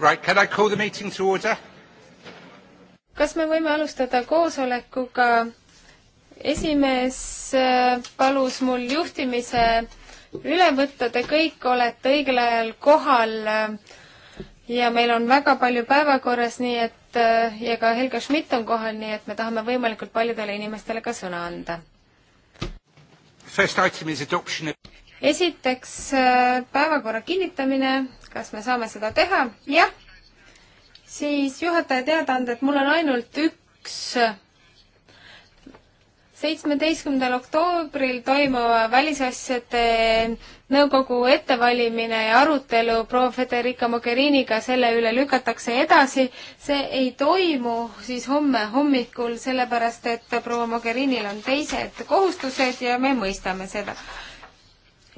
Right, can I call the meeting to order? kas me võime alustada koosolekuga? esimees äh, palus mul juhtimise üle võtta, te kõik olete õigel ajal kohal äh, ja meil on väga palju päevakorras, nii et äh, ja ka Helga Schmidt on kohal, nii et me tahame võimalikult paljudele inimestele ka sõna anda. esiteks päevakorra kinnitamine, kas me saame seda teha? jah. siis juhataja teadaanded, mul on ainult üks seitsmeteistkümnendal oktoobril toimuva välisasjade nõukogu ettevalimine ja arutelu proua Federica Mogheriniga selle üle lükatakse edasi. see ei toimu siis homme hommikul, sellepärast et proua Mogherinil on teised kohustused ja me mõistame seda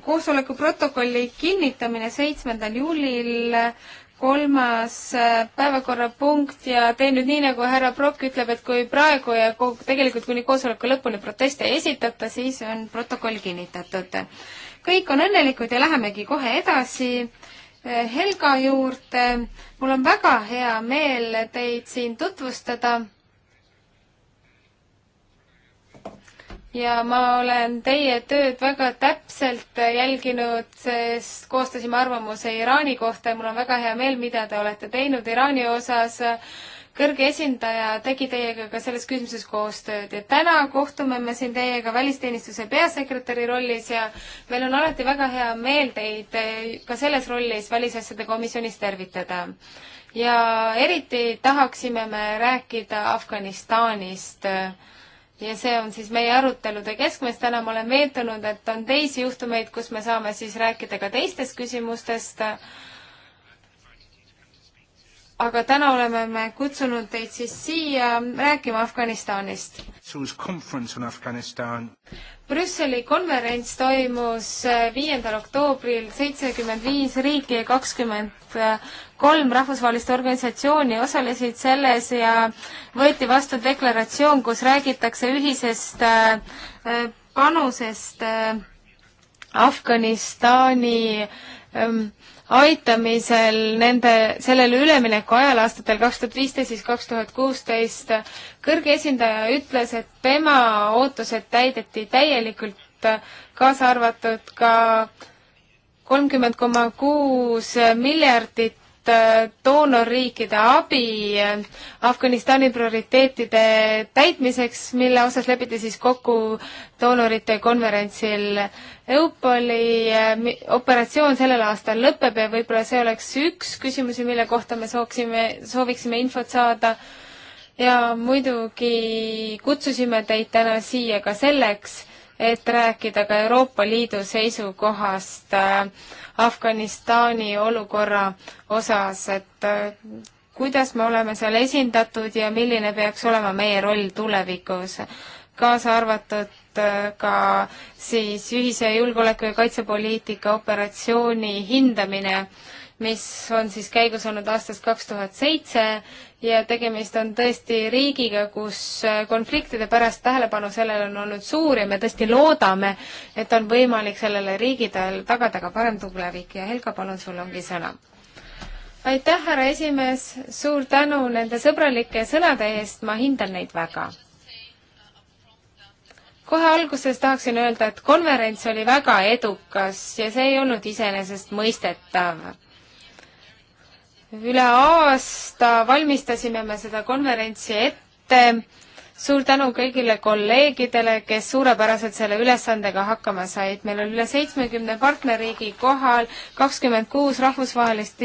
koosoleku protokolli kinnitamine seitsmendal juulil, kolmas äh, päevakorrapunkt ja teen nüüd nii, nagu härra Prokk ütleb, et kui praegu ja kogu, tegelikult kuni koosoleku lõpuni proteste ei esitata, siis on protokoll kinnitatud. kõik on õnnelikud ja lähemegi kohe edasi äh, Helga juurde. mul on väga hea meel teid siin tutvustada ja ma olen teie tööd väga täpselt jälginud, sest koostasime arvamuse Iraani kohta ja mul on väga hea meel, mida te olete teinud Iraani osas. kõrge esindaja tegi teiega ka selles küsimuses koostööd ja täna kohtume me siin teiega välisteenistuse peasekretäri rollis ja meil on alati väga hea meel teid ka selles rollis Välisasjade komisjonis tervitada ja eriti tahaksime me rääkida Afganistanist äh, ja see on siis meie arutelude keskmes, täna ma olen veendunud, et on teisi juhtumeid, kus me saame siis rääkida ka teistest küsimustest. aga täna oleme me kutsunud teid siis siia rääkima Afganistanist. Afganistan. Brüsseli konverents toimus äh, viiendal oktoobril, seitsekümmend viis riiki ja kakskümmend kolm rahvusvahelist organisatsiooni osalesid selles ja võeti vastu deklaratsioon, kus räägitakse ühisest äh, äh, panusest Afganistani ähm, aitamisel nende, sellel ülemineku ajal aastatel kaks tuhat viisteist, siis kaks tuhat kuusteist, kõrge esindaja ütles, et tema ootused täideti täielikult, kaasa arvatud ka kolmkümmend koma kuus miljardit Äh, doonorriikide abi äh, Afganistani prioriteetide täitmiseks, mille osas lepiti siis kokku doonorite konverentsil EUPOL-i äh, operatsioon sellel aastal lõpeb ja võib-olla see oleks üks küsimusi, mille kohta me sooksime, sooviksime infot saada. ja muidugi kutsusime teid täna siia ka selleks, et rääkida ka Euroopa Liidu seisukohast äh, Afganistani olukorra osas, et äh, kuidas me oleme seal esindatud ja milline peaks olema meie roll tulevikus, kaasa arvatud äh, ka siis ühise julgeoleku- ja kaitsepoliitika operatsiooni hindamine mis on siis käigus olnud aastast kaks tuhat seitse ja tegemist on tõesti riigiga, kus äh, konfliktide pärast tähelepanu sellele on olnud suur ja me tõesti loodame, et on võimalik sellele riigile tagada ka parem tulevik ja Helga, palun, sul ongi sõna. aitäh, härra esimees, suur tänu nende sõbralike sõnade eest, ma hindan neid väga kohe alguses tahaksin öelda, et konverents oli väga edukas ja see ei olnud iseenesestmõistetav üle aasta valmistasime me seda konverentsi ette. suur tänu kõigile kolleegidele, kes suurepäraselt selle ülesandega hakkama said. meil oli üle seitsmekümne partnerriigi kohal, kakskümmend kuus rahvusvahelist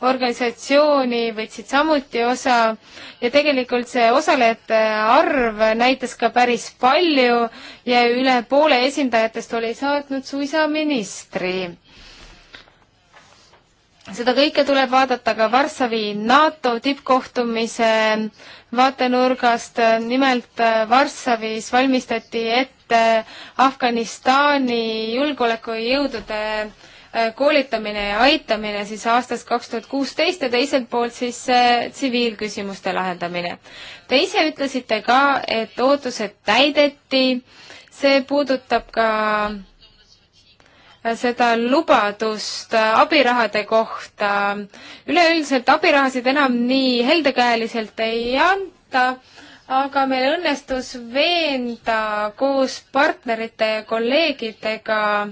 organisatsiooni võtsid samuti osa ja tegelikult see osalejate arv näitas ka päris palju ja üle poole esindajatest oli saatnud suisa ministri seda kõike tuleb vaadata ka Varssavi NATO tippkohtumise vaatenurgast. nimelt äh, Varssavis valmistati ette Afganistani julgeolekujõudude äh, koolitamine ja aitamine siis aastast kaks tuhat kuusteist ja teiselt poolt siis äh, tsiviilküsimuste lahendamine. Te ise ütlesite ka, et ootused täideti, see puudutab ka seda lubadust abirahade kohta. üleüldiselt abirahasid enam nii heldekäeliselt ei anta, aga meil õnnestus veenda koos partnerite ja kolleegidega öö,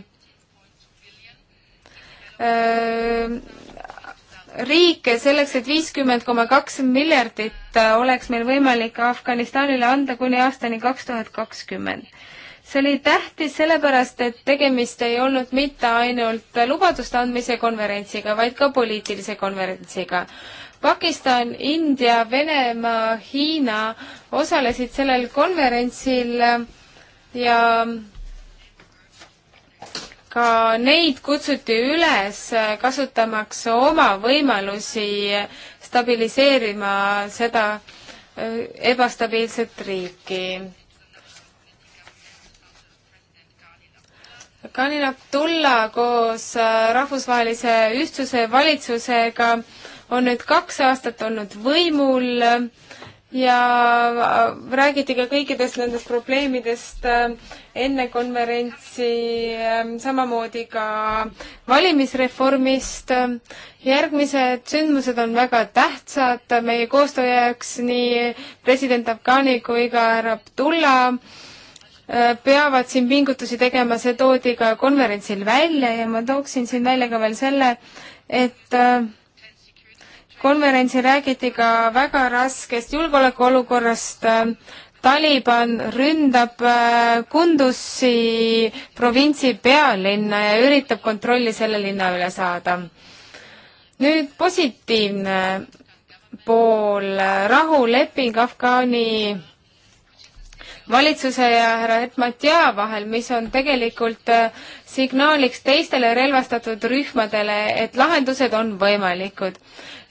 riike selleks, et viiskümmend koma kaks miljardit oleks meil võimalik Afganistanile anda kuni aastani kaks tuhat kakskümmend see oli tähtis sellepärast, et tegemist ei olnud mitte ainult lubaduste andmise konverentsiga, vaid ka poliitilise konverentsiga. Pakistan, India, Venemaa, Hiina osalesid sellel konverentsil ja ka neid kutsuti üles kasutamaks oma võimalusi stabiliseerima seda äh, ebastabiilset riiki Kaninab tulla koos äh, rahvusvahelise ühtsuse valitsusega on nüüd kaks aastat olnud võimul ja äh, räägiti ka kõikidest nendest probleemidest äh, enne konverentsi, samamoodi ka valimisreformist. järgmised sündmused on väga tähtsad meie koostöö jaoks nii president Afgani kui ka härra Abdullah Äh, peavad siin pingutusi tegema, see toodi ka konverentsil välja ja ma tooksin siin välja ka veel selle, et äh, konverentsil räägiti ka väga raskest julgeolekuolukorrast, äh, Taliban ründab Kundusi provintsi pealinna ja üritab kontrolli selle linna üle saada. nüüd positiivne pool, rahuleping Afgaani valitsuse ja härra Etmatja vahel, mis on tegelikult äh, signaaliks teistele relvastatud rühmadele, et lahendused on võimalikud.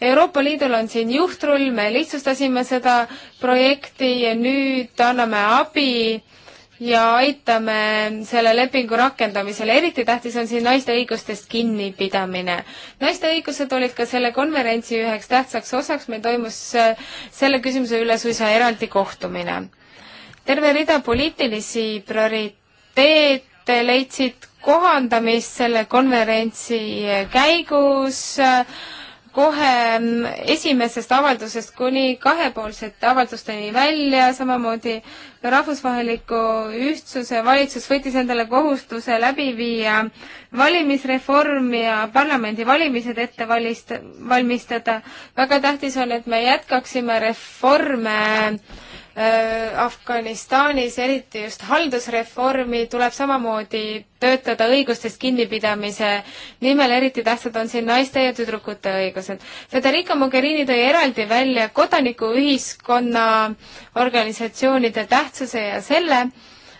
Euroopa Liidul on siin juhtrull, me lihtsustasime seda projekti ja nüüd anname abi ja aitame selle lepingu rakendamisele. eriti tähtis on siin naiste õigustest kinnipidamine. naiste õigused olid ka selle konverentsi üheks tähtsaks osaks, meil toimus äh, selle küsimuse üle suisa eraldi kohtumine terve rida poliitilisi prioriteete leidsid kohandamist selle konverentsi käigus kohe esimesest avaldusest kuni kahepoolsete avaldusteni välja, samamoodi rahvusvaheliku ühtsuse valitsus võttis endale kohustuse läbi viia valimisreform ja parlamendivalimised ette valist-, valmistada. väga tähtis on, et me jätkaksime reforme äh, Äh, Afganistanis, eriti just haldusreformi, tuleb samamoodi töötada õigustest kinnipidamise nimel, eriti tähtsad on siin naiste ja tüdrukute õigused. Federica Mogherini tõi eraldi välja kodanikuühiskonna organisatsioonide tähtsuse ja selle,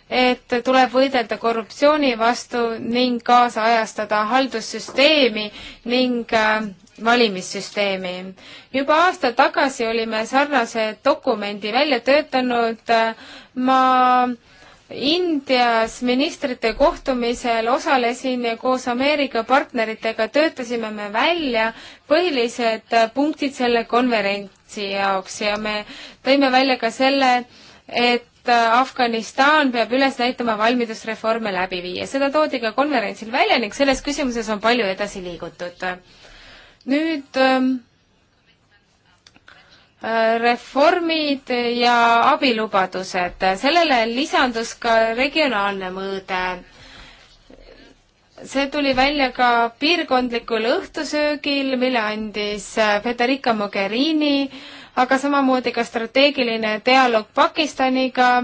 et tuleb võidelda korruptsiooni vastu ning kaasajastada haldussüsteemi ning äh, valimissüsteemi. juba aasta tagasi olime sarnase dokumendi välja töötanud, ma Indias ministrite kohtumisel osalesin ja koos Ameerika partneritega töötasime me välja põhilised punktid selle konverentsi jaoks ja me tõime välja ka selle, et Afganistan peab üles näitama valmidust reforme läbi viia. seda toodi ka konverentsil välja ning selles küsimuses on palju edasi liigutud nüüd ähm, äh, reformid ja abilubadused, sellele lisandus ka regionaalne mõõde. see tuli välja ka piirkondlikul õhtusöögil, mille andis äh, Federica Mogherini, aga samamoodi ka strateegiline dialoog Pakistaniga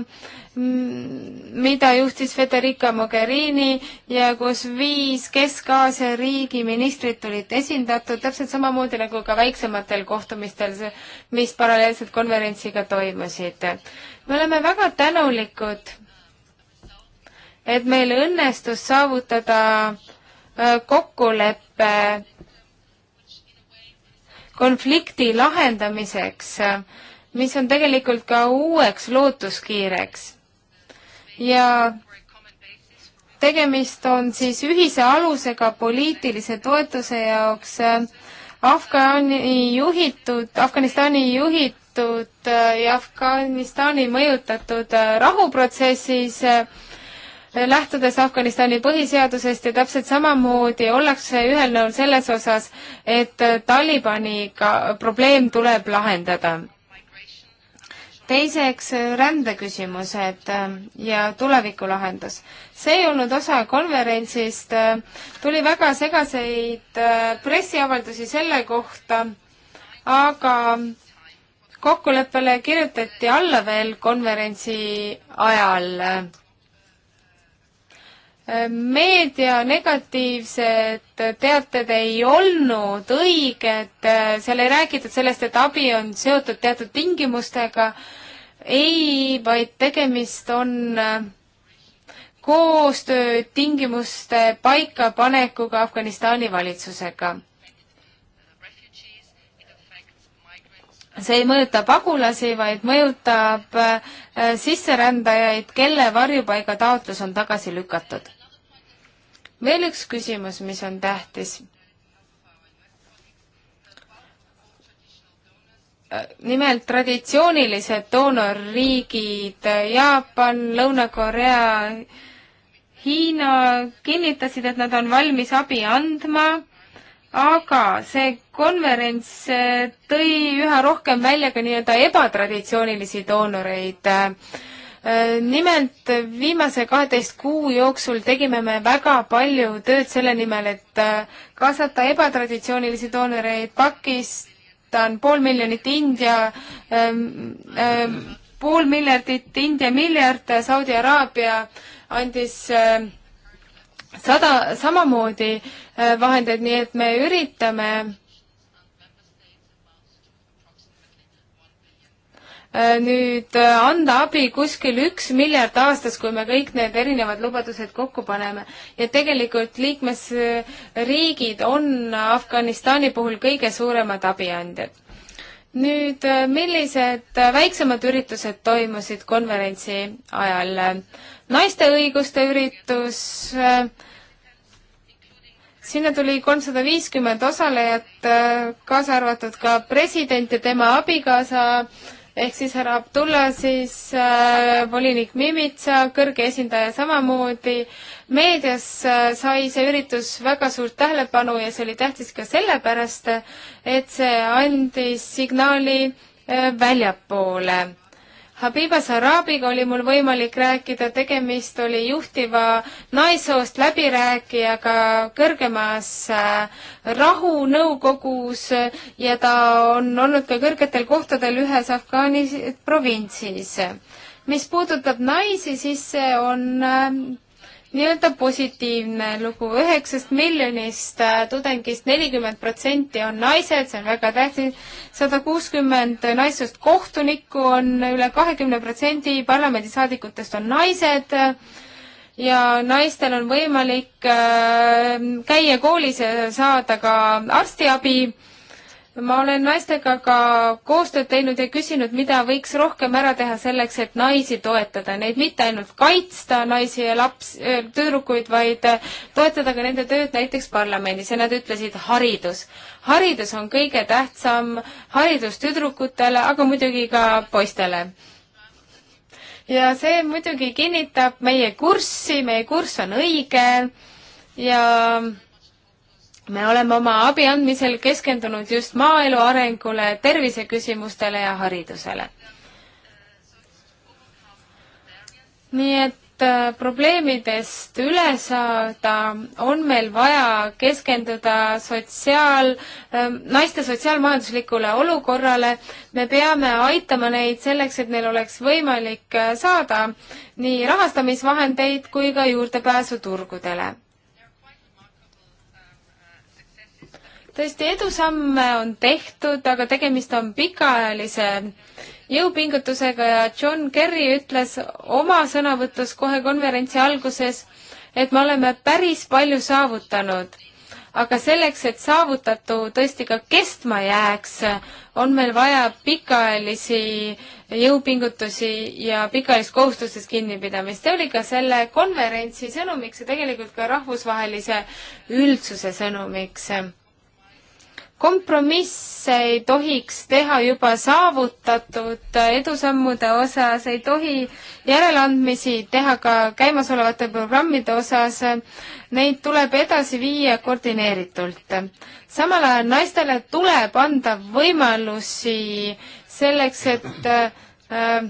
mida juhtis Federica Mogherini ja kus viis Kesk-Aasia riigi ministrit olid esindatud, täpselt samamoodi nagu ka väiksematel kohtumistel, mis paralleelselt konverentsiga toimusid. me oleme väga tänulikud, et meil õnnestus saavutada äh, kokkulepe konflikti lahendamiseks, mis on tegelikult ka uueks lootuskiireks ja tegemist on siis ühise alusega poliitilise toetuse jaoks Afgani juhitud, Afganistani juhitud ja Afganistani mõjutatud rahuprotsessis eh, lähtudes Afganistani põhiseadusest ja täpselt samamoodi ollakse ühel nõul selles osas, et Talibaniga probleem tuleb lahendada teiseks rändeküsimused äh, ja tulevikulahendus. see ei olnud osa konverentsist, tuli väga segaseid äh, pressiavaldusi selle kohta, aga kokkuleppele kirjutati alla veel konverentsi ajal meedia negatiivsed teated ei olnud õiged, seal ei räägitud sellest, et abi on seotud teatud tingimustega, ei, vaid tegemist on äh, koostöö tingimuste paikapanekuga Afganistani valitsusega. see ei mõjuta pagulasi, vaid mõjutab äh, sisserändajaid, kelle varjupaigataotlus on tagasi lükatud veel üks küsimus, mis on tähtis. nimelt traditsioonilised doonorriigid Jaapan, Lõuna-Korea, Hiina kinnitasid, et nad on valmis abi andma, aga see konverents eh, tõi üha rohkem välja ka nii-öelda ebatraditsioonilisi doonoreid äh, Äh, nimelt viimase kaheteist kuu jooksul tegime me väga palju tööd selle nimel, et äh, kaasata ebatraditsioonilisi doonoreid Pakistan, pool miljonit India ähm,, ähm, pool miljardit India miljard, äh, Saudi Araabia andis äh, sada, samamoodi äh, vahendeid, nii et me üritame Äh, nüüd äh, anda abi kuskil üks miljard aastas, kui me kõik need erinevad lubadused kokku paneme. ja tegelikult liikmesriigid on Afganistani puhul kõige suuremad abiandjad. nüüd, äh, millised väiksemad üritused toimusid konverentsi ajal? naiste õiguste üritus, sinna tuli kolmsada viiskümmend osalejat, kaasa arvatud ka president ja tema abikaasa äh, ehk siis härra Abdullah, siis äh, volinik Mimitsa, kõrge esindaja samamoodi. meedias äh, sai see üritus väga suurt tähelepanu ja see oli tähtis ka sellepärast, et see andis signaali äh, väljapoole Habiba Sarabiga oli mul võimalik rääkida, tegemist oli juhtiva naissoost läbirääkijaga kõrgemas äh, rahunõukogus äh, ja ta on olnud ka kõrgetel kohtadel ühes Afgaani äh, provintsis. mis puudutab naisi, siis see on nii-öelda positiivne lugu, üheksast miljonist äh, tudengist nelikümmend protsenti on naised, see on väga tähtis, sada kuuskümmend naissoost kohtunikku on üle, üle kahekümne protsendi parlamendisaadikutest on naised ja naistel on võimalik äh, käia koolis ja saada ka arstiabi ma olen naistega ka koostööd teinud ja küsinud, mida võiks rohkem ära teha selleks, et naisi toetada, neid mitte ainult kaitsta, naisi ja laps, tüdrukuid, vaid äh, toetada ka nende tööd näiteks parlamendis ja nad ütlesid haridus. haridus on kõige tähtsam, haridus tüdrukutele, aga muidugi ka poistele ja see muidugi kinnitab meie kurssi, meie kurss on õige ja me oleme oma abi andmisel keskendunud just maaelu arengule, terviseküsimustele ja haridusele. nii et äh, probleemidest üle saada, on meil vaja keskenduda sotsiaal, äh, naiste sotsiaalmajanduslikule olukorrale. me peame aitama neid selleks, et neil oleks võimalik äh, saada nii rahastamisvahendeid kui ka juurdepääsu turgudele tõesti, edusamme on tehtud, aga tegemist on pikaajalise jõupingutusega ja John Kerry ütles oma sõnavõtus kohe konverentsi alguses, et me oleme päris palju saavutanud. aga selleks, et saavutatu tõesti ka kestma jääks, on meil vaja pikaajalisi jõupingutusi ja pikaajalist kohustustest kinnipidamist. see oli ka selle konverentsi sõnumiks ja tegelikult ka rahvusvahelise üldsuse sõnumiks kompromisse ei tohiks teha juba saavutatud edusammude osas, ei tohi järeleandmisi teha ka käimasolevate programmide osas, neid tuleb edasi viia koordineeritult. samal ajal naistele tuleb anda võimalusi selleks, et äh,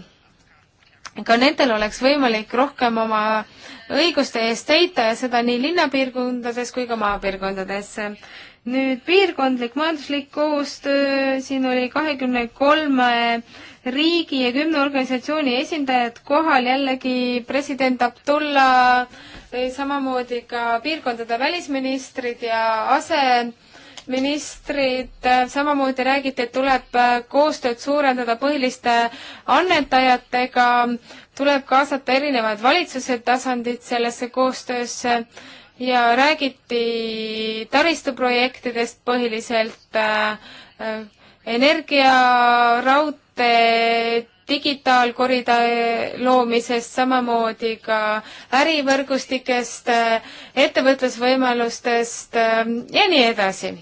ka nendel oleks võimalik rohkem oma õiguste eest seita ja seda nii linnapiirkondades kui ka maapiirkondades nüüd piirkondlik majanduslik koostöö, siin oli kahekümne kolme riigi ja kümne organisatsiooni esindajad kohal, jällegi president Abdullah, samamoodi ka piirkondade välisministrid ja aseministrid, samamoodi räägiti, et tuleb koostööd suurendada põhiliste annetajatega, tuleb kaasata erinevad valitsuse tasandid sellesse koostöösse ja räägiti taristuprojektidest põhiliselt äh,, energia, raudtee, digitaalkoridori loomisest, samamoodi ka ärivõrgustikest, äh, ettevõtlusvõimalustest äh, ja nii edasi.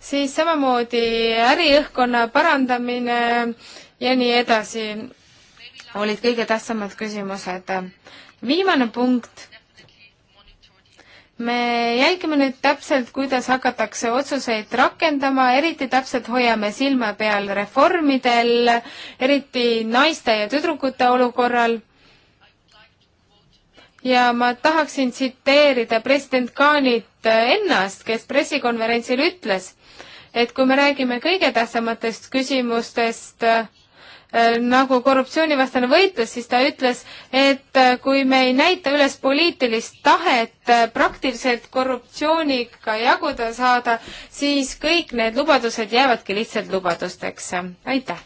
siis samamoodi äriõhkkonna parandamine ja nii edasi olid kõige tähtsamad küsimused. viimane punkt me jälgime nüüd täpselt, kuidas hakatakse otsuseid rakendama, eriti täpselt hoiame silma peal reformidel, eriti naiste ja tüdrukute olukorral. ja ma tahaksin tsiteerida president Kaanit ennast, kes pressikonverentsil ütles, et kui me räägime kõige tähtsamatest küsimustest, Äh, nagu korruptsioonivastane võitlus, siis ta ütles, et äh, kui me ei näita üles poliitilist tahet äh, praktiliselt korruptsiooniga jaguda saada, siis kõik need lubadused jäävadki lihtsalt lubadusteks. aitäh!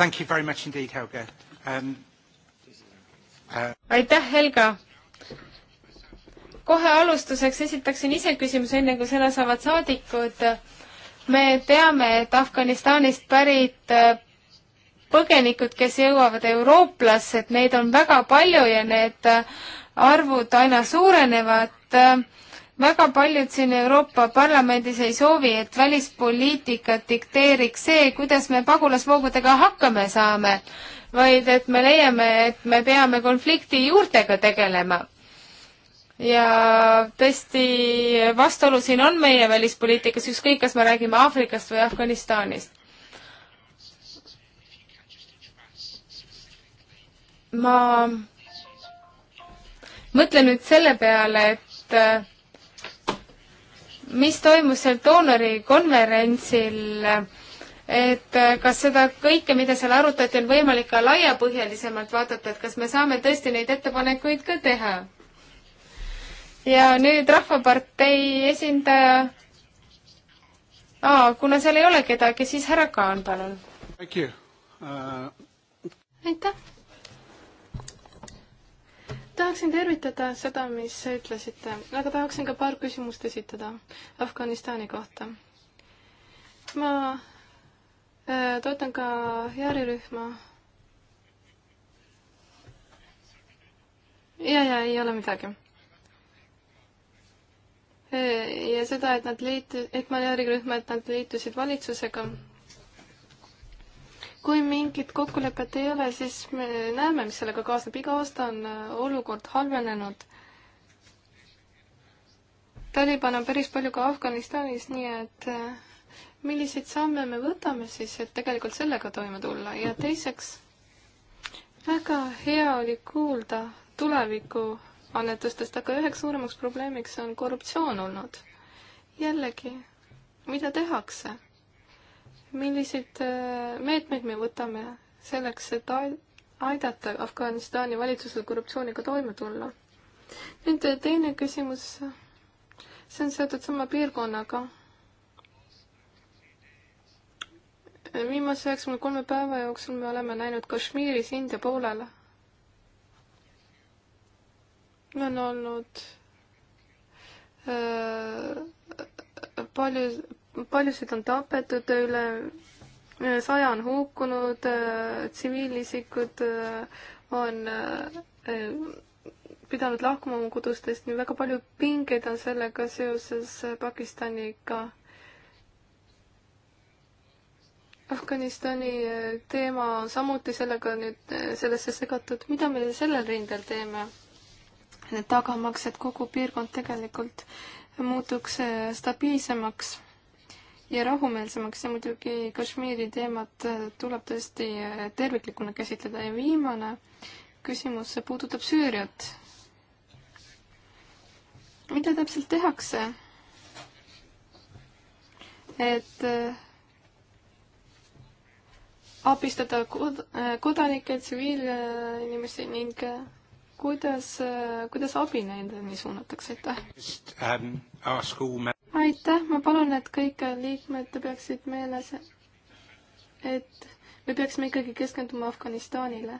Thank you very much indeed, Helga um,. Uh... aitäh, Helga! kohe alustuseks esitaksin ise küsimuse, enne kui sõna saavad saadikud. me teame, et Afganistanist pärit äh, põgenikud, kes jõuavad eurooplasse, et neid on väga palju ja need äh, arvud aina suurenevad. väga paljud siin Euroopa Parlamendis ei soovi, et välispoliitikat dikteeriks see, kuidas me pagulasvoogudega hakkama saame, vaid et me leiame, et me peame konflikti juurtega tegelema ja tõesti, vastuolu siin on meie välispoliitikas, ükskõik, kas me räägime Aafrikast või Afganistanist. ma mõtlen nüüd selle peale, et mis toimus seal doonori konverentsil, et kas seda kõike, mida seal arutati, on võimalik ka laiapõhjalisemalt vaadata, et kas me saame tõesti neid ettepanekuid ka teha ja nüüd Rahvapartei esindaja. aa, kuna seal ei ole kedagi, siis härra Kaan, palun. Uh, aitäh. tahaksin tervitada seda, mis ütlesite, aga tahaksin ka paar küsimust esitada Afganistani kohta. ma äh, toetan ka järjerühma ja, ja ei ole midagi Äh, ja seda, et nad liitu-, et manöövrirühm, et nad liitusid valitsusega. kui mingit kokkulepet ei ole, siis me näeme, mis sellega kaasneb, iga aasta on äh, olukord halvenenud. Taliban on päris palju ka Afganistanis, nii et äh, milliseid samme me võtame siis, et tegelikult sellega toime tulla ja teiseks, väga hea oli kuulda tuleviku annetustest, aga üheks suuremaks probleemiks on korruptsioon olnud. jällegi, mida tehakse? milliseid äh, meetmeid me võtame selleks, et aidata Afganistani valitsusel korruptsiooniga toime tulla? nüüd äh, teine küsimus, see on seotud sama piirkonnaga. viimase üheksakümne kolme päeva jooksul me oleme näinud Kashmiris India poolele on olnud äh, palju, paljusid on tapetud, üle äh, saja on hukkunud, äh, tsiviilisikud on pidanud lahkuma oma kodustest, nii väga palju pingeid on sellega seoses Pakistaniga. Afganistani teema on samuti sellega nüüd sellesse segatud, mida me sellel rindel teeme? tagamaks, et kogu piirkond tegelikult muutuks äh, stabiilsemaks ja rahumeelsemaks ja muidugi Kashmiri teemat äh, tuleb tõesti äh, terviklikuna käsitleda ja viimane küsimus puudutab Süüriat. mida täpselt tehakse? et abistada kod-, kodanikke, tsiviilinimesi ning kuidas, kuidas abi nendeni suunatakse, aitäh? Um, aitäh, ma palun, et kõik liikmed peaksid meeles, et me peaksime ikkagi keskenduma Afganistanile.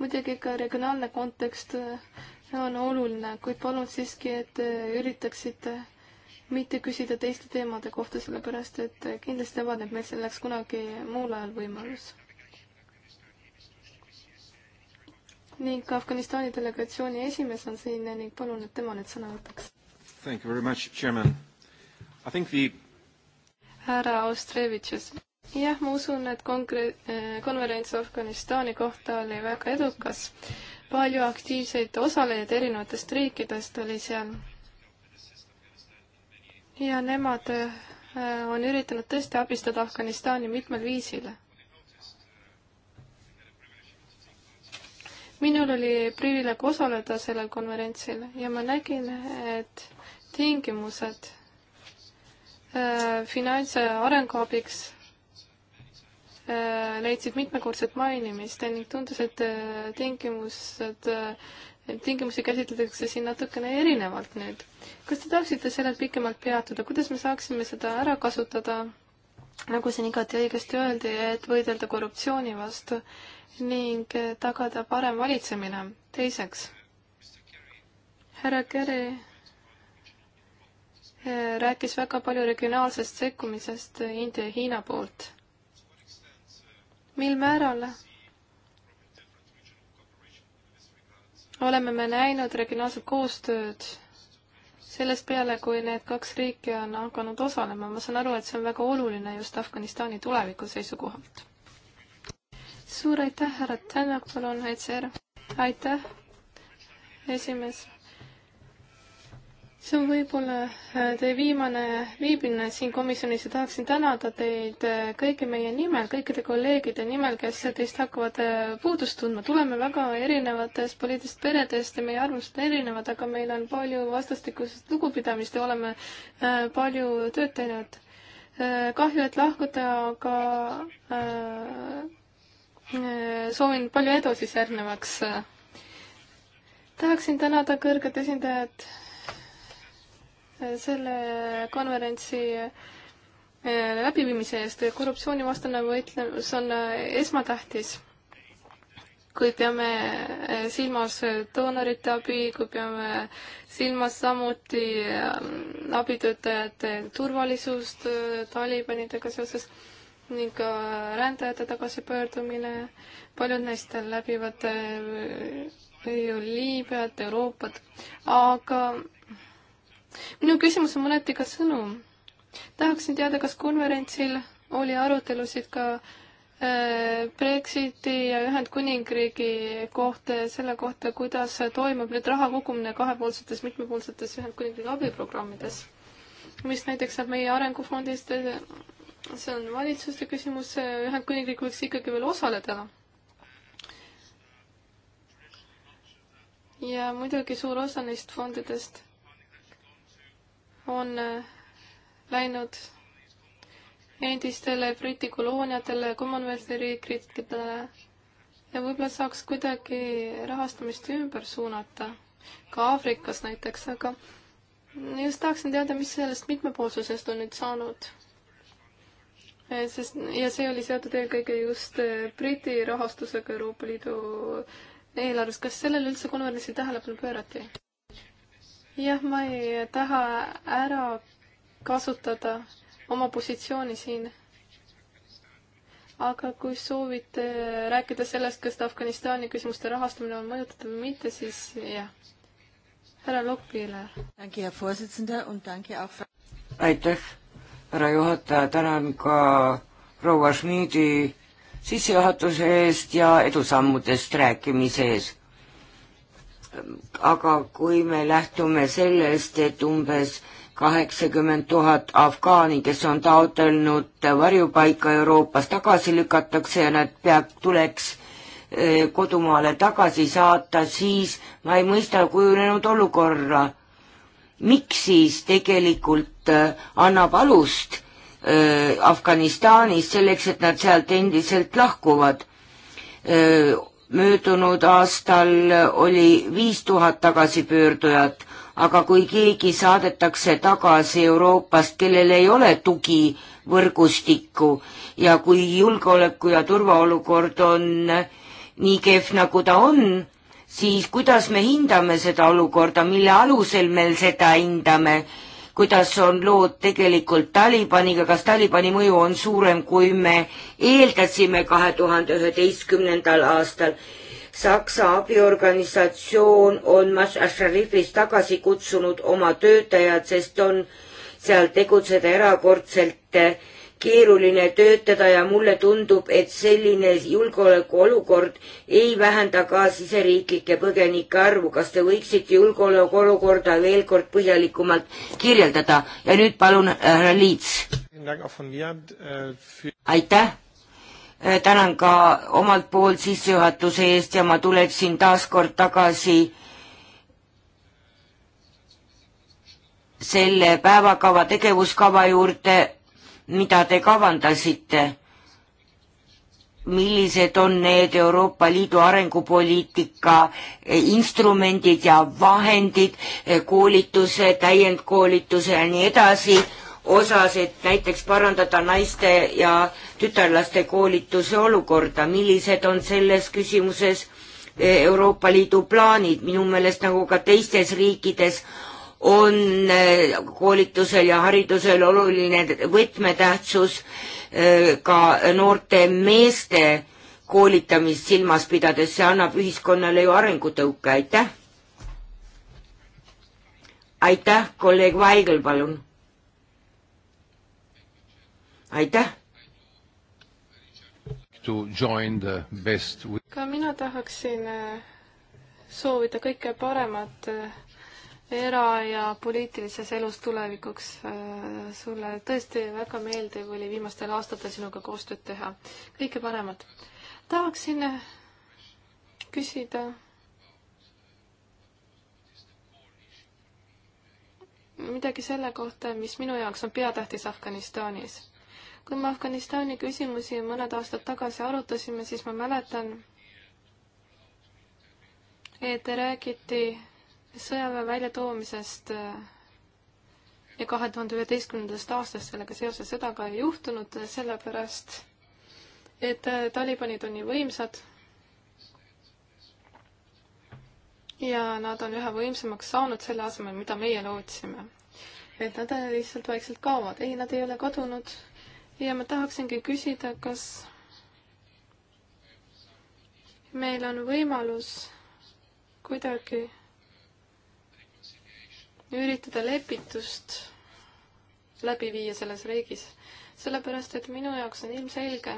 muidugi ka regionaalne kontekst on oluline, kuid palun siiski, et üritaksite mitte küsida teiste teemade kohta, sellepärast et kindlasti avaneb meil selleks kunagi muul ajal võimalus. ning Afganistani delegatsiooni esimees on siin ning palun, et tema nüüd sõna võtaks. Thank you very much, chairman. I think the härra Ostrevitšus. jah, ma usun, et kongre-, eh, konverents Afganistani kohta oli väga edukas. palju aktiivseid osalejaid erinevatest riikidest oli seal. ja nemad eh, on üritanud tõesti abistada Afganistani mitmel viisil minul oli privileeg osaleda sellel konverentsil ja ma nägin, et tingimused äh, finants- ja arenguabiks äh, leidsid mitmekordset mainimist ning tundus, et äh, tingimused äh, tingimusi käsitletakse siin natukene erinevalt nüüd. kas te tahaksite sellel pikemalt peatuda, kuidas me saaksime seda ära kasutada, nagu siin igati õigesti öeldi, et võidelda korruptsiooni vastu ning eh, tagada parem valitsemine. teiseks, härra Kerry eh, rääkis väga palju regionaalsest sekkumisest India ja Hiina poolt. mil määral oleme me näinud regionaalset koostööd sellest peale, kui need kaks riiki on hakanud osalema, ma saan aru, et see on väga oluline just Afganistani tuleviku seisukohalt suur aitäh, härra Tänak, palun, Heitser. aitäh, esimees. see on võib-olla äh, teie viimane viibimine siin komisjonis ja tahaksin tänada teid äh, kõigi meie nimel, kõikide kolleegide nimel, kes teist hakkavad äh, puudust tundma. tuleme väga erinevatest poliitilistest peredest ja meie arvamused on erinevad, aga meil on palju vastastikust lugupidamist ja oleme palju tööd teinud. kahju, et lahkuda, aga äh, Äh, soovin palju edu siis järgnevaks. Äh, tahaksin tänada kõrget esindajat äh, selle konverentsi läbiviimise eest. korruptsioonivastane võitlus on esmatähtis kui peame silmas doonorite abi, kui peame silmas samuti abitöötajate turvalisust Talibanidega seoses ning äh, rändajate tagasipöördumine, paljud neist läbivad äh, ju Liibüat, Euroopat, aga minu küsimus on mõneti ka sõnum. tahaksin teada, kas konverentsil oli arutelusid ka äh, Brexiti ja Ühendkuningriigi kohta ja selle kohta, kuidas toimub nüüd raha kogumine kahepoolsetes, mitmepoolsetes Ühendkuningriigi abiprogrammides, mis näiteks saab meie arengufondist see on valitsuste küsimus, Ühendkuningriik võiks ikkagi veel osaleda. ja muidugi suur osa neist fondidest on äh, läinud endistele Briti kolooniatele, Commonwealthi riikidele ja võib-olla saaks kuidagi rahastamist ümber suunata, ka Aafrikas näiteks, aga just tahaksin teada, mis sellest mitmepoolsusest on nüüd saanud Eh, sest ja see oli seotud eelkõige just eh, Briti rahastusega Euroopa Liidu eelarves. kas sellele üldse konverentsil tähelepanu pöörati? jah, ma ei taha ära kasutada oma positsiooni siin. aga kui soovite rääkida sellest, kas Afganistani küsimuste rahastamine on mõjutatud või mitte, siis jah. härra Lokk-Piiler. aitäh härra juhataja, tänan ka proua Schmidi sissejuhatuse eest ja edusammudest rääkimise ees. aga kui me lähtume sellest, et umbes kaheksakümmend tuhat afgaani, kes on taotlenud varjupaika Euroopas, tagasi lükatakse ja nad peab, tuleks eh, kodumaale tagasi saata, siis ma ei mõista kujunenud olukorra. miks siis tegelikult Äh, annab alust äh, Afganistanis selleks, et nad sealt endiselt lahkuvad. Äh, möödunud aastal oli viis tuhat tagasipöördujat, aga kui keegi saadetakse tagasi Euroopast, kellel ei ole tugivõrgustikku ja kui julgeoleku ja turvaolukord on nii kehv, nagu ta on, siis kuidas me hindame seda olukorda, mille alusel me seda hindame kuidas on lood tegelikult Talibaniga, kas Talibani mõju on suurem, kui me eeldasime kahe tuhande üheteistkümnendal aastal. Saksa abiorganisatsioon on Masharifis tagasi kutsunud oma töötajad, sest on seal tegutseda erakordselt eh, keeruline töötada ja mulle tundub, et selline julgeolekuolukord ei vähenda ka siseriiklike põgenike arvu. kas te võiksite julgeolekuolukorda veel kord põhjalikumalt kirjeldada ja nüüd palun äh, härra Liits. aitäh, äh, tänan ka omalt poolt sissejuhatuse eest ja ma tuleksin taaskord tagasi selle päevakava, tegevuskava juurde mida te kavandasite? millised on need Euroopa Liidu arengupoliitika eh, instrumendid ja vahendid eh, koolituse, täiendkoolituse ja nii edasi osas, et näiteks parandada naiste ja tütarlaste koolituse olukorda, millised on selles küsimuses eh, Euroopa Liidu plaanid, minu meelest nagu ka teistes riikides on eh, koolitusel ja haridusel oluline võtmetähtsus eh, ka noorte meeste koolitamist silmas pidades, see annab ühiskonnale ju arengutõuke, aitäh. aitäh, kolleeg Vaigel, palun. aitäh. ka mina tahaksin eh, soovida kõike paremat era- ja poliitilises elus tulevikuks äh, sulle tõesti väga meeldiv oli viimastel aastatel sinuga koostööd teha. kõike paremat. tahaksin äh, küsida midagi selle kohta, mis minu jaoks on peatähtis Afganistanis. kui me Afganistani küsimusi mõned aastad tagasi arutasime, siis ma mäletan, et räägiti sõjaväe väljatoomisest äh, ja kahe tuhande üheteistkümnendast aastast sellega seoses seda ka ei juhtunud, äh, sellepärast et äh, talibanid on nii võimsad ja nad on üha võimsamaks saanud selle asemel, mida meie lootsime. et nad lihtsalt vaikselt kaovad. ei, nad ei ole kadunud ja ma tahaksingi küsida, kas meil on võimalus kuidagi üritada lepitust läbi viia selles riigis, sellepärast et minu jaoks on ilmselge,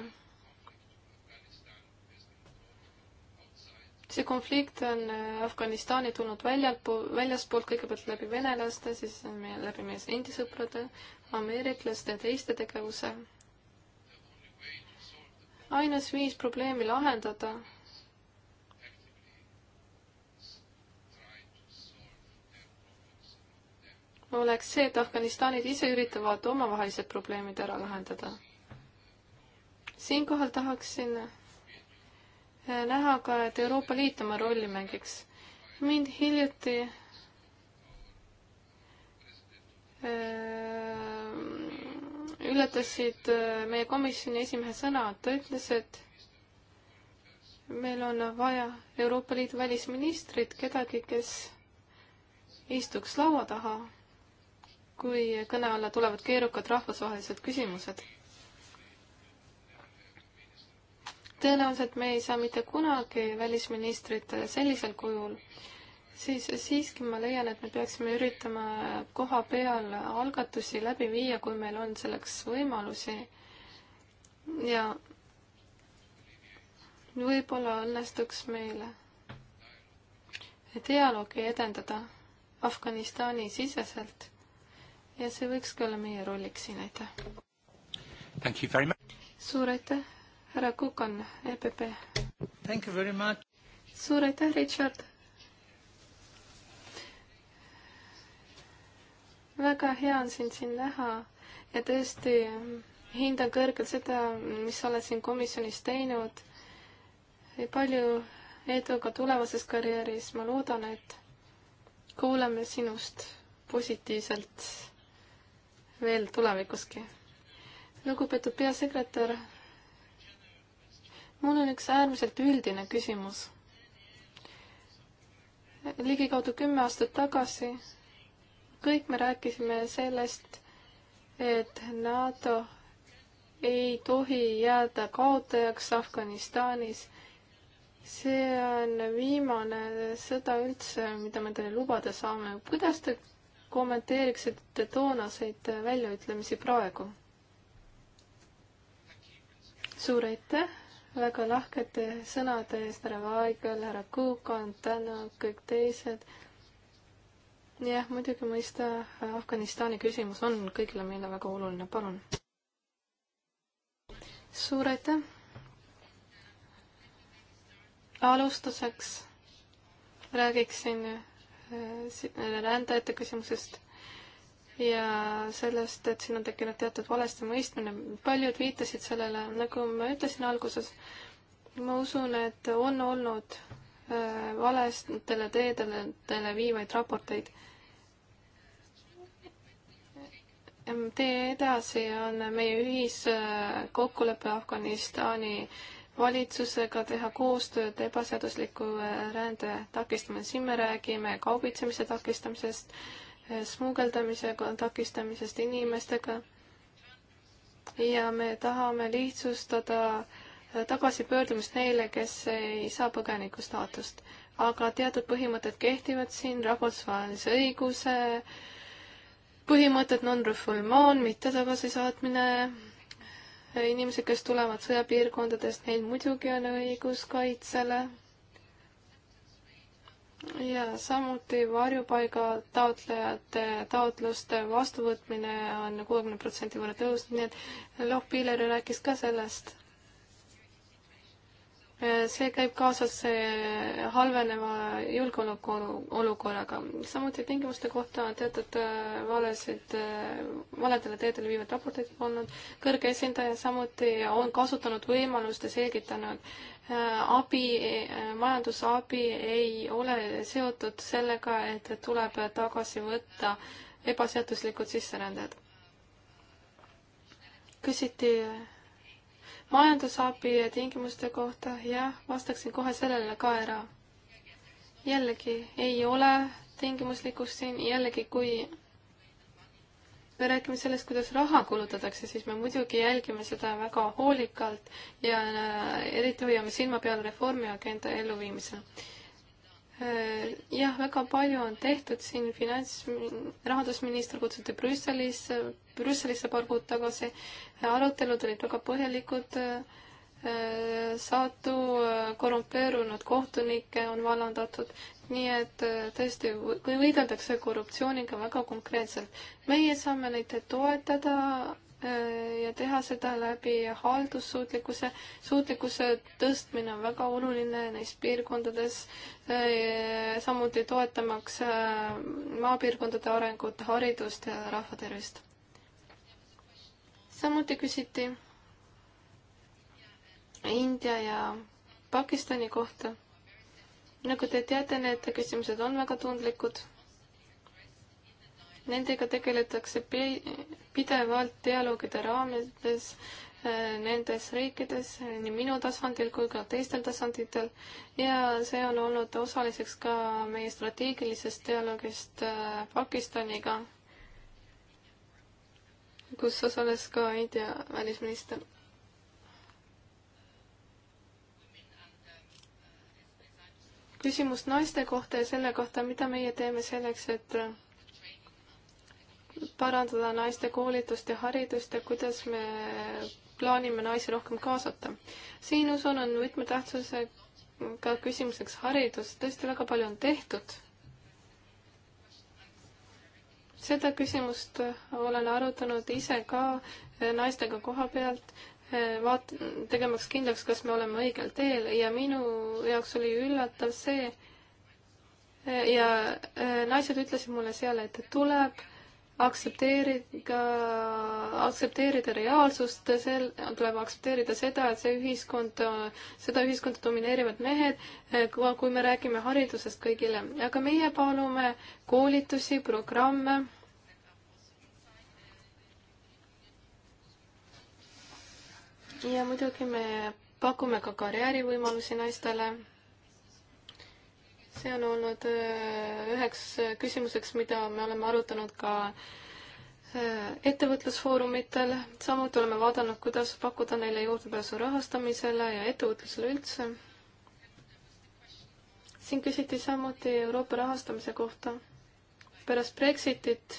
see konflikt on äh, Afganistani tulnud väljapool, väljaspoolt, kõigepealt läbi venelaste, siis meie, läbi meie endi sõprade, ameeriklaste ja teiste tegevuse. ainus viis probleemi lahendada oleks see, et Afganistanid ise üritavad omavahelised probleemid ära lahendada. siinkohal tahaksin eh, näha ka, et Euroopa Liit oma rolli mängiks. mind hiljuti eh, üllatasid eh, meie komisjoni esimehe sõnad, ta ütles, et meil on vaja Euroopa Liidu välisministrit, kedagi, kes istuks laua taha kui kõne alla tulevad keerukad rahvusvahelised küsimused. tõenäoliselt me ei saa mitte kunagi välisministrit sellisel kujul, siis siiski ma leian, et me peaksime üritama koha peal algatusi läbi viia, kui meil on selleks võimalusi. ja võib-olla õnnestuks meil dialoogi edendada Afganistani siseselt ja see võikski olla meie rolliks siin, aitäh! suur aitäh, härra Kukan, EPP! suur aitäh, Richard! väga hea on sind siin näha ja tõesti hindan kõrgelt seda, mis sa oled siin komisjonis teinud. palju edu ka tulevases karjääris, ma loodan, et kuuleme sinust positiivselt veel tulevikuski. lugupeetud peasekretär, mul on üks äärmiselt üldine küsimus. ligikaudu kümme aastat tagasi kõik me rääkisime sellest, et NATO ei tohi jääda kaotajaks Afganistanis. see on viimane sõda üldse, mida me teile lubada saame. kuidas te kommenteeriksite toonaseid väljaütlemisi praegu? suur aitäh väga lahkete sõnade eest, härra Vaigel, härra Kukan, Tänak, kõik teised. jah, muidugi mõista, äh, Afganistani küsimus on kõigile meile väga oluline, palun. suur aitäh. alustuseks räägiksin Äh, rändajate küsimusest ja sellest, et siin on tekkinud teatud valesti mõistmine. paljud viitasid sellele, nagu ma ütlesin alguses, ma usun, et on olnud äh, valestele teedele viivaid raporteid. tee edasi on meie ühiskokkulepe äh, Afganistani äh, valitsusega teha koostööd ebaseadusliku äh, rände takistamisel, siin me räägime kaubitsemise takistamisest, äh, smugeldamise takistamisest inimestega ja me tahame lihtsustada äh, tagasipöördumist neile, kes ei saa põgeniku staatust. aga teatud põhimõtted kehtivad siin, rahvusvahelise õiguse põhimõtted non-refoulement, mitte tagasisaatmine, inimesed, kes tulevad sõjapiirkondadest, neil muidugi on õigus kaitsele. ja samuti varjupaiga taotlejate taotluste vastuvõtmine on kuuekümne protsendi võrra tõusnud, nii et Lohpiller rääkis ka sellest see käib kaasas halveneva julgeolekuolukorraga. samuti tingimuste kohta on teatud äh, valesid, äh, valedele teedele viivad raportid olnud. kõrge esindaja samuti on kasutanud võimalust ja selgitanud, äh, abi, majandusabi ei ole seotud sellega, et tuleb tagasi võtta ebaseaduslikud sisserändajad. küsiti majandusabi tingimuste kohta, jah, vastaksin kohe sellele ka ära. jällegi ei ole tingimuslikkust siin, jällegi kui me räägime sellest, kuidas raha kulutatakse, siis me muidugi jälgime seda väga hoolikalt ja äh, eriti hoiame silma peal reformi agenda elluviimisel. Äh, jah, väga palju on tehtud siin finants, rahandusminister kutsuti Brüsselisse, Brüsselisse paar kuud tagasi, arutelud olid väga põhjalikud, äh, sadu äh, korrumpeerunud kohtunikke on vallandatud, nii et tõesti, kui võideldakse korruptsiooniga väga konkreetselt, meie saame neid toetada Äh, ja teha seda läbi haldussuutlikkuse. suutlikkuse tõstmine on väga oluline neis piirkondades, äh, samuti toetamaks äh, maapiirkondade arengut, haridust ja rahvatervist. samuti küsiti India ja Pakistani kohta. nagu te teate, need küsimused on väga tundlikud Nendega tegeletakse pidevalt dialoogide raamides äh, nendes riikides, nii minu tasandil kui ka teistel tasanditel ja see on olnud osaliseks ka meie strateegilisest dialoogist äh, Pakistaniga, kus osales ka India välisminister küsimus naiste kohta ja selle kohta, mida meie teeme selleks, et parandada naiste koolitust ja haridust ja kuidas me plaanime naisi rohkem kaasata. siin usun, on võtmetähtsusega küsimuseks haridus, tõesti väga palju on tehtud. seda küsimust olen arutanud ise ka eh, naistega koha pealt, eh, vaat-, tegemaks kindlaks, kas me oleme õigel teel ja minu jaoks oli üllatav see, eh, ja naised ütlesid mulle seal, et tuleb aktsepteerida, aktsepteerida reaalsust, sel-, tuleb aktsepteerida seda, et see ühiskond, seda ühiskonda domineerivad mehed, kui me räägime haridusest kõigile. aga meie palume koolitusi, programme, ja muidugi me pakume ka karjäärivõimalusi naistele see on olnud äh, üheks äh, küsimuseks, mida me oleme arutanud ka äh, ettevõtlusfoorumitel, samuti oleme vaadanud, kuidas pakkuda neile juurdepääsu rahastamisele ja ettevõtlusele üldse. siin küsiti samuti Euroopa rahastamise kohta. pärast Brexitit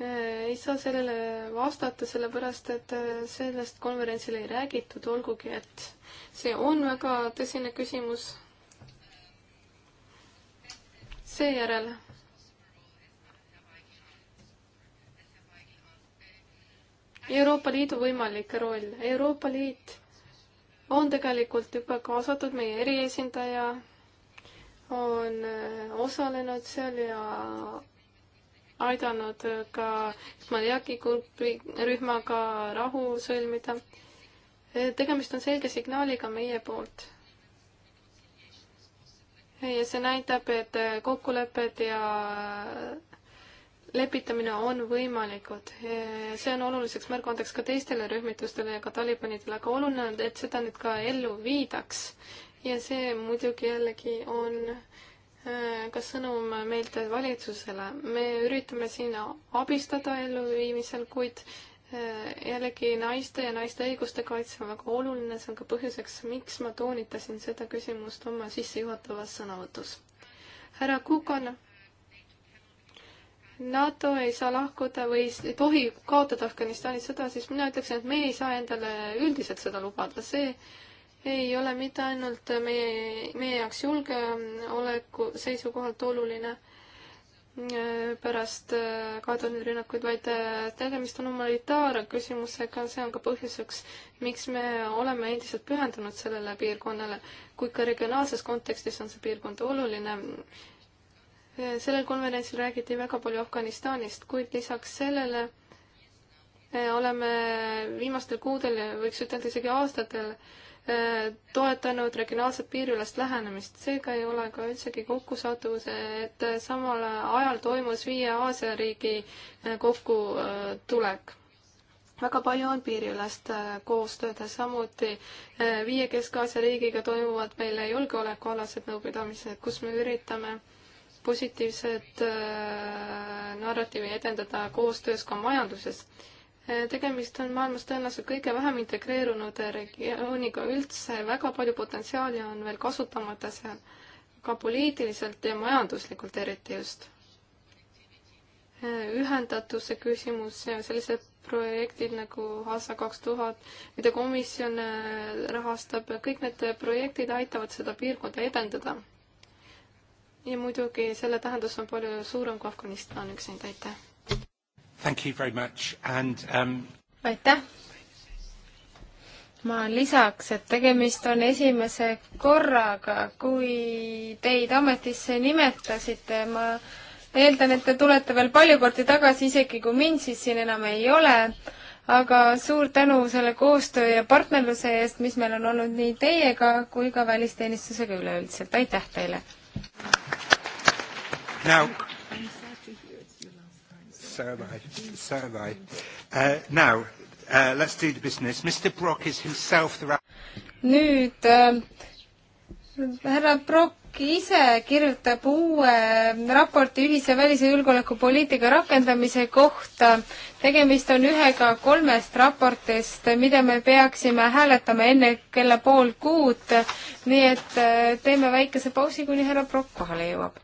ei saa sellele vastata, sellepärast et sellest konverentsil ei räägitud, olgugi et see on väga tõsine küsimus seejärel Euroopa Liidu võimalik roll. Euroopa Liit on tegelikult juba kaasatud, meie eriesindaja on äh, osalenud seal ja aidanud äh, ka Smaljaki grupi rühmaga rahu sõlmida. Äh, tegemist on selge signaaliga meie poolt ja see näitab, et kokkulepped ja lepitamine on võimalikud. see on oluliseks märguandeks ka teistele rühmitustele ja ka Talibanidele, aga oluline on, et seda nüüd ka ellu viidaks. ja see muidugi jällegi on äh, ka sõnum meilt valitsusele. me üritame siin abistada elluviimisel, kuid jällegi naiste ja naiste õiguste kaitse on väga oluline, see on ka põhjuseks, miks ma toonitasin seda küsimust oma sissejuhatavas sõnavõtus. härra Kukan, NATO ei saa lahkuda või ei tohi kaotada Afganistanis sõda, siis mina ütleksin, et me ei saa endale üldiselt seda lubada, see ei ole mitte ainult meie, meie jaoks julgeoleku seisukohalt oluline pärast äh, kahe tuhande rünnakuid, vaid äh, tegemist on humanitaarküsimusega, see on ka põhjuseks, miks me oleme endiselt pühendunud sellele piirkonnale, kuid ka regionaalses kontekstis on see piirkond oluline. Äh, sellel konverentsil räägiti väga palju Afganistanist, kuid lisaks sellele oleme viimastel kuudel, võiks ütelda isegi aastatel, Äh, toetanud regionaalset piiriülest lähenemist, seega ei ole ka üldsegi kokkusattus, et samal ajal toimus viie Aasia riigi äh, kokkutulek. Äh, väga palju on piiriülest koostööd, samuti viie Kesk-Aasia riigiga toimuvad meil julgeolekualased nõupidamised, kus me üritame positiivset narratiivi edendada koostöös ka majanduses Äh, tegemist on maailmas tõenäoliselt kõige vähem integreerunud regiooniga üldse, väga palju potentsiaali on veel kasutamata seal, ka poliitiliselt ja majanduslikult eriti just. Äh, ühendatuse küsimus ja sellised projektid nagu Haasa kaks tuhat, mida komisjon äh, rahastab, kõik need projektid aitavad seda piirkonda edendada. ja muidugi selle tähendus on palju suurem kui Afganistan üksinda, aitäh! Thank you very much and um... aitäh! ma lisaks, et tegemist on esimese korraga, kui teid ametisse nimetasite, ma eeldan, et te tulete veel palju kordi tagasi, isegi kui mind siis siin enam ei ole, aga suur tänu selle koostöö ja partnerluse eest, mis meil on olnud nii teiega kui ka välisteenistusega üleüldiselt, aitäh teile! Now so am I. So am I. Uh, now, uh, let's do the business. Mr Brock is himself the nüüd äh, härra Brock ise kirjutab uue ähm, raporti ühise välis- ja julgeolekupoliitika rakendamise kohta. tegemist on ühega kolmest raportist, mida me peaksime hääletama enne kella pool kuud. nii et äh, teeme väikese pausi, kuni härra Brock kohale jõuab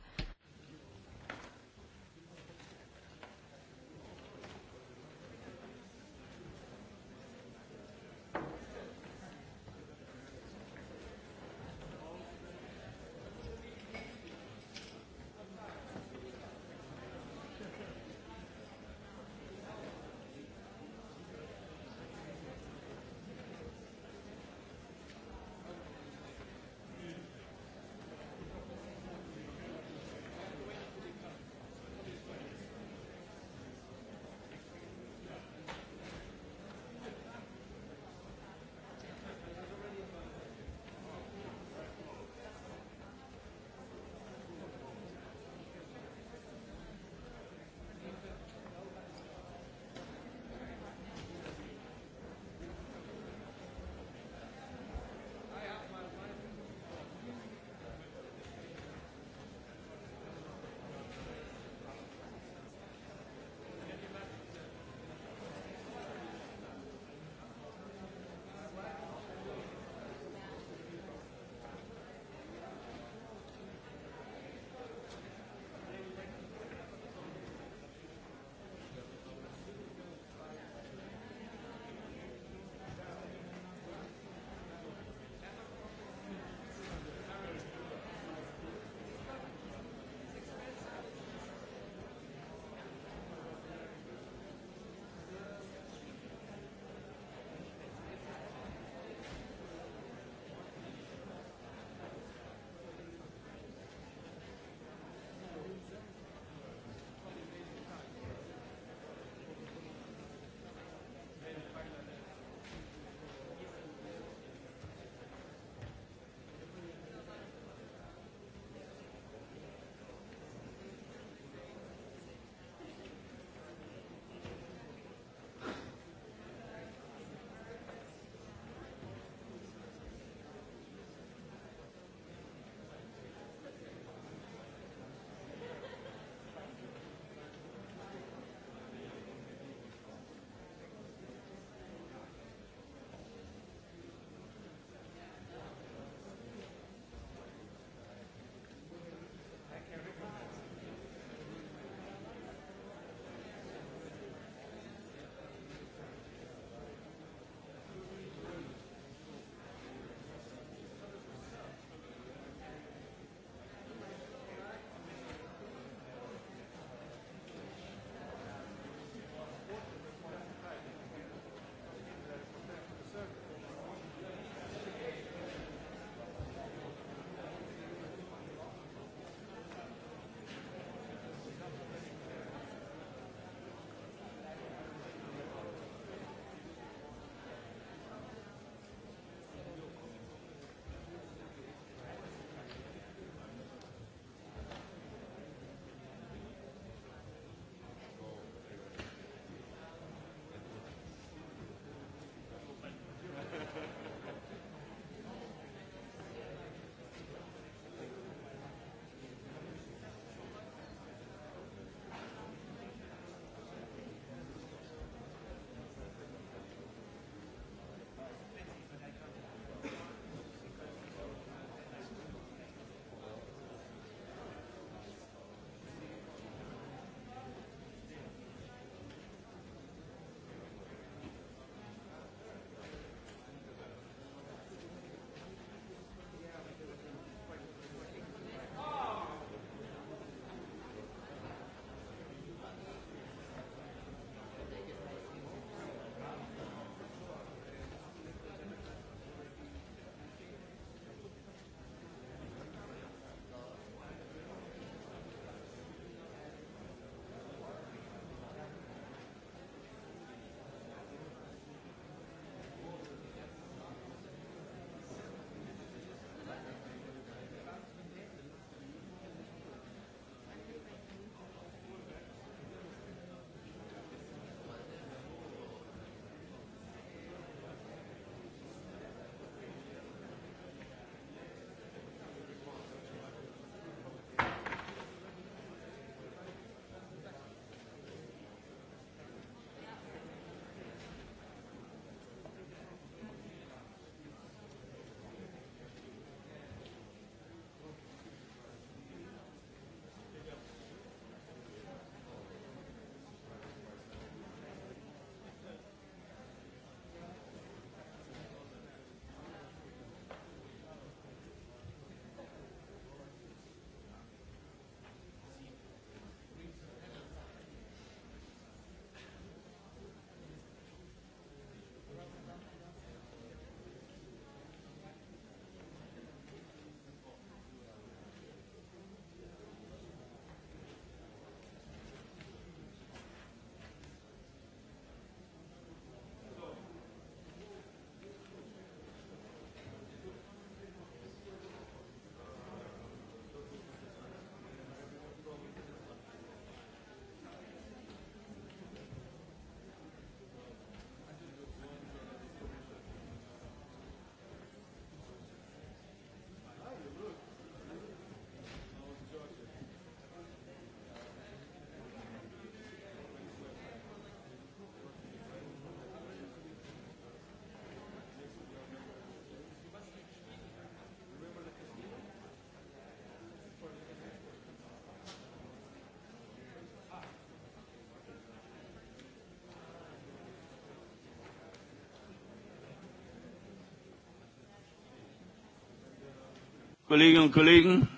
Kolleginnen und Kollegen,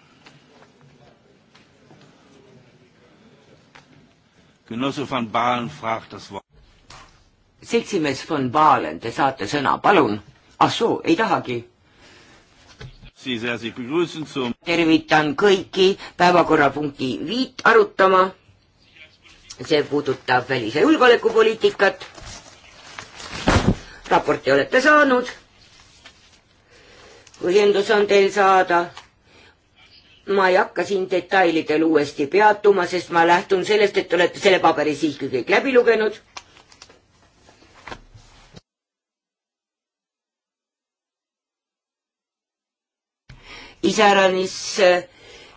Genosse van Baalen fragt das Wort. seltsimees von Baalen, te saate sõna, palun. ah soo, ei tahagi. tervitan kõiki päevakorrapunkti viit arutama. see puudutab välis- ja julgeolekupoliitikat. raporti olete saanud põhjendus on teil saada. ma ei hakka siin detailidel uuesti peatuma, sest ma lähtun sellest, et te olete selle paberi siiski kõik läbi lugenud iseäranis äh,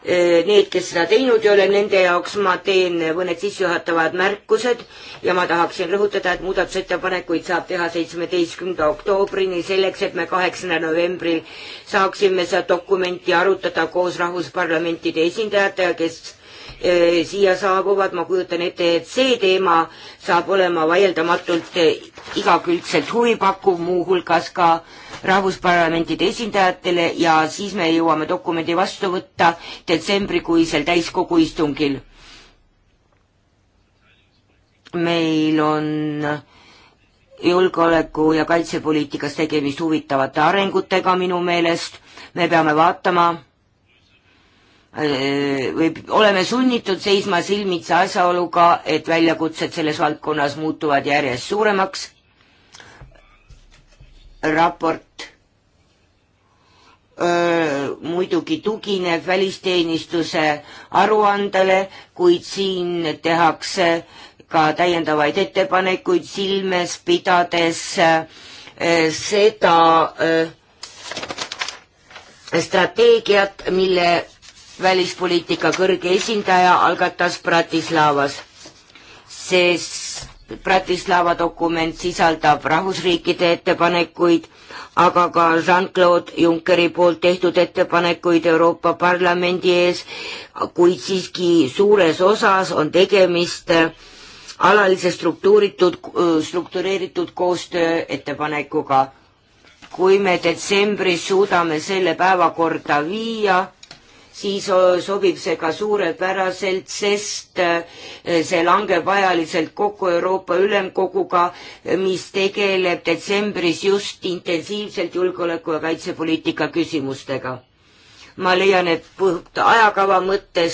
Eh, need, kes seda teinud ei ole, nende jaoks ma teen mõned sissejuhatavad märkused ja ma tahaksin rõhutada, et muudatusettepanekuid saab teha seitsmeteistkümnenda oktoobrini selleks, et me kaheksandal novembril saaksime seda dokumenti arutada koos rahvusparlamentide esindajatega, kes Eh, siia saabuvad, ma kujutan ette, et see teema saab olema vaieldamatult eh, igakülgselt huvipakkuv, muuhulgas ka rahvusparlamentide esindajatele ja siis me jõuame dokumendi vastu võtta detsembrikuisel täiskogu istungil. meil on julgeoleku ja kaitsepoliitikas tegemist huvitavate arengutega minu meelest, me peame vaatama Äh, või oleme sunnitud seisma silmitsi asjaoluga, et väljakutsed selles valdkonnas muutuvad järjest suuremaks. raport öö, äh, muidugi tugineb välisteenistuse aruandele, kuid siin tehakse ka täiendavaid ettepanekuid silmes pidades öö, äh, seda öö, strateegiat, mille välispoliitika kõrge esindaja algatas Bratislavas. see Bratislava dokument sisaldab rahvusriikide ettepanekuid, aga ka Jean-Claude Junckeri poolt tehtud ettepanekuid Euroopa Parlamendi ees, kuid siiski suures osas on tegemist alalise struktuuritud, struktureeritud koostöö ettepanekuga. kui me detsembris suudame selle päevakorda viia, siis sobib see ka suurepäraselt, sest eh, see langeb ajaliselt kokku Euroopa Ülemkoguga, eh, mis tegeleb detsembris just intensiivselt julgeoleku- ja kaitsepoliitika küsimustega. ma leian, et puht ajakava mõttes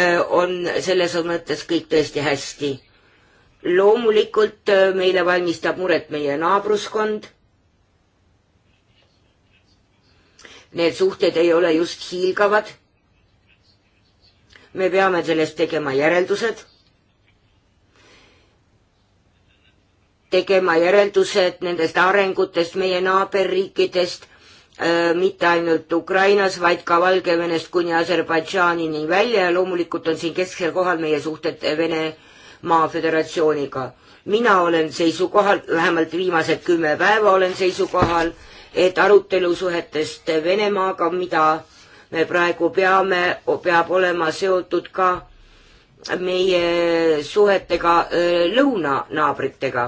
eh, on selles mõttes kõik tõesti hästi. loomulikult meile valmistab muret meie naabruskond need suhted ei ole just hiilgavad me peame sellest tegema järeldused, tegema järeldused nendest arengutest meie naaberriikidest, äh, mitte ainult Ukrainas, vaid ka Valgevenest kuni Aserbaidžaanini välja ja loomulikult on siin kesksel kohal meie suhted Venemaa Föderatsiooniga. mina olen seisukohal, vähemalt viimased kümme päeva olen seisukohal, et arutelu suhetest Venemaaga, mida me praegu peame, peab olema seotud ka meie suhetega lõunanaabritega.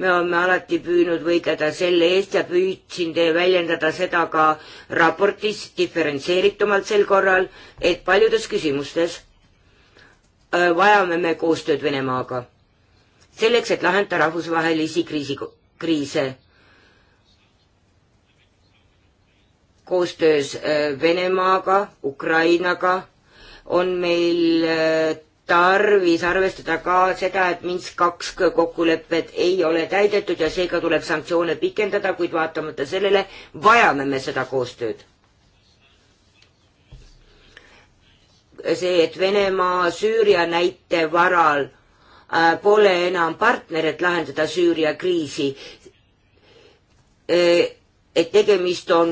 me oleme alati püüdnud võidelda selle eest ja püüdsin väljendada seda ka raportis diferentseeritumalt sel korral, et paljudes küsimustes vajame me koostööd Venemaaga. selleks, et lahendada rahvusvahelisi kriisi, kriise koostöös äh, Venemaaga, Ukrainaga on meil äh, tarvis arvestada ka seda, et Minsk kaks kokkulepped ei ole täidetud ja seega tuleb sanktsioone pikendada, kuid vaatamata sellele vajame me seda koostööd. see, et Venemaa Süüria näite varal äh, pole enam partner, et lahendada Süüria kriisi, et tegemist on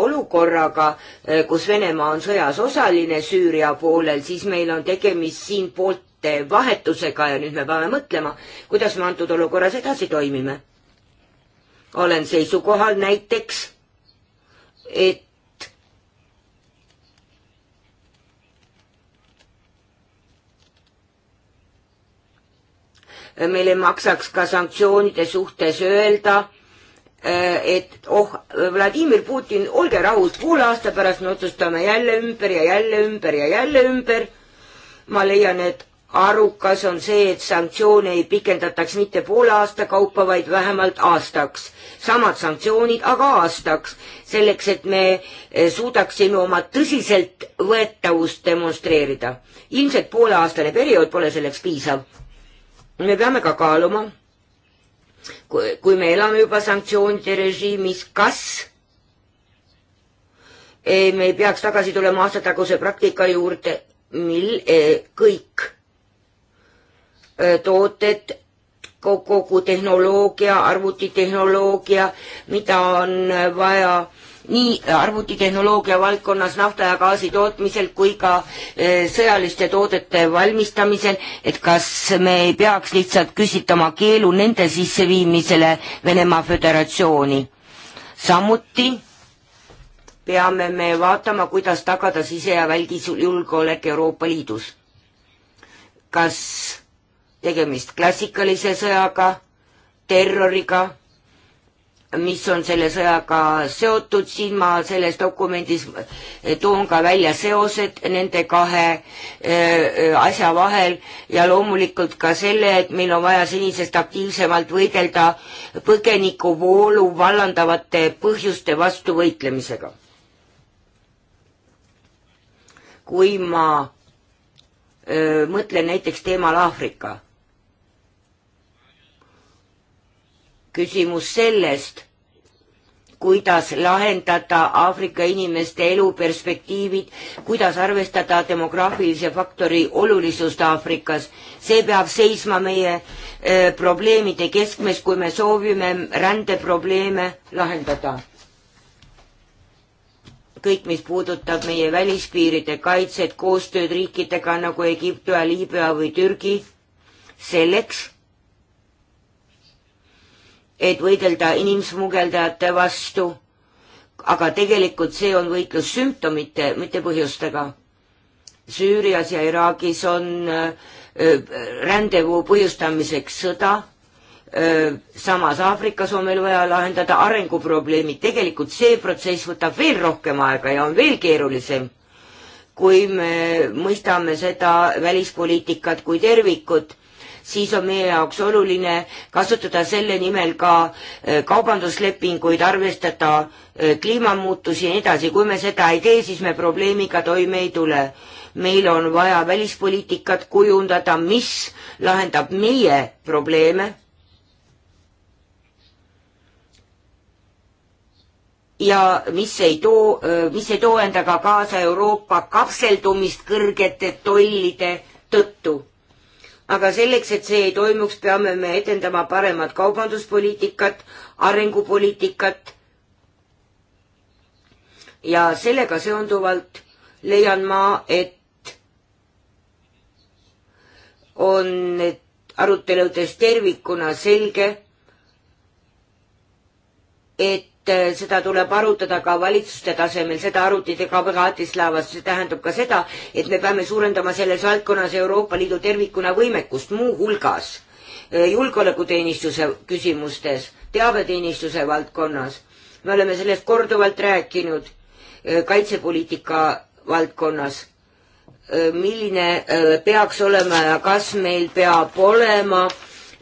olukorraga, eh, kus Venemaa on sõjas osaline Süüria poolel, siis meil on tegemist siin poolte vahetusega ja nüüd me peame mõtlema, kuidas me antud olukorras edasi toimime. olen seisukohal näiteks, et meil ei maksaks ka sanktsioonide suhtes öelda, Äh, et oh, Vladimir Putin, olge rahus, poole aasta pärast me otsustame jälle ümber ja jälle ümber ja jälle ümber. ma leian, et arukas on see, et sanktsioone ei pikendataks mitte poole aasta kaupa, vaid vähemalt aastaks. samad sanktsioonid, aga aastaks, selleks et me eh, suudaksime oma tõsiseltvõetavust demonstreerida. ilmselt pooleaastane periood pole selleks piisav. me peame ka kaaluma kui, kui me elame juba sanktsioonide režiimis, kas ei, me ei peaks tagasi tulema aastataguse praktika juurde, mil e, kõik e, tooted kogu tehnoloogia, arvutitehnoloogia, mida on vaja nii arvutitehnoloogia valdkonnas nafta ja gaasi tootmisel kui ka eh, sõjaliste toodete valmistamisel, et kas me ei peaks lihtsalt küsitama keelu nende sisseviimisele Venemaa Föderatsiooni. samuti peame me vaatama, kuidas tagada sise- ja välisjulgeolek Euroopa Liidus. kas tegemist klassikalise sõjaga, terroriga mis on selle sõjaga seotud, siin ma selles dokumendis toon ka välja seosed nende kahe äh, äh, asja vahel ja loomulikult ka selle, et meil on vaja senisest aktiivsemalt võidelda põgenikuvoolu vallandavate põhjuste vastu võitlemisega. kui ma öö, äh, mõtlen näiteks teemal Aafrika küsimus sellest, kuidas lahendada Aafrika inimeste eluperspektiivid, kuidas arvestada demograafilise faktori olulisust Aafrikas. see peab seisma meie öö, äh, probleemide keskmes, kui me soovime rändeprobleeme lahendada. kõik, mis puudutab meie välispiiride kaitset, koostööd riikidega nagu Egiptua, Liibüa või Türgi, selleks et võidelda inimsmugeldajate vastu, aga tegelikult see on võitlus sümptomite, mitte põhjustega. Süürias ja Iraagis on äh, äh, rändevoo põhjustamiseks sõda, äh, samas Aafrikas on meil vaja lahendada arenguprobleemid, tegelikult see protsess võtab veel rohkem aega ja on veel keerulisem kui me mõistame seda välispoliitikat kui tervikut siis on meie jaoks oluline kasutada selle nimel ka äh, kaubanduslepinguid, arvestada äh, kliimamuutusi ja nii edasi. kui me seda ei tee, siis me probleemiga toime ei tule. meil on vaja välispoliitikat kujundada, mis lahendab meie probleeme ja mis ei too, äh, mis ei too endaga kaasa Euroopa kapseldumist kõrgete tollide tõttu aga selleks, et see ei toimuks, peame me edendama paremat kaubanduspoliitikat, arengupoliitikat. ja sellega seonduvalt leian ma, et on aruteludes tervikuna selge, et Äh, seda tuleb arutada ka valitsuste tasemel, seda arutati ka Bratislavas, see tähendab ka seda, et me peame suurendama selles valdkonnas Euroopa Liidu tervikuna võimekust, muuhulgas äh, julgeolekuteenistuse küsimustes, teabeteenistuse valdkonnas. me oleme sellest korduvalt rääkinud äh, kaitsepoliitika valdkonnas. milline peaks olema ja kas meil peab olema äh,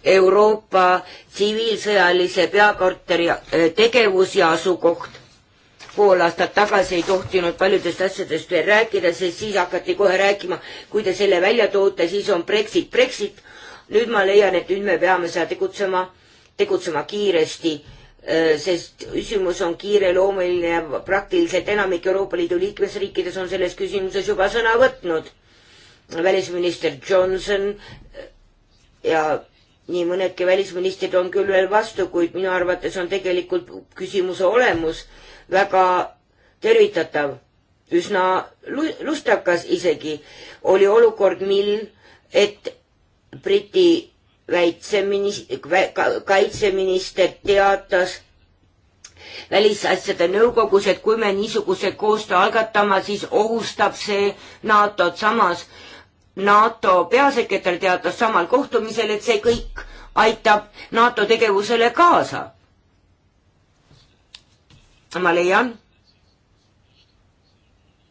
Euroopa tsiviilsõjalise peakorteri eh, tegevus ja asukoht. pool aastat tagasi ei tohtinud paljudest asjadest veel rääkida, sest siis hakati kohe rääkima, kui te selle välja toote, siis on Brexit, Brexit. nüüd ma leian, et nüüd me peame seda tegutsema, tegutsema kiiresti eh, sest küsimus on kiireloomeline ja praktiliselt enamik Euroopa Liidu liikmesriikides on selles küsimuses juba sõna võtnud. välisminister Johnson eh, ja nii mõnedki välisministrid on küll veel vastu, kuid minu arvates on tegelikult küsimuse olemus väga tervitatav. üsna lustakas isegi oli olukord, mil, et Briti väitseminist-, kaitseminister teatas välisasjade nõukogus, et kui me niisuguse koostöö algatame, siis ohustab see NATO-t, samas NATO peasekretär teatas samal kohtumisel, et see kõik aitab NATO tegevusele kaasa. ma leian,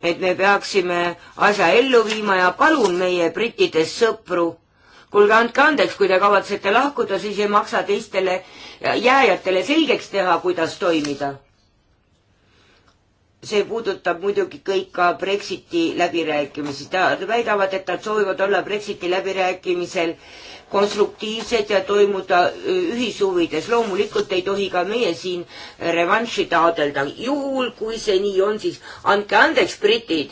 et me peaksime asja ellu viima ja palun meie brittidest sõpru, kuulge, andke andeks, kui te kavatsete lahkuda, siis ei maksa teistele jääjatele selgeks teha, kuidas toimida see puudutab muidugi kõik ka Brexiti läbirääkimisi. Nad väidavad, et nad soovivad olla Brexiti läbirääkimisel konstruktiivsed ja toimuda äh, ühishuvides. loomulikult ei tohi ka meie siin revanši taotleda. juhul, kui see nii on, siis andke andeks, britid,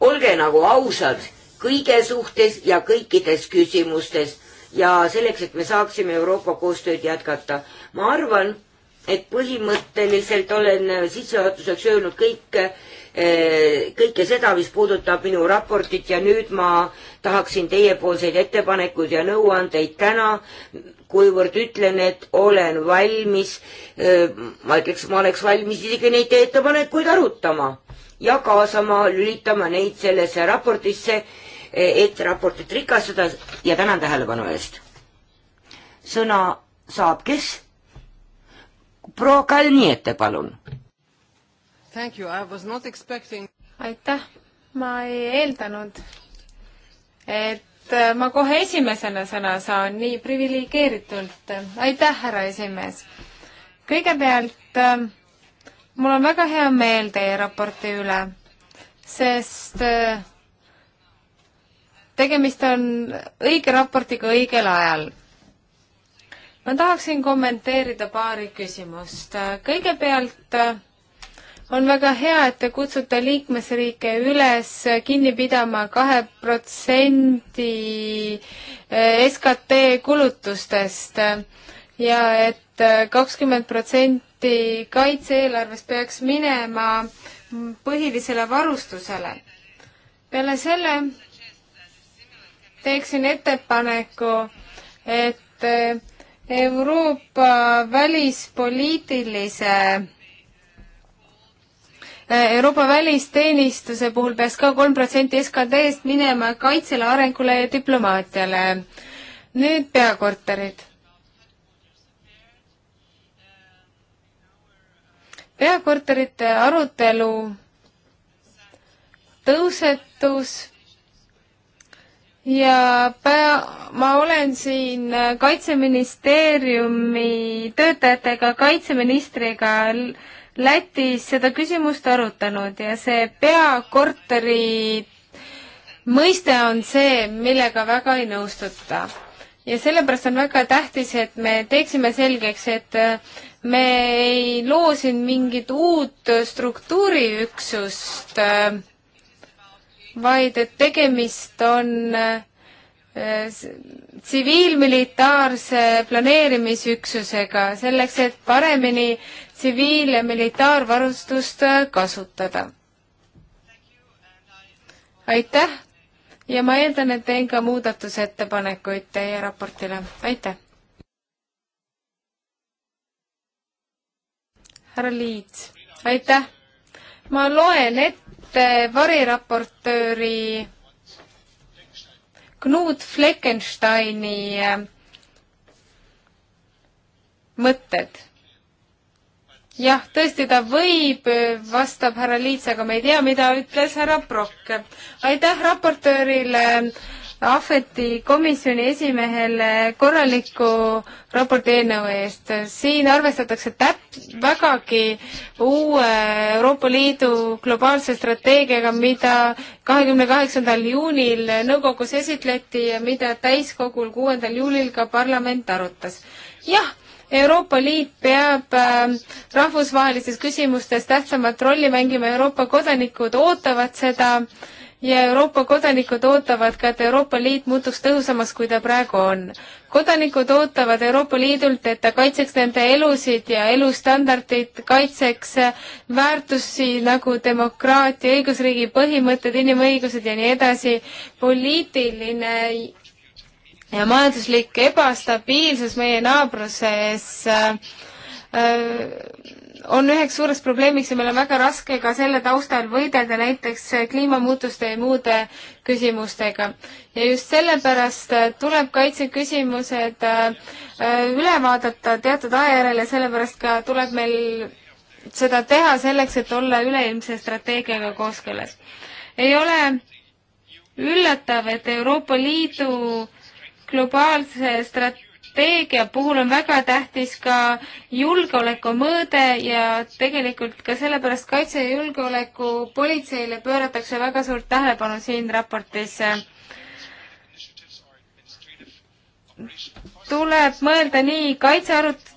olge nagu ausad kõige suhtes ja kõikides küsimustes ja selleks, et me saaksime Euroopa koostööd jätkata. ma arvan, et põhimõtteliselt olen sissejuhatuseks öelnud kõik, eh, kõike seda, mis puudutab minu raportit ja nüüd ma tahaksin teiepoolseid ettepanekuid ja nõuandeid täna, kuivõrd ütlen, et olen valmis, eh, ma ütleks, ma oleks valmis isegi neid ettepanekuid arutama ja kaasama, lülitama neid sellesse raportisse, eh, et raportit rikastada ja tänan tähelepanu eest. sõna saab kes? proua Kalniete, palun. Expecting... aitäh, ma ei eeldanud, et äh, ma kohe esimesena sõna saan nii priviligeeritult. aitäh, härra esimees. kõigepealt äh, mul on väga hea meel teie raporti üle, sest äh, tegemist on õige raportiga õigel ajal ma tahaksin kommenteerida paari küsimust. kõigepealt äh, on väga hea, et te kutsute liikmesriike üles kinni pidama kahe protsendi äh, SKT kulutustest ja et äh, kakskümmend protsenti kaitse-eelarvest peaks minema põhilisele varustusele. peale selle teeksin ettepaneku, et Euroopa välispoliitilise äh, Euroopa välisteenistuse puhul peaks ka kolm protsenti SKT-st minema kaitsele, arengule ja diplomaatiale. nüüd peakorterid. peakorterite arutelu tõusetus ja pea, ma olen siin Kaitseministeeriumi töötajatega, kaitseministriga Lätis seda küsimust arutanud ja see peakorteri mõiste on see, millega väga ei nõustuta. ja sellepärast on väga tähtis, et me teeksime selgeks, et äh, me ei loo siin mingit uut struktuuriüksust äh, vaid et tegemist on eh, tsiviilmilitaarse planeerimisüksusega selleks, et paremini tsiviil- ja militaarvarustust eh, kasutada. aitäh ja ma eeldan, et teen ka muudatusettepanekuid teie raportile, aitäh! härra Liits, aitäh! ma loen ette mainisite variraportööri Knut Fleckensteini äh, mõtted. jah, tõesti, ta võib, äh, vastab härra Liits, aga me ei tea, mida ütles härra Prokk. aitäh raportöörile Ahveti komisjoni esimehele korraliku raporti eelnõu eest. siin arvestatakse täp-, vägagi uue Euroopa Liidu globaalse strateegiaga, mida kahekümne kaheksandal juunil nõukogus esitleti ja mida täiskogul kuuendal juulil ka parlament arutas. jah Euroopa Liit peab ähm, rahvusvahelistes küsimustes tähtsamat rolli mängima, Euroopa kodanikud ootavad seda ja Euroopa kodanikud ootavad ka, et Euroopa Liit muutuks tõhusamaks, kui ta praegu on. kodanikud ootavad Euroopa Liidult, et ta kaitseks nende elusid ja elustandardit, kaitseks väärtusi nagu demokraatia, õigusriigi põhimõtted, inimõigused ja nii edasi, poliitiline ja majanduslik ebastabiilsus meie naabruses äh, äh, on üheks suureks probleemiks ja meil on väga raske ka selle taustal võidelda näiteks kliimamuutuste ja muude küsimustega. ja just sellepärast äh, tuleb kaitseküsimused äh, äh, üle vaadata teatud ajajärel ja sellepärast ka tuleb meil seda teha selleks, et olla üleilmse strateegiaga kooskõlas. ei ole üllatav, et Euroopa Liidu globaalse strat-, strateegia puhul on väga tähtis ka julgeolekumõõde ja tegelikult ka sellepärast kaitse ja julgeoleku politseile pööratakse väga suurt tähelepanu siin raportis. tuleb mõelda nii kaitsearut-,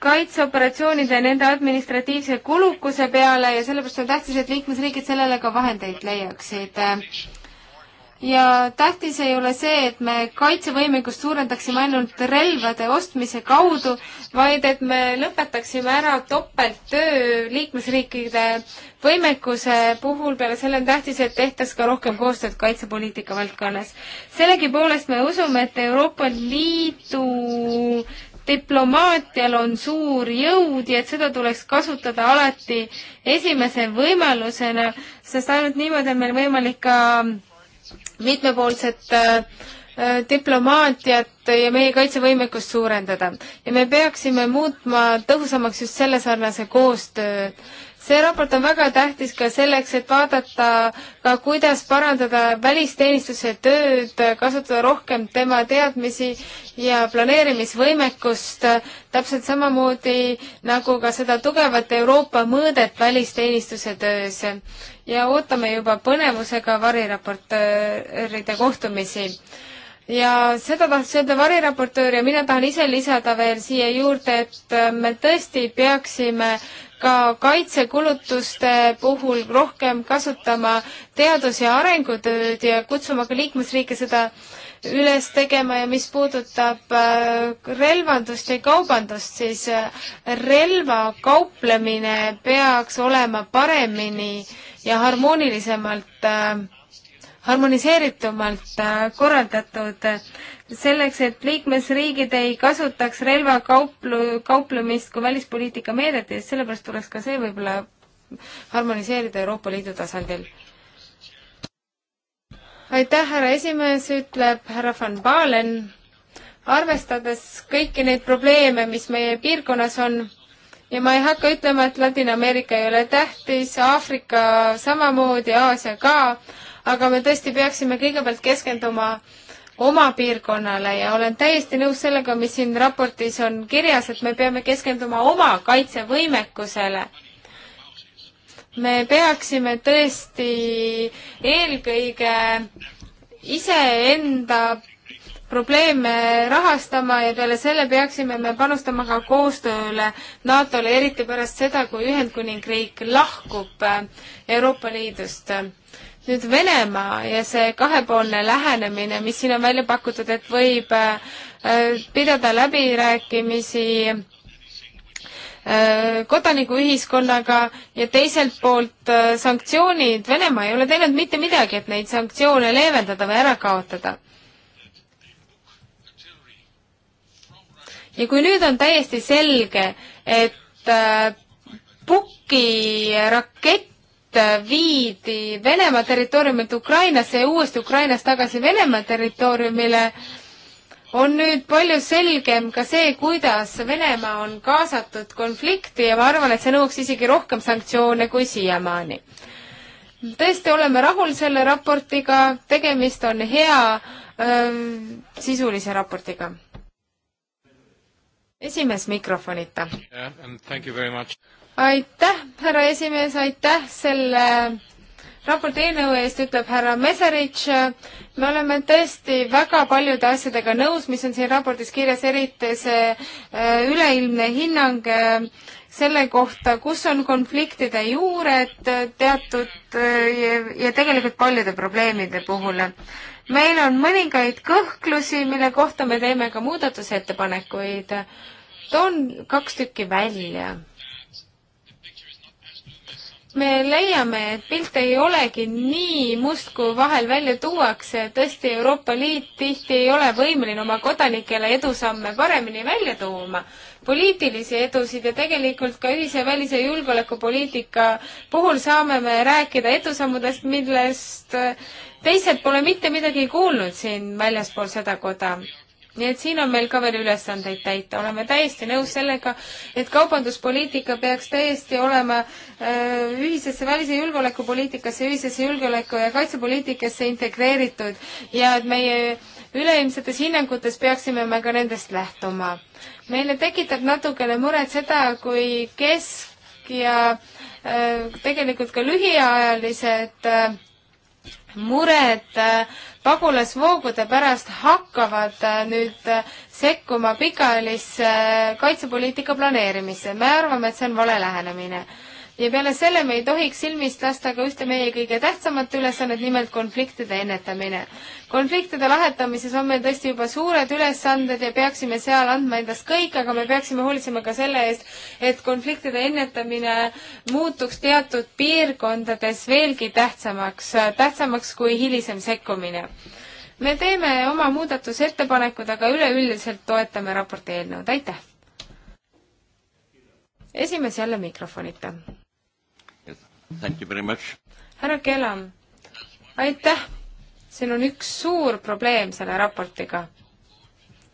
kaitseoperatsioonide ja nende administratiivse kulukuse peale ja sellepärast on tähtis, et liikmesriigid sellele ka vahendeid leiaksid ja tähtis ei ole see, et me kaitsevõimekust suurendaksime ainult relvade ostmise kaudu, vaid et me lõpetaksime ära topelttöö liikmesriikide võimekuse puhul, peale selle on tähtis, et tehtaks ka rohkem koostööd kaitsepoliitika valdkonnas. sellegipoolest me usume, et Euroopa Liidu diplomaatial on suur jõud ja et seda tuleks kasutada alati esimese võimalusena, sest ainult niimoodi on meil võimalik ka mitmepoolset äh, äh, diplomaatiat ja meie kaitsevõimekust suurendada. ja me peaksime muutma tõhusamaks just sellesarnase koostöö see raport on väga tähtis ka selleks, et vaadata ka, kuidas parandada välisteenistuse tööd, kasutada rohkem tema teadmisi ja planeerimisvõimekust, täpselt samamoodi nagu ka seda tugevat Euroopa mõõdet välisteenistuse töös. ja ootame juba põnevusega variraportööride kohtumisi ja seda tahtis öelda variraportöör ja mina tahan ise lisada veel siia juurde, et me tõesti peaksime ka kaitsekulutuste puhul rohkem kasutama teadus- ja arengutööd ja kutsuma ka liikmesriike seda üles tegema ja mis puudutab äh, relvandust ja kaubandust, siis äh, relva kauplemine peaks olema paremini ja harmoonilisemalt äh, harmoniseeritumalt korraldatud selleks, et liikmesriigid ei kasutaks relvakauplu, kauplemist kui välispoliitika meedet ja sellepärast tuleks ka see võib-olla harmoniseerida Euroopa Liidu tasandil. aitäh, härra esimees, ütleb härra Van Balen. arvestades kõiki neid probleeme, mis meie piirkonnas on, ja ma ei hakka ütlema, et Ladina-Ameerika ei ole tähtis, Aafrika samamoodi, Aasia ka, aga me tõesti peaksime kõigepealt keskenduma äh, oma piirkonnale ja olen täiesti nõus sellega, mis siin raportis on kirjas, et me peame keskenduma oma kaitsevõimekusele. me peaksime tõesti eelkõige iseenda probleeme rahastama ja peale selle peaksime me panustama ka koostööle NATO-le, eriti pärast seda, kui Ühendkuningriik lahkub Euroopa Liidust nüüd Venemaa ja see kahepoolne lähenemine, mis siin on välja pakutud, et võib äh, pidada läbirääkimisi äh, kodanikuühiskonnaga ja teiselt poolt äh, sanktsioonid, Venemaa ei ole teinud mitte midagi, et neid sanktsioone leevendada või ära kaotada. ja kui nüüd on täiesti selge, et pukirakett Äh, viidi Venemaa territooriumilt Ukrainasse ja uuesti Ukrainast tagasi Venemaa territooriumile, on nüüd palju selgem ka see, kuidas Venemaa on kaasatud konflikti ja ma arvan, et see nõuaks isegi rohkem sanktsioone kui siiamaani. tõesti oleme rahul selle raportiga, tegemist on hea öö, äh, sisulise raportiga. esimees mikrofonita aitäh, härra esimees, aitäh selle raporti eelnõu eest, ütleb härra Meserich. me oleme tõesti väga paljude asjadega nõus, mis on siin raportis kirjas, eriti see äh, üleilmne hinnang äh, selle kohta, kus on konfliktide juured äh, teatud ja tegelikult paljude probleemide puhul. meil on mõningaid kõhklusi, mille kohta me teeme ka muudatusettepanekuid. toon kaks tükki välja me leiame, et pilt ei olegi nii must, kui vahel välja tuuakse, tõesti Euroopa Liit tihti ei ole võimeline oma kodanikele edusamme paremini välja tooma. poliitilisi edusid ja tegelikult ka ühise välise julgeolekupoliitika puhul saame me rääkida edusammudest, millest teised pole mitte midagi kuulnud siin väljaspool seda koda nii et siin on meil ka veel ülesandeid täita, oleme täiesti nõus sellega, et kaubanduspoliitika peaks täiesti olema äh, ühisesse välis- ja julgeolekupoliitikasse, ühisesse julgeoleku- ja kaitsepoliitikasse integreeritud ja et meie üleilmsetes hinnangutes peaksime me ka nendest lähtuma. meile tekitab natukene muret seda, kui kesk ja äh, tegelikult ka lühiajalised äh, mured pagulasvoogude pärast hakkavad äh, nüüd äh, sekkuma pikaajalisse äh, kaitsepoliitika planeerimisse. me arvame, et see on vale lähenemine ja peale selle me ei tohiks silmist lasta ka ühte meie kõige tähtsamat ülesannet, nimelt konfliktide ennetamine. konfliktide lahetamises on meil tõesti juba suured ülesanded ja peaksime seal andma endast kõik, aga me peaksime hoolitsema ka selle eest, et konfliktide ennetamine muutuks teatud piirkondades veelgi tähtsamaks, tähtsamaks kui hilisem sekkumine me teeme oma muudatusettepanekud, aga üleüldiselt toetame raporti eelnõud, aitäh! esimees jälle mikrofonita härra Kelam, aitäh! siin on üks suur probleem selle raportiga.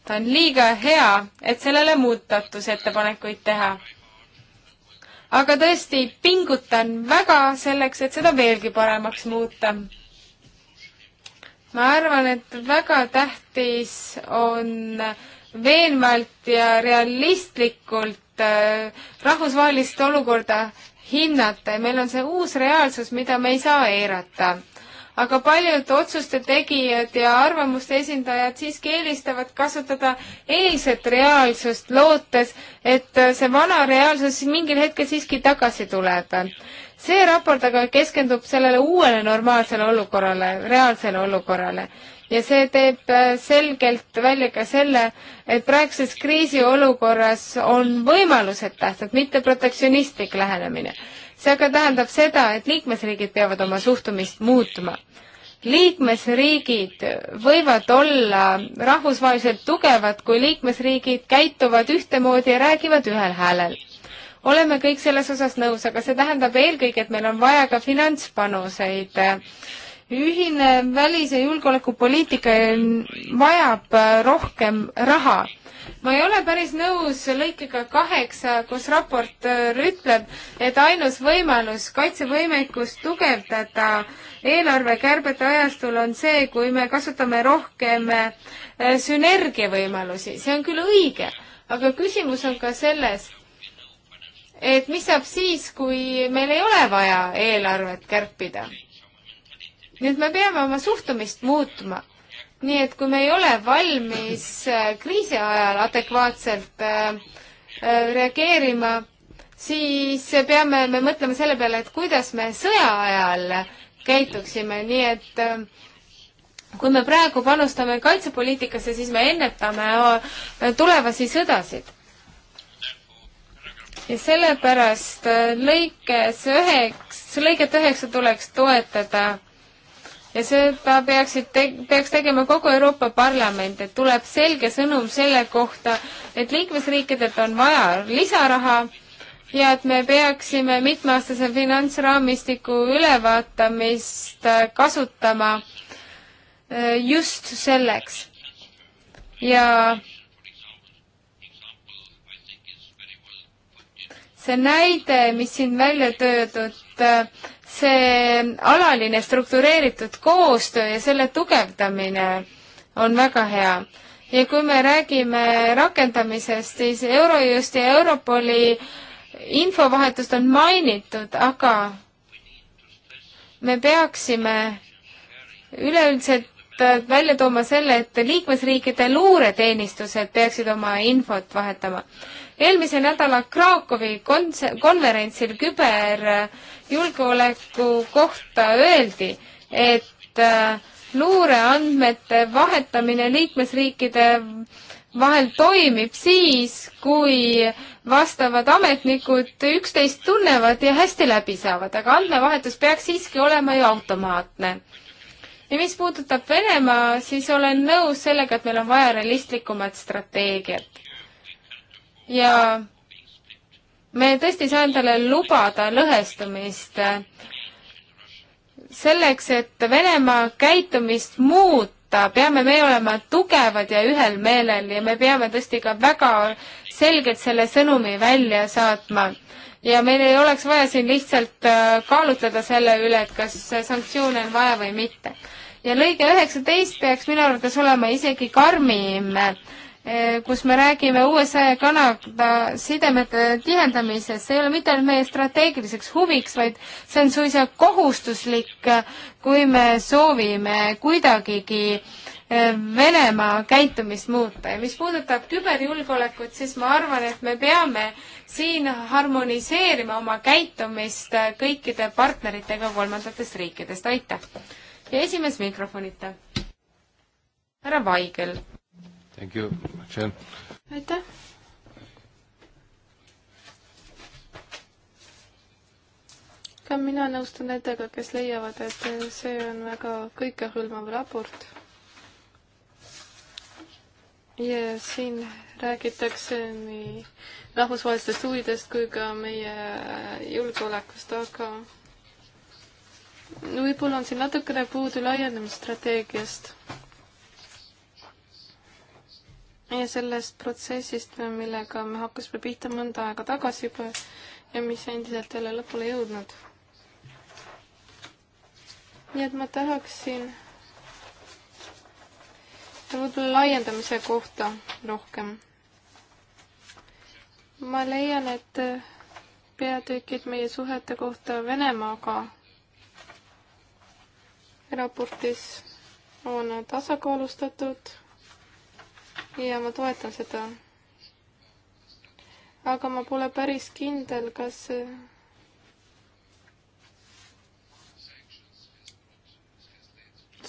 ta on liiga hea, et sellele muudatusettepanekuid teha. aga tõesti, pingutan väga selleks, et seda veelgi paremaks muuta. ma arvan, et väga tähtis on veenvalt ja realistlikult äh, rahvusvahelist olukorda hinnata ja meil on see uus reaalsus, mida me ei saa eirata. aga paljud otsuste tegijad ja arvamuste esindajad siiski eelistavad kasutada eilset reaalsust, lootes, et see vana reaalsus mingil hetkel siiski tagasi tuleb see raport aga keskendub sellele uuele normaalsele olukorrale, reaalsele olukorrale. ja see teeb äh, selgelt välja ka selle, et praeguses kriisiolukorras on võimalused tähtsad, mitte protektsionistlik lähenemine. see aga tähendab seda, et liikmesriigid peavad oma suhtumist muutma liikmesriigid võivad olla rahvusvaheliselt tugevad, kui liikmesriigid käituvad ühtemoodi ja räägivad ühel häälel oleme kõik selles osas nõus, aga see tähendab eelkõige, et meil on vaja ka finantspanuseid ühine välis- ja julgeolekupoliitika vajab rohkem raha. ma ei ole päris nõus lõikega kaheksa, kus raportöör ütleb, et ainus võimalus kaitsevõimekust tugevdada eelarvekärbete ajastul on see, kui me kasutame rohkem eh, sünergiavõimalusi. see on küll õige, aga küsimus on ka selles, et mis saab siis, kui meil ei ole vaja eelarvet kärpida. nii et me peame oma suhtumist muutma. nii et kui me ei ole valmis äh, kriisi ajal adekvaatselt äh, äh, reageerima, siis peame me mõtlema selle peale, et kuidas me sõja ajal käituksime, nii et kui me praegu panustame kaitsepoliitikasse, siis me ennetame tulevasi sõdasid ja sellepärast äh, lõikes üheks, lõiget üheksa tuleks toetada ja seda peaksid te,, peaks tegema kogu Euroopa Parlament, et tuleb selge sõnum selle kohta, et liikmesriikidelt on vaja lisaraha ja et me peaksime mitmeaastase finantsraamistiku ülevaatamist äh, kasutama äh, just selleks. ja see näide, mis siin välja töödud, see alaline struktureeritud koostöö ja selle tugevdamine on väga hea. ja kui me räägime rakendamisest, siis Eurojust ja Europoli infovahetust on mainitud, aga me peaksime üleüldiselt välja tooma selle, et liikmesriikide luureteenistused peaksid oma infot vahetama eelmise nädala Krakowi konverentsil küberjulgeoleku kohta öeldi, et äh, luureandmete vahetamine liikmesriikide vahel toimib siis, kui vastavad ametnikud üksteist tunnevad ja hästi läbi saavad, aga andmevahetus peaks siiski olema ju automaatne. ja mis puudutab Venemaa, siis olen nõus sellega, et meil on vaja realistlikumat strateegiat ja me tõesti ei saa endale lubada lõhestumist. Äh, selleks, et Venemaa käitumist muuta, peame me olema tugevad ja ühel meelel ja me peame tõesti ka väga selgelt selle sõnumi välja saatma ja meil ei oleks vaja siin lihtsalt äh, kaalutleda selle üle, et kas sanktsioone on vaja või mitte. ja lõige üheksateist peaks minu arvates olema isegi karmim, Eh, kus me räägime USA ja Kanada sidemete tihendamisest, see ei ole mitte ainult meie strateegiliseks huviks, vaid see on suisa kohustuslik, kui me soovime kuidagigi eh, Venemaa käitumist muuta ja mis puudutab küberjulgeolekut, siis ma arvan, et me peame siin harmoniseerima oma käitumist kõikide partneritega kolmandatest riikidest, aitäh! ja esimees mikrofonita. härra Vaigel aitäh. ka mina nõustun nendega, kes leiavad, et see on väga kõikehõlmav raport. ja siin räägitakse nii rahvusvahelistest huvidest kui ka meie julgeolekust, aga võib-olla on siin natukene puudu laiendamisstrateegiast ja sellest protsessist, millega me hakkasime pihta mõnda aega tagasi juba ja mis endiselt ei ole lõpule jõudnud. nii et ma tahaksin võib-olla laiendamise kohta rohkem. ma leian, et peatükid meie suhete kohta Venemaaga raportis on tasakaalustatud ja ma toetan seda. aga ma pole päris kindel, kas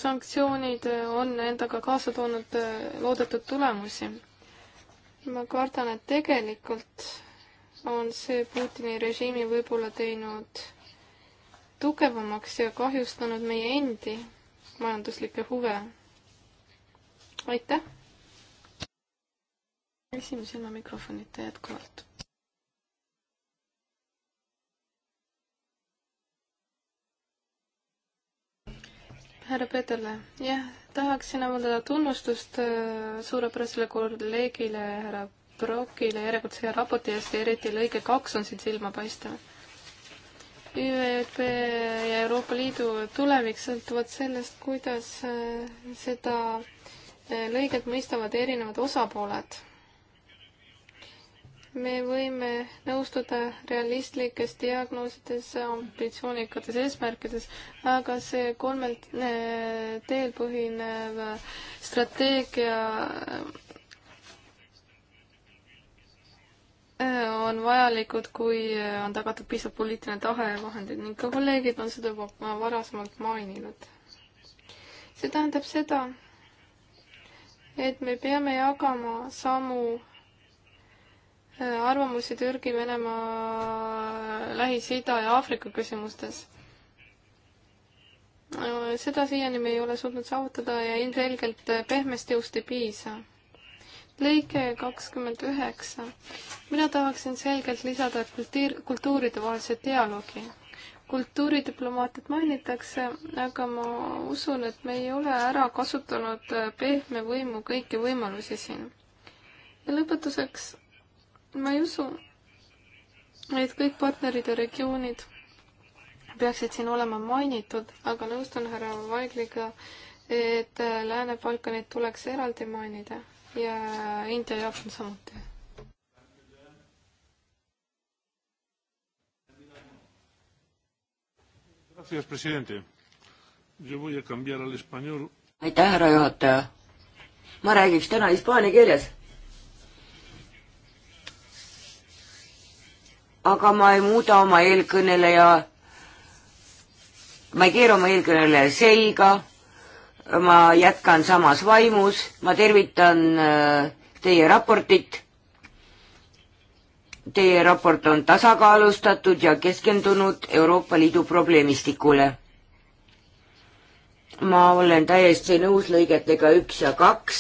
sanktsioonid on endaga kaasa toonud loodetud tulemusi. ma kardan, et tegelikult on see Putini režiimi võib-olla teinud tugevamaks ja kahjustanud meie endi majanduslikke huve. aitäh! esimees ilma mikrofonita jätkuvalt. härra Peeterle, jah, tahaksin avaldada tunnustust äh, suurepärasele kolleegile härra Brokile järjekordse hea raporti eest ja eriti lõige kaks on siin silma paistnud. ÜEP ja Euroopa Liidu tulevik sõltuvad sellest, kuidas äh, seda äh, lõiget mõistavad erinevad osapooled me võime nõustuda realistlikes diagnoosides, ambitsioonikates eesmärkides, aga see kolmelt eh, teel põhinev strateegia eh, on vajalikud, kui eh, on tagatud piisav poliitiline tahe ja vahendid ning ka kolleegid on seda juba varasemalt maininud. see tähendab seda, et me peame jagama samu arvamusi Türgi, Venemaa, Lähis-Ida ja Aafrika küsimustes. seda siiani me ei ole suutnud saavutada ja ilmselgelt pehmest jõust ei piisa. lõige kakskümmend üheksa. mina tahaksin selgelt lisada kultiir, kultuuridevahelise dialoogi. kultuuridiplomaatiat mainitakse, aga ma usun, et me ei ole ära kasutanud pehme võimu kõiki võimalusi siin. ja lõpetuseks ma ei usu, et kõik partnerid ja regioonid peaksid siin olema mainitud, aga nõustun härra Vaigliga, et Lääne-Balkanit tuleks eraldi mainida ja India jaoks on samuti. aitäh, härra juhataja. ma räägiks täna hispaania keeles aga ma ei muuda oma eelkõneleja, ma ei keera oma eelkõneleja selga, ma jätkan samas vaimus, ma tervitan äh, teie raportit. Teie raport on tasakaalustatud ja keskendunud Euroopa Liidu probleemistikule. ma olen täiesti nõus lõigetega üks ja kaks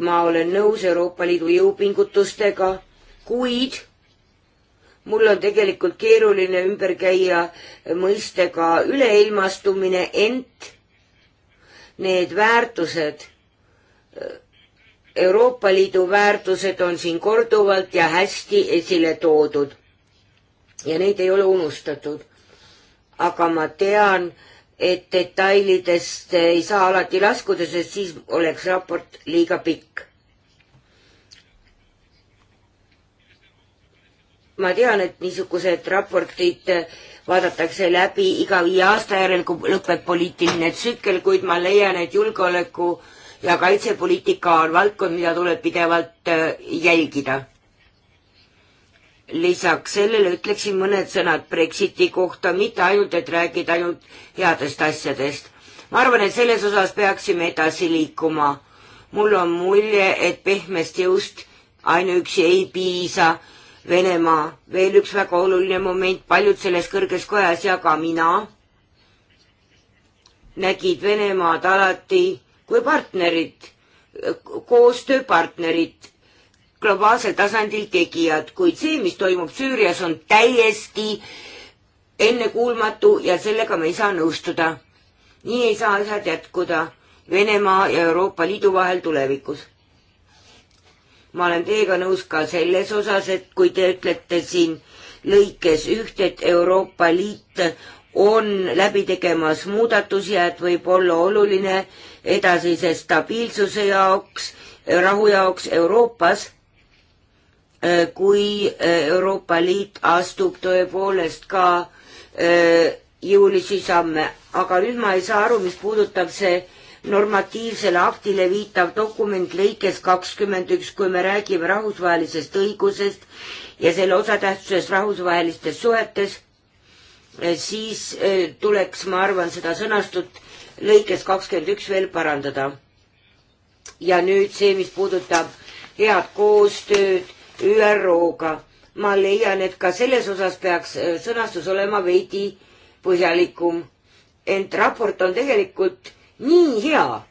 ma olen nõus Euroopa Liidu jõupingutustega, kuid mul on tegelikult keeruline ümber käia mõistega üleilmastumine, ent need väärtused, Euroopa Liidu väärtused on siin korduvalt ja hästi esile toodud. ja neid ei ole unustatud. aga ma tean, et detailidest ei saa alati laskuda, sest siis oleks raport liiga pikk ma tean, et niisugused raportid vaadatakse läbi iga viie aasta järel, kui lõpeb poliitiline tsükkel, kuid ma leian, et julgeoleku ja kaitsepoliitika on valdkond, mida tuleb pidevalt äh, jälgida. lisaks sellele ütleksin mõned sõnad Brexiti kohta, mitte ainult, et räägida ainult headest asjadest. ma arvan, et selles osas peaksime edasi liikuma. mul on mulje, et pehmest jõust ainuüksi ei piisa Venemaa, veel üks väga oluline moment, paljud selles kõrges kojas ja ka mina nägid Venemaad alati kui partnerit, koostööpartnerit, globaalsel tasandil tegijad, kuid see, mis toimub Süürias, on täiesti ennekuulmatu ja sellega me ei saa nõustuda. nii ei saa asjad jätkuda Venemaa ja Euroopa Liidu vahel tulevikus ma olen teiega nõus ka selles osas, et kui te ütlete siin lõikes üht, et Euroopa Liit on läbi tegemas muudatusi ja et võib olla oluline edasise stabiilsuse jaoks, rahu jaoks Euroopas, äh, kui äh, Euroopa Liit astub tõepoolest ka äh, jõulisi samme, aga nüüd ma ei saa aru, mis puudutab see normatiivsele aktile viitav dokument lõikes kakskümmend üks, kui me räägime rahvusvahelisest õigusest ja selle osatähtsusest rahvusvahelistes suhetes, eh, siis eh, tuleks, ma arvan, seda sõnastust lõikes kakskümmend üks veel parandada. ja nüüd see, mis puudutab head koostööd ÜRO-ga. ma leian, et ka selles osas peaks eh, sõnastus olema veidi põhjalikum. ent raport on tegelikult nii hea,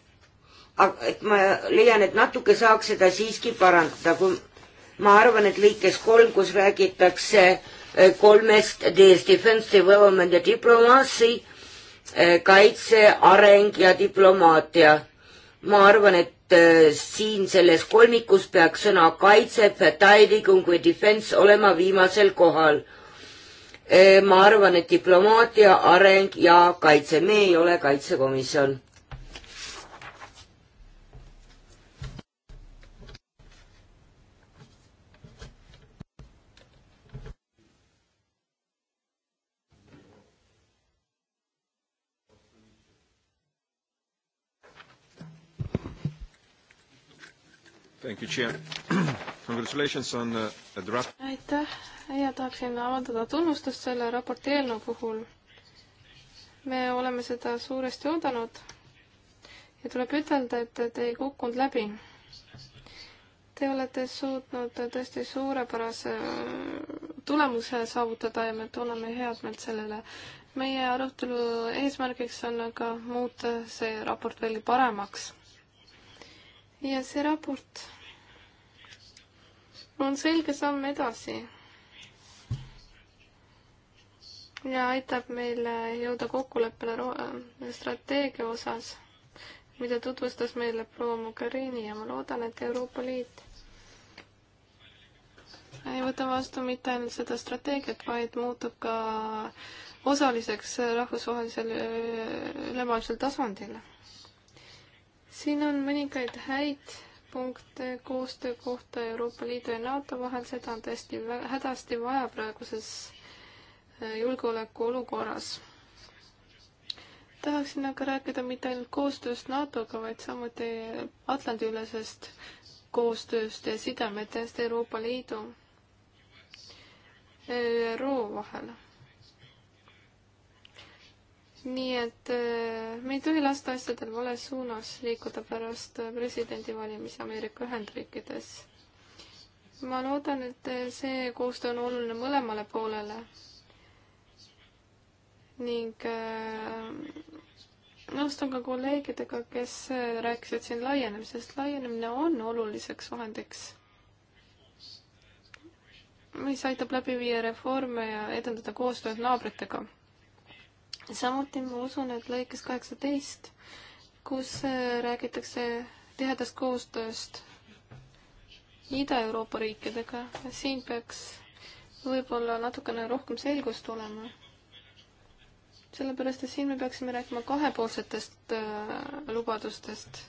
aga et ma leian, et natuke saaks seda siiski parandada, kui ma arvan, et lõikes kolm, kus räägitakse e, kolmest D-st, defense, development ja diplomacy, e, kaitse, areng ja diplomaatia. ma arvan, et e, siin selles kolmikus peaks sõna kaitse, kui defense olema viimasel kohal. ma arvan, et diplomaatia, areng ja kaitse, me ei ole kaitsekomisjon Thank you, Chair. Congratulations on uh, a draft. aitäh ja tahaksin avaldada tunnustust selle raporti eelnõu puhul. me oleme seda suuresti oodanud ja tuleb ütelda, et te ei kukkunud läbi. Te olete suutnud tõesti suurepärase äh, tulemuse saavutada ja me tunneme head meelt sellele. meie arutelu eesmärgiks on aga muuta see raport veelgi paremaks. ja see raport on selge samm edasi. ja aitab meil jõuda kokkuleppele äh, strateegia osas, mida tutvustas meile proua Mogherini ja ma loodan, et Euroopa Liit ei võta vastu mitte ainult seda strateegiat, vaid muutub ka osaliseks rahvusvahelisel äh, ülemaailmsel tasandil. siin on mõningaid häid punkte koostöö kohta Euroopa Liidu ja NATO vahel, seda on tõesti hädasti vaja praeguses äh, julgeolekuolukorras. tahaksin aga rääkida mitte ainult koostööst NATO-ga, vaid samuti Atlandi-ülesest koostööst ja sidemetest Euroopa Liidu ja ÜRO vahel nii et eh, me ei tohi lasta asjadel vales suunas liikuda pärast eh, presidendivalimisi Ameerika Ühendriikides. ma loodan, et eh, see koostöö on oluline mõlemale poolele ning nõustun ka kolleegidega, kes rääkisid siin laienemisest. laienemine on oluliseks vahendiks, mis aitab läbi viia reforme ja edendada koostööd naabritega samuti ma usun, et lõikes kaheksateist, kus äh, räägitakse tihedast koostööst Ida-Euroopa riikidega, siin peaks võib-olla natukene rohkem selgust olema. sellepärast, et siin me peaksime rääkima kahepoolsetest äh, lubadustest.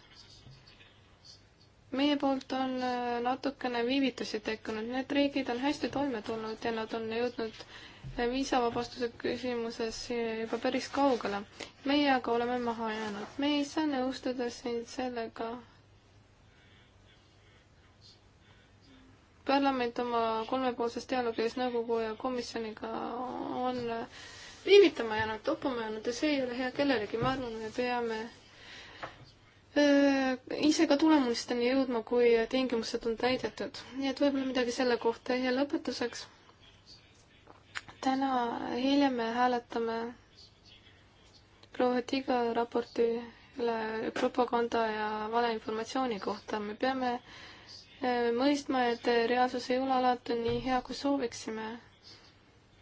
meie poolt on äh, natukene viivitusi tekkinud, need riigid on hästi toime tulnud ja nad on jõudnud äh, viisavabastuse küsimuses juba päris kaugele. meie aga oleme maha jäänud. me ei saa nõustuda siin sellega. parlament oma kolmepoolses dialoogis nõukogu ja komisjoniga on viivitama jäänud, toppama jäänud ja see ei ole hea kellelegi. ma arvan, me peame äh, ise ka tulemusteni jõudma, kui tingimused on täidetud. nii et võib-olla midagi selle kohta ja lõpetuseks täna hiljem me hääletame proua Tiga raporti üle propaganda ja valeinformatsiooni kohta. me peame eh, mõistma, et reaalsus ei ole alati nii hea, kui sooviksime.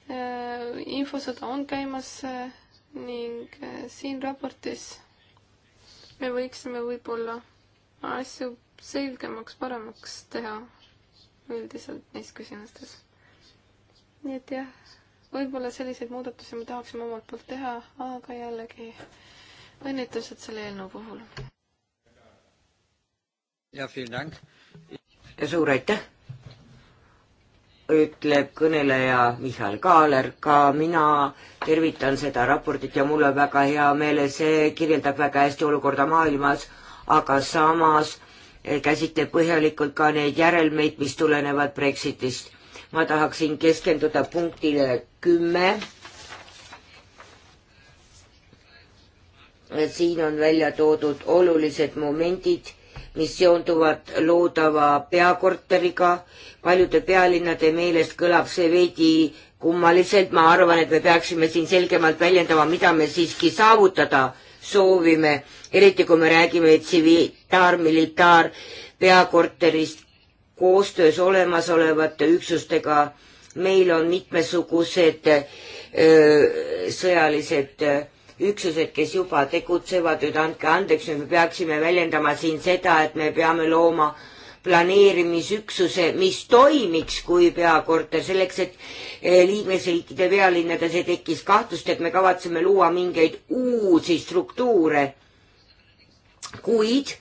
Eh, infosõda on käimas eh, ning siin raportis me võiksime võib-olla asju selgemaks, paremaks teha üldiselt neis küsimustes. nii et jah võib-olla selliseid muudatusi me tahaksime omalt poolt teha, aga jällegi õnnitlused selle eelnõu puhul. ja suur aitäh, ütleb kõneleja Michal Kaaler, ka mina tervitan seda raportit ja mul on väga hea meel, see kirjeldab väga hästi olukorda maailmas, aga samas käsitleb põhjalikult ka neid järelmeid, mis tulenevad Brexitist ma tahaksin keskenduda punktile kümme. siin on välja toodud olulised momendid, mis seonduvad loodava peakorteriga. paljude pealinnade meelest kõlab see veidi kummaliselt, ma arvan, et me peaksime siin selgemalt väljendama, mida me siiski saavutada soovime, eriti kui me räägime tsiviiltaar, militaar peakorterist koostöös olemasolevate üksustega, meil on mitmesugused öö, äh, sõjalised öö, äh, üksused, kes juba tegutsevad, nüüd andke andeks, me peaksime väljendama siin seda, et me peame looma planeerimisüksuse, mis toimiks kui peakorter, selleks et äh, liikmesriikide pealinnades ei tekkis kahtlust, et me kavatseme luua mingeid uusi struktuure. kuid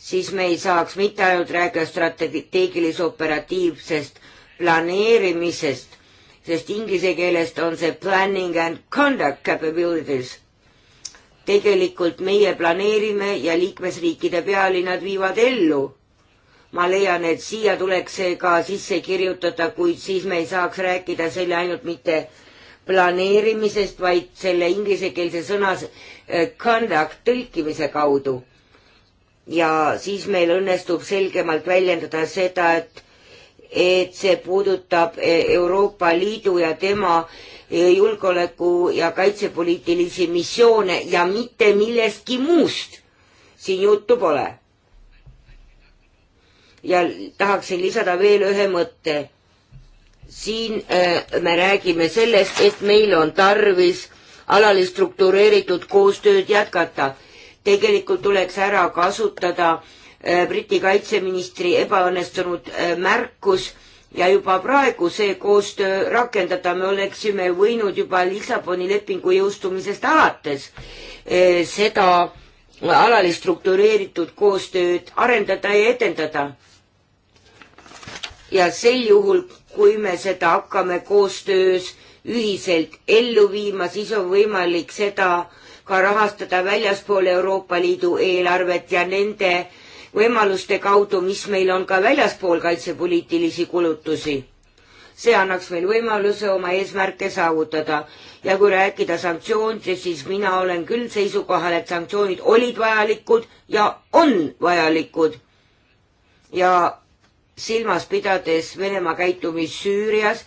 siis me ei saaks mitte ainult rääkida strateegilise operatiivsest planeerimisest, sest inglise keelest on see planning and conduct capabilities. tegelikult meie planeerime ja liikmesriikide pealinnad viivad ellu. ma leian, et siia tuleks see ka sisse kirjutada, kuid siis me ei saaks rääkida selle ainult mitte planeerimisest, vaid selle inglisekeelse sõna eh, conduct tõlkimise kaudu ja siis meil õnnestub selgemalt väljendada seda, et, et see puudutab e, Euroopa Liidu ja tema e, julgeoleku ja kaitsepoliitilisi missioone ja mitte millestki muust siin juttu pole. ja tahaksin lisada veel ühe mõtte. siin äh, me räägime sellest, et meil on tarvis alalist struktureeritud koostööd jätkata tegelikult tuleks ära kasutada äh, Briti kaitseministri ebaõnnestunud äh, märkus ja juba praegu see koostöö rakendada, me oleksime võinud juba Lissaboni lepingu jõustumisest alates äh, seda alalist struktureeritud koostööd arendada ja edendada. ja sel juhul, kui me seda hakkame koostöös ühiselt ellu viima, siis on võimalik seda äh, ka rahastada väljaspool Euroopa Liidu eelarvet ja nende võimaluste kaudu, mis meil on ka väljaspool kaitsepoliitilisi kulutusi. see annaks meil võimaluse oma eesmärke saavutada ja kui rääkida sanktsioonidest, siis mina olen küll seisukohal, et sanktsioonid olid vajalikud ja on vajalikud. ja silmas pidades Venemaa käitumist Süürias,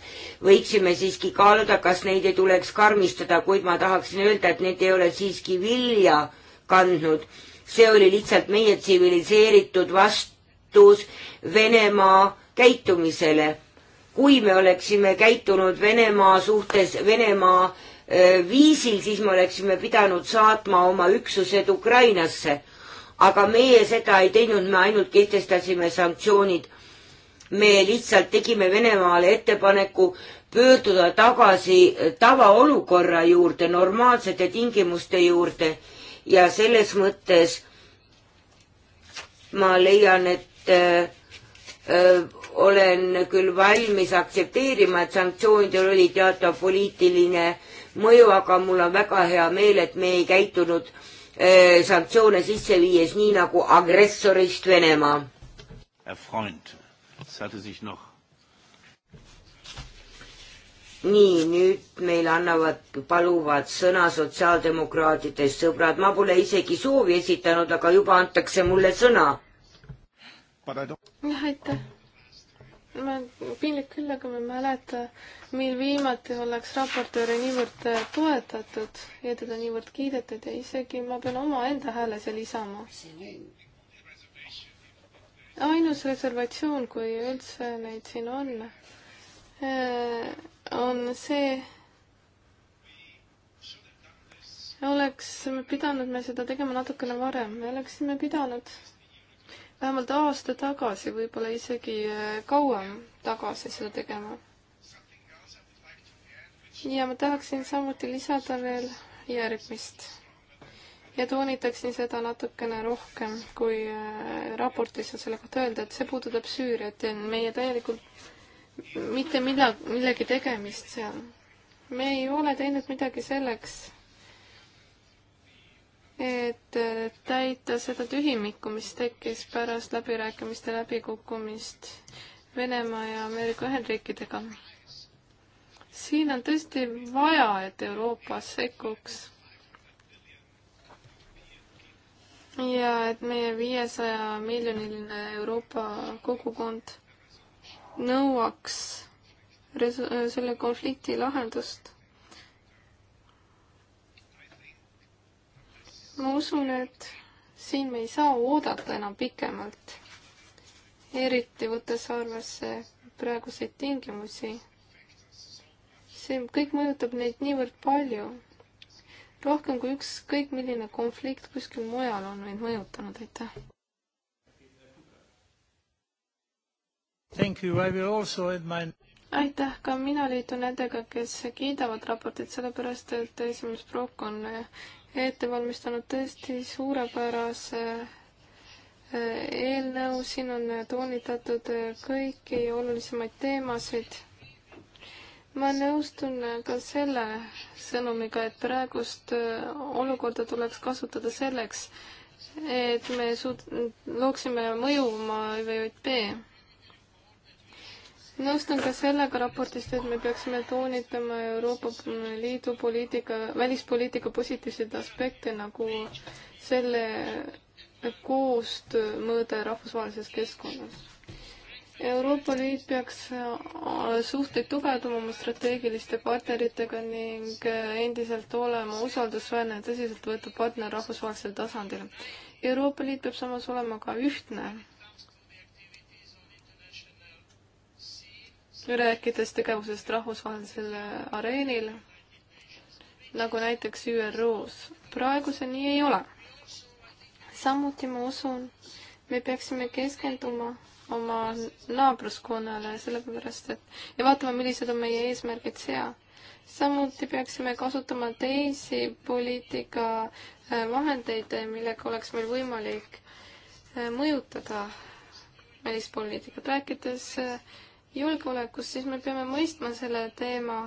võiksime siiski kaaluda, kas neid ei tuleks karmistada, kuid ma tahaksin öelda, et need ei ole siiski vilja kandnud. see oli lihtsalt meie tsiviliseeritud vastus Venemaa käitumisele. kui me oleksime käitunud Venemaa suhtes Venemaa viisil, siis me oleksime pidanud saatma oma üksused Ukrainasse. aga meie seda ei teinud, me ainult kehtestasime sanktsioonid me lihtsalt tegime Venemaale ettepaneku pöörduda tagasi tavaolukorra juurde, normaalsete tingimuste juurde ja selles mõttes ma leian, et öö, äh, öö, äh, olen küll valmis aktsepteerima, et sanktsioonidel oli teatav poliitiline mõju, aga mul on väga hea meel, et me ei käitunud äh, sanktsioone sisse viies nii nagu agressorist Venemaa. Es hatte sich noch. nii, nüüd meil annavad, paluvad sõna sotsiaaldemokraatidest sõbrad, ma pole isegi soovi esitanud, aga juba antakse mulle sõna. jah, aitäh. ma, piinlik küll, aga ma ei mäleta, mil viimati oleks raportööre niivõrd äh, toetatud ja teda niivõrd kiidetud ja isegi ma pean omaenda hääle seal lisama. see nüüd ainus reservatsioon, kui üldse neid siin on, äh, on see, oleks pidanud me seda tegema natukene varem, me oleksime pidanud vähemalt aasta tagasi, võib-olla isegi äh, kauem tagasi seda tegema. ja ma tahaksin samuti lisada veel järgmist ja toonitaksin seda natukene rohkem, kui äh, raportis on selle kohta öelda, et see puudutab Süüriat ja meie täielikult mitte milla, millegi tegemist seal. me ei ole teinud midagi selleks, et äh, täita seda tühimikku, mis tekkis pärast läbirääkimiste läbikukkumist Venemaa ja Ameerika Ühendriikidega. siin on tõesti vaja, et Euroopa sekkuks ja et meie viiesaja miljoniline Euroopa kogukond nõuaks selle konflikti lahendust. ma usun, et siin me ei saa oodata enam pikemalt, eriti võttes arvesse praeguseid tingimusi. see kõik mõjutab neid niivõrd palju, rohkem kui ükskõik milline konflikt kuskil mujal on meid mõjutanud, aitäh. My... aitäh, ka mina liitun nendega, kes kiidavad raportit, sellepärast et esimees Prokk on ette valmistanud tõesti suurepärase äh, eelnõu, siin on toonitatud äh, kõiki olulisemaid teemasid ma nõustun ka selle sõnumiga, et praegust äh, olukorda tuleks kasutada selleks, et me suud-, looksime mõju oma ÜVJP. nõustun ka sellega raportist, et me peaksime toonitama Euroopa Liidu poliitika, välispoliitika positiivseid aspekte nagu selle koostöö mõõde rahvusvahelises keskkonnas Euroopa Liit peaks äh, suhteid tugevdama oma strateegiliste partneritega ning äh, endiselt olema usaldusväärne ja tõsiseltvõetav partner rahvusvahelisel tasandil. Euroopa Liit peab samas olema ka ühtne, rääkides tegevusest rahvusvahelisel äh, areenil, nagu näiteks ÜRO-s. praegu see nii ei ole. samuti ma usun, me peaksime keskenduma oma naabruskonnale, sellepärast et ja vaatame, millised on meie eesmärgid seal. samuti peaksime kasutama teisi poliitika äh, vahendeid, millega oleks meil võimalik äh, mõjutada välispoliitikat. rääkides äh, julgeolekust, siis me peame mõistma selle teema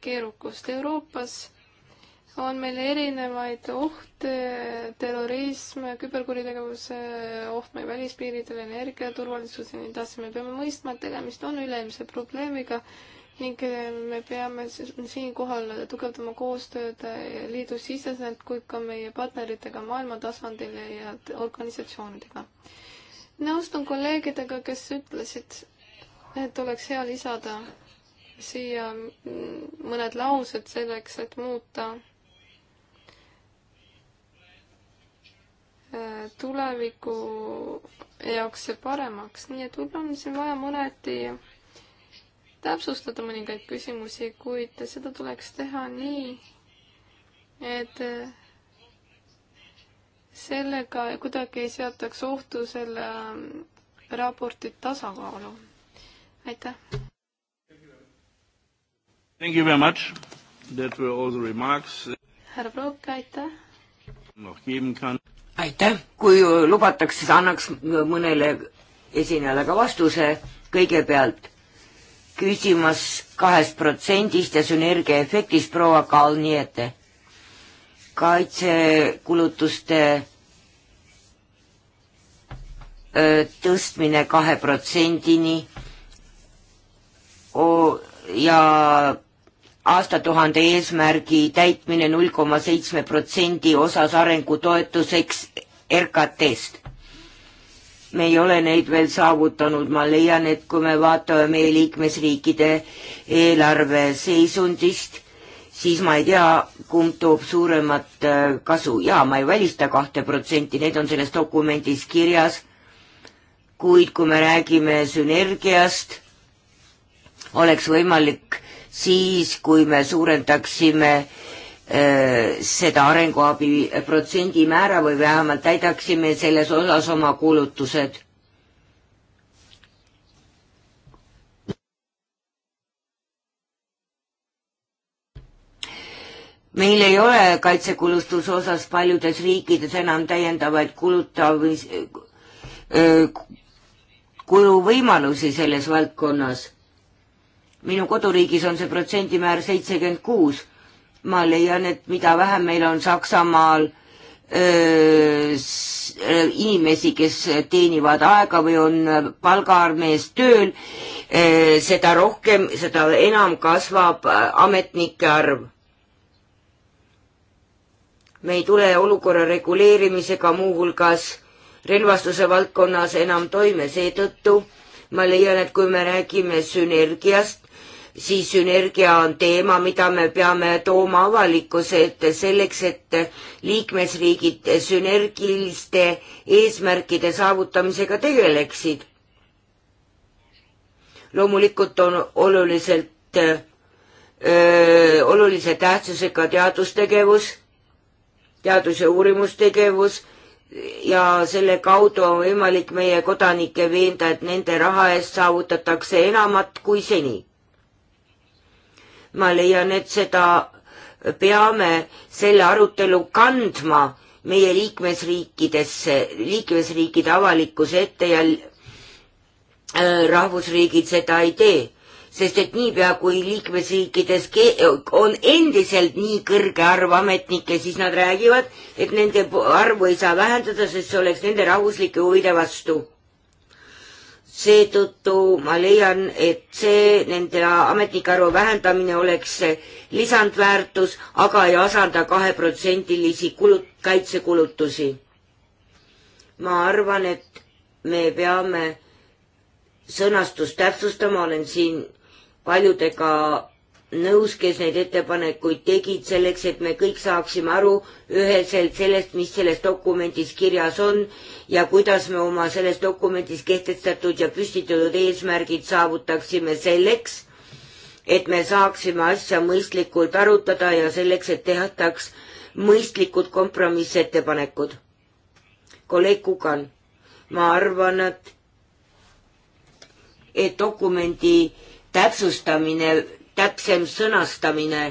keerukust Euroopas on meil erinevaid ohte, terrorism, küberkuritegevuse oht meie välispiiridel, energiaturvalisus ja nii edasi, me peame mõistma, et tegemist on üleilmse probleemiga ning me peame siinkohal tugevdama koostööd liidusiseselt kui ka meie partneritega maailma tasandil ja organisatsioonidega. nõustun kolleegidega, kes ütlesid, et oleks hea lisada siia mõned laused selleks, et muuta tuleviku jaoks see paremaks, nii et võib-olla on siin vaja mõneti täpsustada mõningaid küsimusi, kuid seda tuleks teha nii, et sellega kuidagi ei seataks ohtu selle ähm, raporti tasakaalu. aitäh! Thank you very much. That were all the remarks. härra Prokk, aitäh! aitäh, kui lubatakse, siis annaks mõnele esinejale ka vastuse kõigepealt küsimas kahest protsendist ja sünergiaefektist proua Kaal Niete. kaitsekulutuste tõstmine kahe protsendini ja aastatuhande eesmärgi täitmine null koma seitsme protsendi osas arengutoetuseks RKT-st. me ei ole neid veel saavutanud, ma leian, et kui me vaatame meie liikmesriikide eelarve seisundist, siis ma ei tea, kumb toob suuremat äh, kasu ja ma ei välista kahte protsenti, need on selles dokumendis kirjas. kuid kui me räägime sünergiast, oleks võimalik siis, kui me suurendaksime äh, seda arenguabi protsendimäära või vähemalt täidaksime selles osas oma kulutused. meil ei ole kaitsekulutuse osas paljudes riikides enam täiendavaid kulutamis, äh, kuluvõimalusi selles valdkonnas minu koduriigis on see protsendimäär seitsekümmend kuus. ma leian, et mida vähem meil on Saksamaal öö, inimesi, kes teenivad aega või on palgaarmees tööl, seda rohkem, seda enam kasvab äh, ametnike arv. me ei tule olukorra reguleerimisega muuhulgas relvastuse valdkonnas enam toime, seetõttu ma leian, et kui me räägime sünergiast, siis sünergia on teema, mida me peame tooma avalikkuse ette selleks, et liikmesriigid sünergiliste eesmärkide saavutamisega tegeleksid. loomulikult on oluliselt, olulise tähtsusega teadustegevus, teadus- ja uurimustegevus ja selle kaudu on võimalik meie kodanikke veenda, et nende raha eest saavutatakse enamat kui seni ma leian, et seda peame selle arutelu kandma meie liikmesriikidesse, liikmesriikide avalikkuse ette ja äh, rahvusriigid seda ei tee, sest et niipea, kui liikmesriikides on endiselt nii kõrge arv ametnikke, siis nad räägivad, et nende arvu ei saa vähendada, sest see oleks nende rahvuslike huvide vastu seetõttu ma leian, et see nende ametnike arvu vähendamine oleks lisandväärtus, aga ei asenda kaheprotsendilisi kulut-, kaitsekulutusi. ma arvan, et me peame sõnastust täpsustama, olen siin paljudega nõus, kes neid ettepanekuid tegid, selleks et me kõik saaksime aru üheselt sellest, mis selles dokumendis kirjas on ja kuidas me oma selles dokumendis kehtestatud ja püstitatud eesmärgid saavutaksime selleks, et me saaksime asja mõistlikult arutada ja selleks, et tehtaks mõistlikud kompromissettepanekud. kolleeg Kukan, ma arvan, et, et dokumendi täpsustamine täpsem sõnastamine,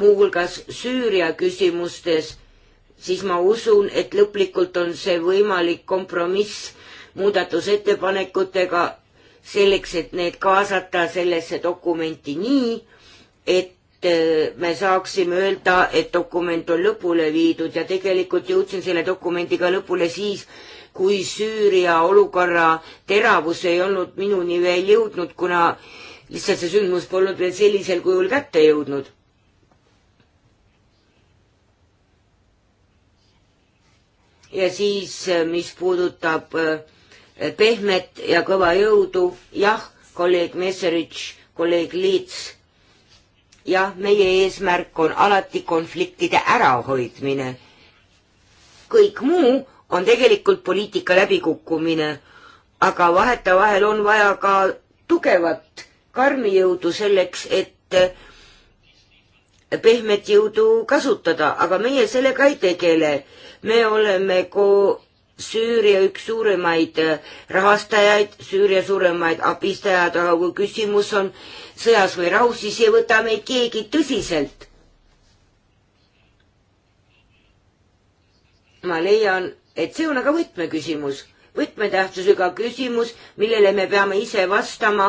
muuhulgas Süüria küsimustes, siis ma usun, et lõplikult on see võimalik kompromiss muudatusettepanekutega selleks, et need kaasata sellesse dokumenti nii, et äh, me saaksime öelda, et dokument on lõpule viidud ja tegelikult jõudsin selle dokumendiga lõpule siis, kui Süüria olukorra teravus ei olnud minuni veel jõudnud, kuna lihtsalt see sündmus polnud veel sellisel kujul kätte jõudnud. ja siis, äh, mis puudutab äh, pehmet ja kõva jõudu, jah, kolleeg Messerich, kolleeg Liits, jah, meie eesmärk on alati konfliktide ärahoidmine. kõik muu on tegelikult poliitika läbikukkumine, aga vahetevahel on vaja ka tugevat karmi jõudu selleks, et pehmet jõudu kasutada, aga meie sellega ei tegele. me oleme ko-, Süüria üks suuremaid rahastajaid, Süüria suuremaid abistajad, aga kui küsimus on sõjas või rahus, siis ei võta meid keegi tõsiselt. ma leian, et see on aga võtmeküsimus võtmetähtsusega küsimus, millele me peame ise vastama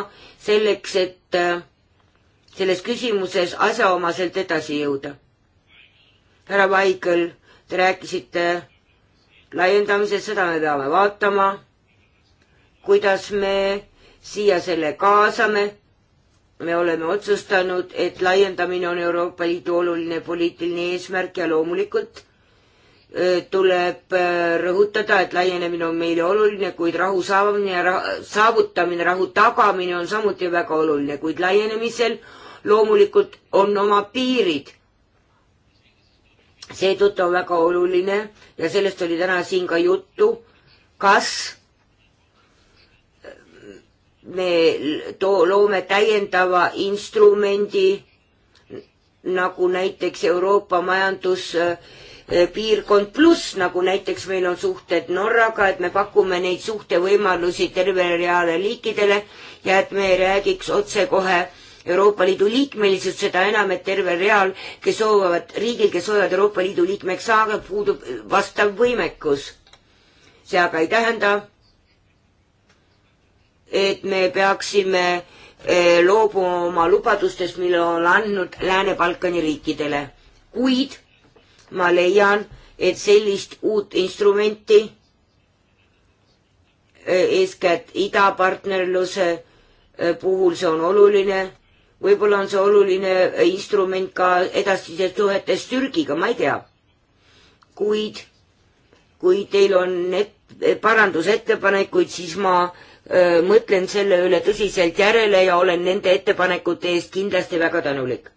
selleks, et äh, selles küsimuses asjaomaselt edasi jõuda. härra Vaikel, te rääkisite laiendamisest, seda me peame vaatama, kuidas me siia selle kaasame. me oleme otsustanud, et laiendamine on Euroopa Liidu oluline poliitiline eesmärk ja loomulikult tuleb rõhutada, et laienemine on meile oluline, kuid rahu saavamine ja rahu, saavutamine, rahu tagamine on samuti väga oluline, kuid laienemisel loomulikult on oma piirid. seetõttu on väga oluline ja sellest oli täna siin ka juttu, kas me too, loome täiendava instrumendi nagu näiteks Euroopa majandus äh, Eh, piirkond pluss, nagu näiteks meil on suhted Norraga, et me pakume neid suhtevõimalusi tervele reale liikidele ja et me ei räägiks otsekohe Euroopa Liidu liikmelisust, seda enam, et tervel real, kes soovivad, riigil, kes soovivad Euroopa Liidu liikmeks saada, puudub vastav võimekus. see aga ei tähenda, et me peaksime eh, loobuma oma lubadustest, mille on andnud Lääne-Balkani riikidele, kuid ma leian, et sellist uut instrumenti, äh, eeskätt idapartnerluse äh, puhul see on oluline, võib-olla on see oluline äh, instrument ka edasistes suhetes Türgiga, ma ei tea. kuid kui teil on et, parandusettepanekuid, siis ma öö, mõtlen selle üle tõsiselt järele ja olen nende ettepanekute eest kindlasti väga tänulik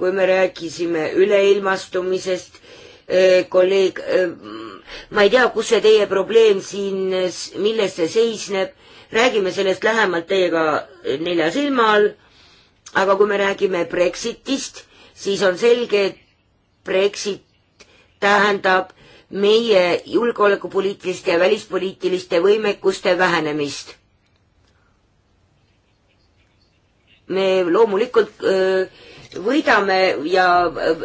kui me rääkisime üleilmastumisest, äh, kolleeg, äh, ma ei tea, kus see teie probleem siin, milles see seisneb, räägime sellest lähemalt teiega nelja silma all, aga kui me räägime Brexitist, siis on selge, et Brexit tähendab meie julgeolekupoliitiliste ja välispoliitiliste võimekuste vähenemist. me loomulikult öö, äh, võidame ja äh,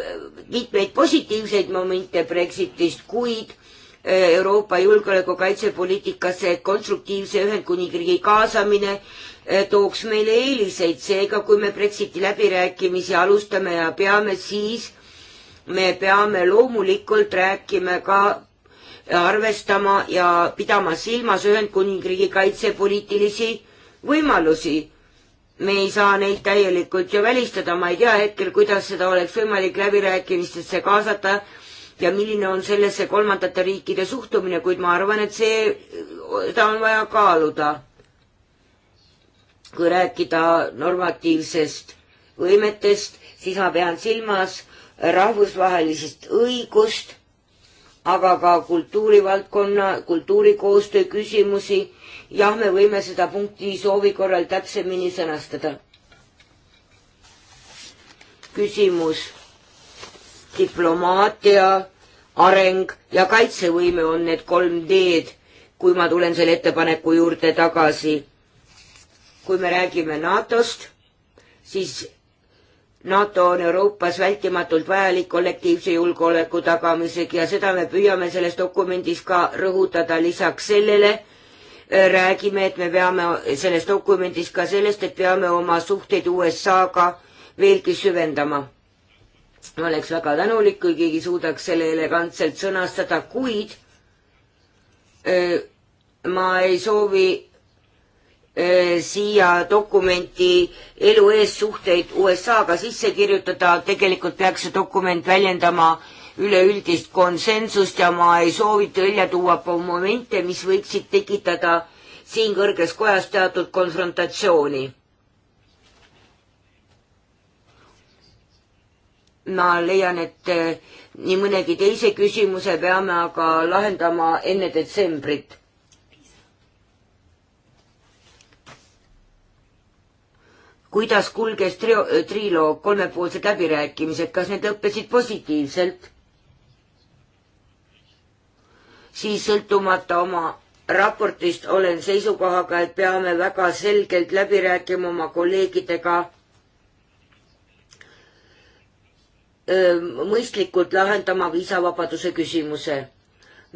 mitmeid positiivseid momente Brexitist, kuid äh, Euroopa julgeoleku kaitsepoliitikasse konstruktiivse Ühendkuningriigi kaasamine äh, tooks meile eeliseid, seega kui me Brexiti läbirääkimisi alustame ja peame, siis me peame loomulikult rääkima ka arvestama ja pidama silmas Ühendkuningriigi kaitsepoliitilisi võimalusi me ei saa neid täielikult ju välistada, ma ei tea hetkel, kuidas seda oleks võimalik läbirääkimistesse kaasata ja milline on sellesse kolmandate riikide suhtumine, kuid ma arvan, et see, seda on vaja kaaluda. kui rääkida normatiivsest võimetest, siis ma pean silmas rahvusvahelist õigust aga ka kultuurivaldkonna, kultuurikoostöö küsimusi. jah, me võime seda punkti soovi korral täpsemini sõnastada. küsimus diplomaatia, areng ja kaitsevõime on need kolm D-d, kui ma tulen selle ettepaneku juurde tagasi. kui me räägime NATO-st, siis NATO on Euroopas vältimatult vajalik kollektiivse julgeoleku tagamisega ja seda me püüame selles dokumendis ka rõhutada, lisaks sellele äh, räägime, et me peame selles dokumendis ka sellest, et peame oma suhteid USA-ga veelgi süvendama ma oleks väga tänulik, kui keegi suudaks selle elegantselt sõnastada, kuid öö, äh, ma ei soovi Äh, siia dokumenti elu eessuhteid USA-ga sisse kirjutada, tegelikult peaks see dokument väljendama üleüldist konsensust ja ma ei soovita välja tuua momente, mis võiksid tekitada siin kõrges kojas teatud konfrontatsiooni. ma leian, et äh, nii mõnegi teise küsimuse peame aga lahendama enne detsembrit kuidas kulges trio, triloog, kolmepoolsed läbirääkimised, kas need lõppesid positiivselt? siis sõltumata oma raportist olen seisukohaga, et peame väga selgelt läbi rääkima oma kolleegidega mõistlikult lahendama viisavabaduse küsimuse.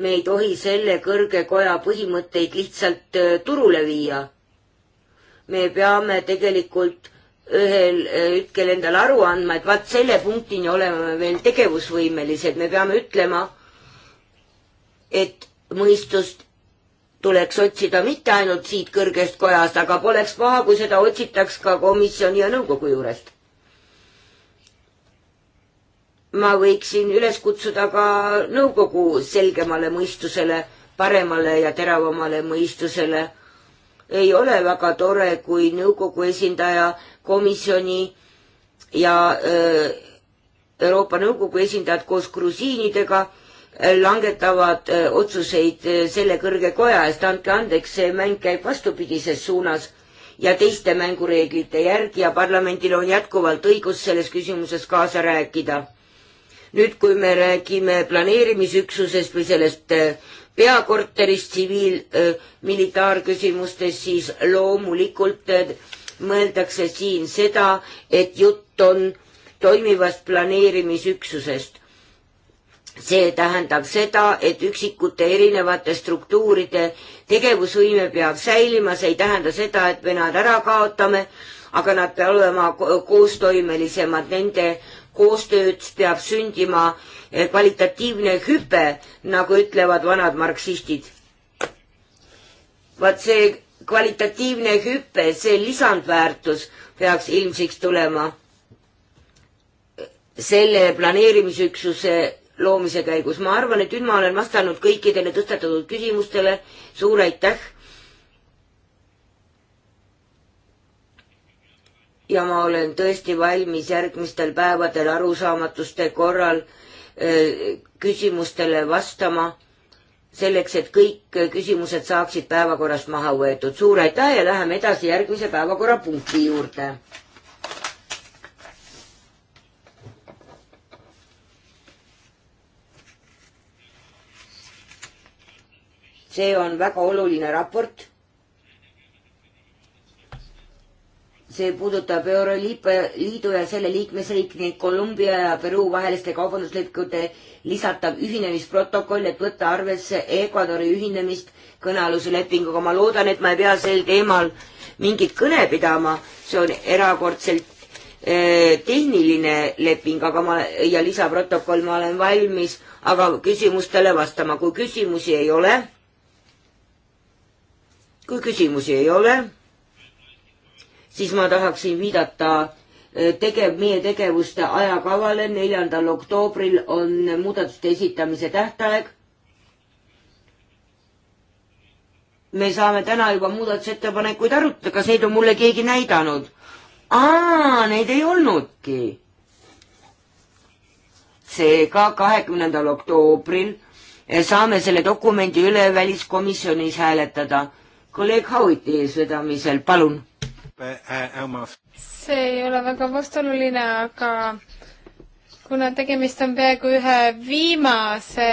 me ei tohi selle kõrge koja põhimõtteid lihtsalt turule viia me peame tegelikult ühel hetkel endale aru andma, et vaat selle punktini oleme veel tegevusvõimelised, me peame ütlema, et mõistust tuleks otsida mitte ainult siit kõrgest kojast, aga poleks paha, kui seda otsitaks ka komisjoni ja nõukogu juurest. ma võiksin üles kutsuda ka nõukogu selgemale mõistusele, paremale ja teravamale mõistusele ei ole väga tore, kui nõukogu esindaja, komisjoni ja öö, äh, Euroopa Nõukogu esindajad koos grusiinidega äh, langetavad öö, äh, otsuseid öö, selle kõrge koja eest, andke andeks, see mäng käib vastupidises suunas ja teiste mängureeglite järgi ja parlamendil on jätkuvalt õigus selles küsimuses kaasa rääkida. nüüd, kui me räägime planeerimisüksusest või sellest peakorteris tsiviilmilitaarküsimustes, äh, siis loomulikult äh, mõeldakse siin seda, et jutt on toimivast planeerimisüksusest. see tähendab seda, et üksikute erinevate struktuuride tegevusvõime peab säilima, see ei tähenda seda, et me nad ära kaotame, aga nad peavad olema koostoimelisemad nende koostööd peab sündima eh, kvalitatiivne hüpe, nagu ütlevad vanad marksistid. vaat see kvalitatiivne hüpe, see lisandväärtus peaks ilmsiks tulema selle planeerimisüksuse loomise käigus. ma arvan, et nüüd ma olen vastanud kõikidele tõstatatud küsimustele. suur aitäh ja ma olen tõesti valmis järgmistel päevadel arusaamatuste korral eh, küsimustele vastama, selleks et kõik küsimused saaksid päevakorrast maha võetud. suur aitäh ja läheme edasi järgmise päevakorrapunkti juurde. see on väga oluline raport see puudutab Euroliidu ja selle liikmesriik ning Kolumbia ja Peruu vaheliste kaubanduslepingute lisatav ühinemisprotokoll, et võtta arvesse Ecuadori ühinemist kõnealuse lepinguga. ma loodan, et ma ei pea sel teemal mingit kõne pidama, see on erakordselt eh, tehniline leping, aga ma ja lisaprotokoll, ma olen valmis aga küsimustele vastama. kui küsimusi ei ole, kui küsimusi ei ole siis ma tahaksin viidata eh, tegev, meie tegevuste ajakavale, neljandal oktoobril on muudatuste esitamise tähtaeg. me saame täna juba muudatusettepanekuid arutada, kas neid on mulle keegi näidanud? aa, neid ei olnudki. seega kahekümnendal oktoobril eh, saame selle dokumendi üle väliskomisjonis hääletada. kolleeg Hauiti eesvedamisel, palun see ei ole väga vastuoluline, aga kuna tegemist on peaaegu ühe viimase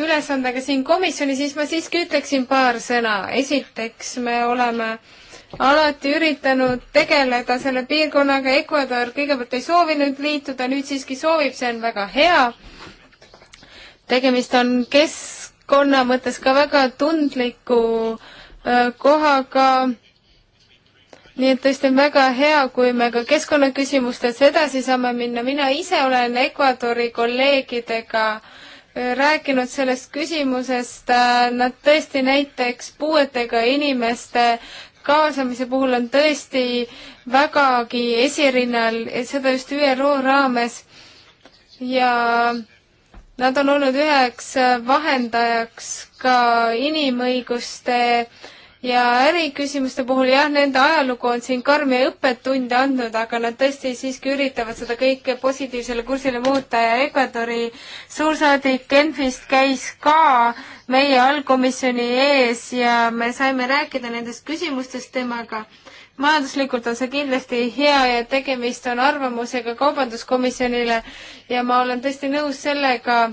ülesandega siin komisjonis, siis ma siiski ütleksin paar sõna. esiteks, me oleme alati üritanud tegeleda selle piirkonnaga, Ecuador kõigepealt ei soovinud liituda, nüüd siiski soovib, see on väga hea. tegemist on keskkonna mõttes ka väga tundliku äh, kohaga nii et tõesti on väga hea, kui me ka keskkonnaküsimustes edasi saame minna. mina ise olen Ecuadori kolleegidega äh, rääkinud sellest küsimusest. Äh, nad tõesti näiteks puuetega inimeste kaasamise puhul on tõesti vägagi esirinnal, seda just ÜRO raames. ja nad on olnud üheks vahendajaks ka inimõiguste äh, ja äriküsimuste puhul jah, nende ajalugu on siin karmi õppetunde andnud, aga nad tõesti siiski üritavad seda kõike positiivsele kursile muuta ja Ecuadori suursaadik Genfist käis ka meie allkomisjoni ees ja me saime rääkida nendest küsimustest temaga. majanduslikult on see kindlasti hea ja tegemist on arvamusega Kaubanduskomisjonile ja ma olen tõesti nõus sellega,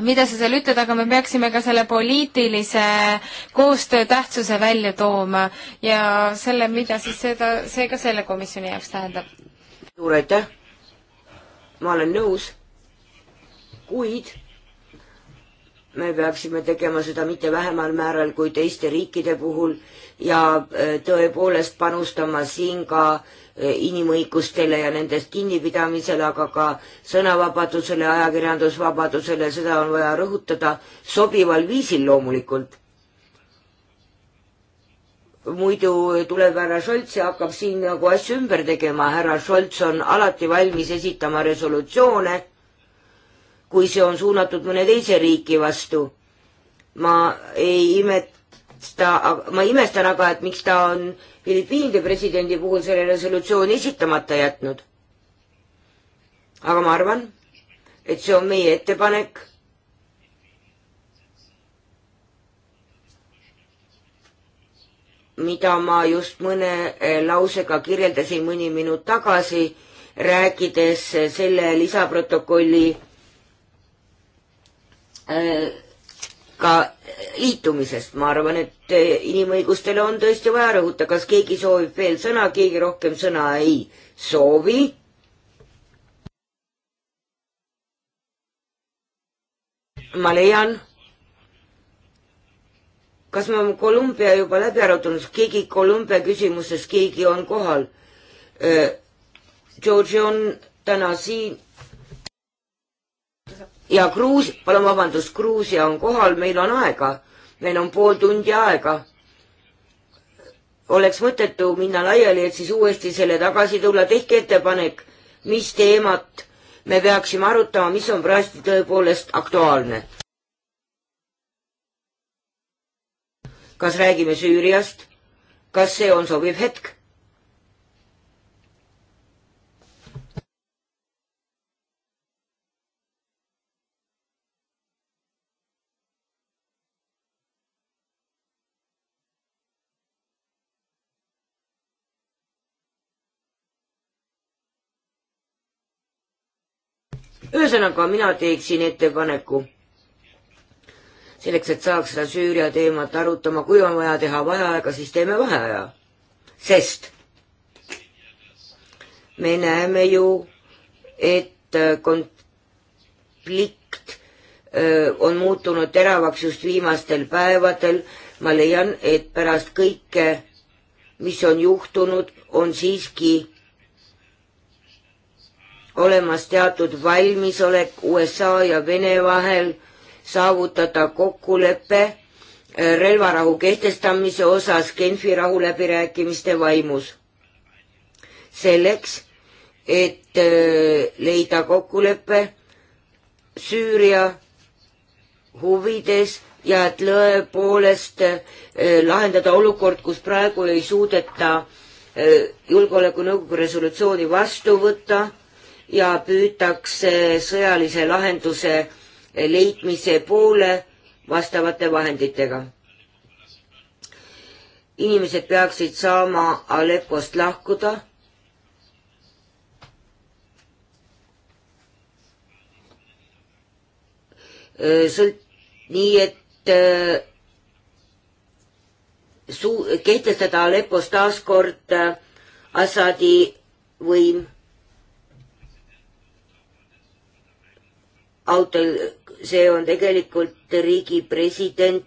mida sa seal ütled, aga me peaksime ka selle poliitilise koostöö tähtsuse välja tooma ja selle, mida siis seda, see ka selle komisjoni jaoks tähendab. suur aitäh, ma olen nõus, kuid me peaksime tegema seda mitte vähemal määral kui teiste riikide puhul ja äh, tõepoolest panustama siin ka äh, Eh, inimõigustele ja nendest kinnipidamisele, aga ka sõnavabadusele, ajakirjandusvabadusele, seda on vaja rõhutada sobival viisil loomulikult. muidu tuleb härra Scholz ja hakkab siin nagu asju ümber tegema, härra Scholz on alati valmis esitama resolutsioone, kui see on suunatud mõne teise riigi vastu ma ei imet-, ta, ma imestan aga, et miks ta on Filipiinide presidendi puhul selle resolutsiooni esitamata jätnud. aga ma arvan, et see on meie ettepanek. mida ma just mõne eh, lausega kirjeldasin mõni minut tagasi, rääkides selle lisaprotokolli äh, ka liitumisest, ma arvan, et eh, inimõigustele on tõesti vaja rõhuta, kas keegi soovib veel sõna, keegi rohkem sõna ei soovi. ma leian, kas me oleme Kolumbia juba läbi arutanud, keegi Kolumbia küsimuses, keegi on kohal. Eh, Georgi on täna siin ja Gruus, palun vabandust, Gruusia on kohal, meil on aega, meil on pool tundi aega. oleks mõttetu minna laiali, et siis uuesti selle tagasi tulla, tehke ettepanek, mis teemat me peaksime arutama, mis on praegu tõepoolest aktuaalne. kas räägime Süüriast, kas see on sobiv hetk? ühesõnaga, mina teeksin ettepaneku selleks, et saaks seda Süüria teemat arutama, kui on vaja teha vaheaega, siis teeme vaheaja. sest me näeme ju, et äh, konflikt äh, on muutunud teravaks just viimastel päevadel. ma leian, et pärast kõike, mis on juhtunud, on siiski olemas teatud valmisolek USA ja Vene vahel saavutada kokkulepe äh, relvarahu kehtestamise osas Genfi rahuläbirääkimiste vaimus. selleks, et äh, leida kokkulepe Süüria huvides ja et lõepoolest äh, lahendada olukord, kus praegu ei suudeta julgeolekunõukogu resolutsiooni vastu võtta ja püütakse sõjalise lahenduse leidmise poole vastavate vahenditega. inimesed peaksid saama Alepost lahkuda sõlt-, nii et äh, suu-, kehtestada Aleppos taas kord äh, Assadi võim autor, see on tegelikult riigi president,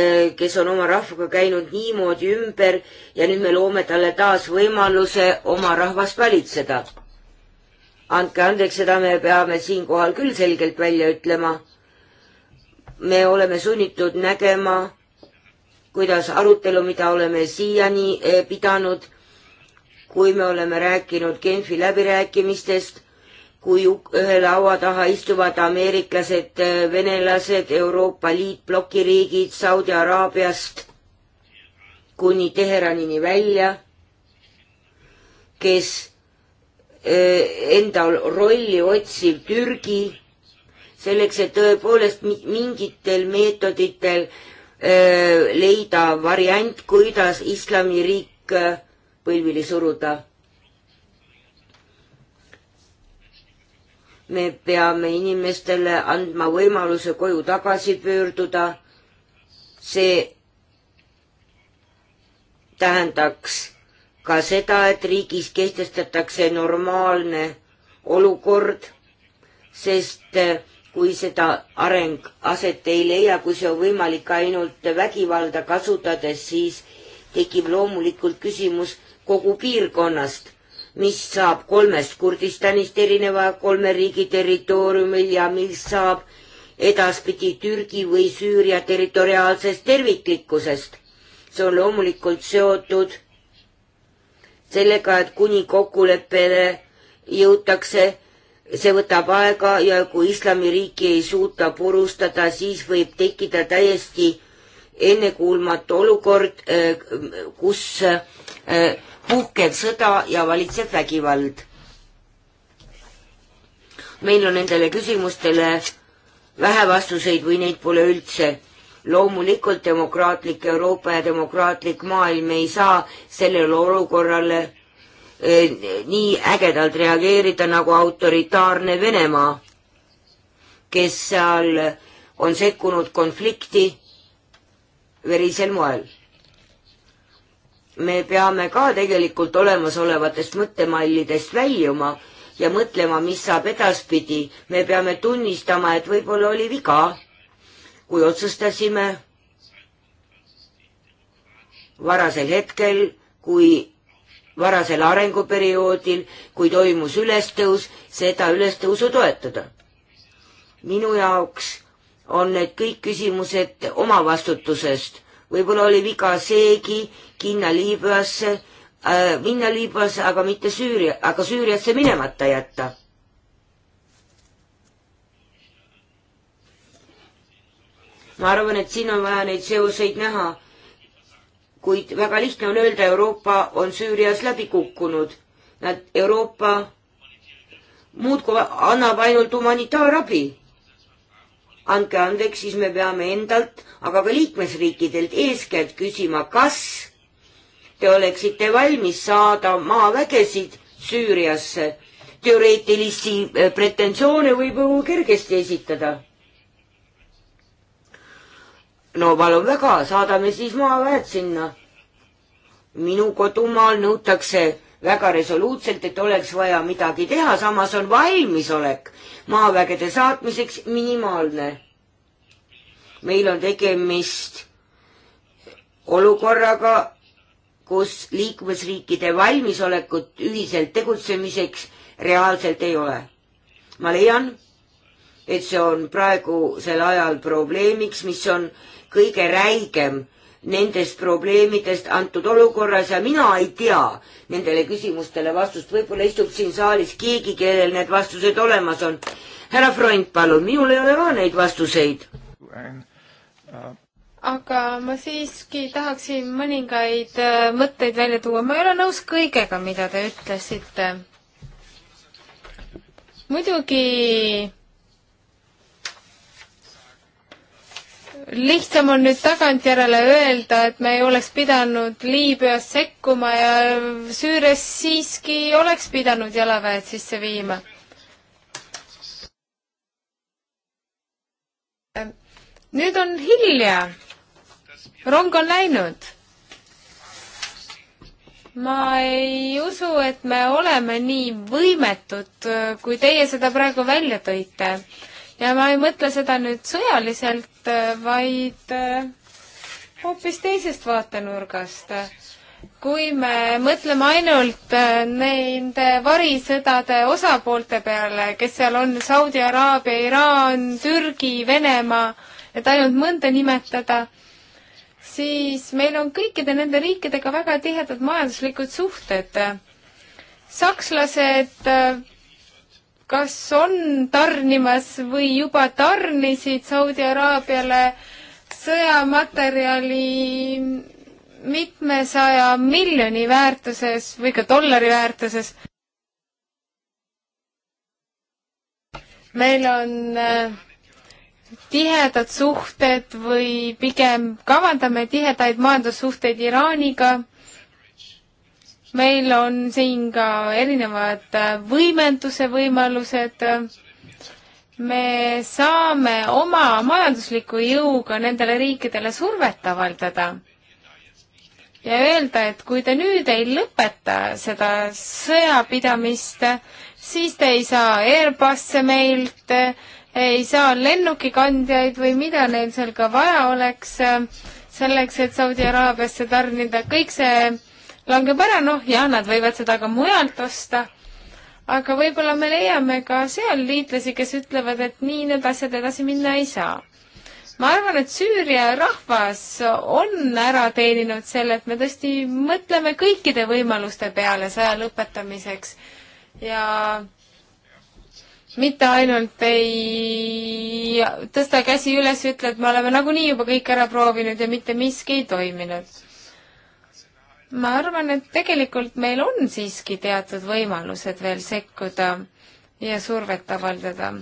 äh, kes on oma rahvaga käinud niimoodi ümber ja nüüd me loome talle taas võimaluse oma rahvast valitseda. andke andeks, seda me peame siinkohal küll selgelt välja ütlema. me oleme sunnitud nägema, kuidas arutelu, mida oleme siiani äh, pidanud, kui me oleme rääkinud Genfi läbirääkimistest kui ühe laua taha istuvad ameeriklased, venelased, Euroopa Liit, plokiriigid Saudi Araabiast kuni Teheranini välja, kes e, enda rolli otsiv Türgi, selleks, et tõepoolest mingitel meetoditel e, leida variant, kuidas islamiriik e, põlvili suruda me peame inimestele andma võimaluse koju tagasi pöörduda. see tähendaks ka seda, et riigis kehtestatakse normaalne olukord, sest eh, kui seda areng aset ei leia, kui see on võimalik ainult vägivalda kasutades, siis tekib loomulikult küsimus kogu piirkonnast mis saab kolmest Kurdistanist erineva kolme riigi territooriumil ja mis saab edaspidi Türgi või Süüria territoriaalsest terviklikkusest. see on loomulikult seotud sellega, et kuni kokkuleppele jõutakse, see võtab aega ja kui islamiriiki ei suuta purustada, siis võib tekkida täiesti ennekuulmatu olukord, eh, kus eh, puhkeb sõda ja valitseb vägivald. meil on nendele küsimustele vähe vastuseid või neid pole üldse. loomulikult demokraatlik Euroopa ja demokraatlik maailm ei saa sellele olukorrale eh, nii ägedalt reageerida nagu autoritaarne Venemaa, kes seal on sekkunud konflikti verisel moel me peame ka tegelikult olemasolevatest mõttemallidest väljuma ja mõtlema, mis saab edaspidi. me peame tunnistama, et võib-olla oli viga, kui otsustasime varasel hetkel, kui varasel arenguperioodil, kui toimus ülestõus, seda ülestõusu toetada. minu jaoks on need kõik küsimused omavastutusest võib-olla oli viga seegi kinna Liibüasse äh,, minna Liibüasse, aga mitte Süüria, aga Süüriasse minemata jätta. ma arvan, et siin on vaja neid seoseid näha, kuid väga lihtne on öelda, Euroopa on Süürias läbi kukkunud. Nad, Euroopa muudkui annab ainult humanitaarabi andke andeks, siis me peame endalt, aga ka liikmesriikidelt eeskätt küsima, kas te oleksite valmis saada maavägesid Süüriasse. teoreetilisi eh, pretensioone võib ju kergesti esitada. no palun väga, saadame siis maaväed sinna. minu kodumaal nõutakse väga resoluutselt, et oleks vaja midagi teha, samas on valmisolek maavägede saatmiseks minimaalne. meil on tegemist olukorraga, kus liikmesriikide valmisolekut ühiselt tegutsemiseks reaalselt ei ole. ma leian, et see on praegusel ajal probleemiks, mis on kõige räigem nendest probleemidest antud olukorras ja mina ei tea nendele küsimustele vastust. võib-olla istub siin saalis keegi, kellel need vastused olemas on. härra Freund, palun, minul ei ole ka neid vastuseid. aga ma siiski tahaksin mõningaid äh, mõtteid välja tuua. ma ei ole nõus kõigega, mida te ütlesite. muidugi lihtsam on nüüd tagantjärele öelda, et me ei oleks pidanud Liibüas sekkuma ja Süürias siiski oleks pidanud jalaväed sisse viima. nüüd on hilja. rong on läinud. ma ei usu, et me oleme nii võimetud, kui teie seda praegu välja tõite ja ma ei mõtle seda nüüd sõjaliselt, äh, vaid äh, hoopis teisest vaatenurgast. kui me mõtleme ainult äh, nende varisõdade osapoolte peale, kes seal on, Saudi Araabia, Iraan, Türgi, Venemaa, et ainult mõnda nimetada, siis meil on kõikide nende riikidega väga tihedad majanduslikud suhted. sakslased kas on tarnimas või juba tarnisid Saudi Araabiale sõjamaterjali mitmesaja miljoni väärtuses või ka dollari väärtuses. meil on äh, tihedad suhted või pigem kavandame tihedaid majandussuhteid Iraaniga meil on siin ka erinevad äh, võimenduse võimalused, me saame oma majandusliku jõuga nendele riikidele survet avaldada ja öelda, et kui te nüüd ei lõpeta seda sõjapidamist, siis te ei saa Airbusse meilt, ei saa lennukikandjaid või mida neil seal ka vaja oleks, selleks, et Saudi Araabiasse tarnida, kõik see langeb ära, noh jah, nad võivad seda ka mujalt osta, aga võib-olla me leiame ka seal liitlasi, kes ütlevad, et nii need asjad edasi minna ei saa. ma arvan, et Süüria rahvas on ära teeninud selle, et me tõesti mõtleme kõikide võimaluste peale sõja lõpetamiseks ja mitte ainult ei tõsta käsi üles, ütle, et me oleme nagunii juba kõik ära proovinud ja mitte miski ei toiminud ma arvan, et tegelikult meil on siiski teatud võimalused veel sekkuda ja survet avaldada.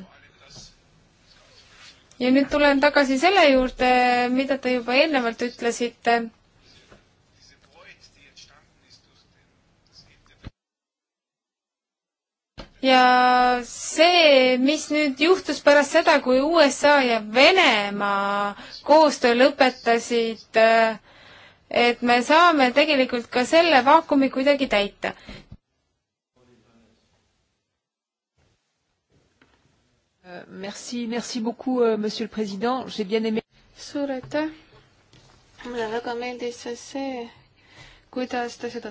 ja nüüd tulen tagasi selle juurde, mida te juba eelnevalt ütlesite ja see, mis nüüd juhtus pärast seda, kui USA ja Venemaa koostöö lõpetasid äh, et me saame tegelikult ka selle vaakumi kuidagi täita. Merci, merci beaucoup, euh, monsieur le president, j'ai bien aimé. suur aitäh. mulle väga meeldis see, kuidas te seda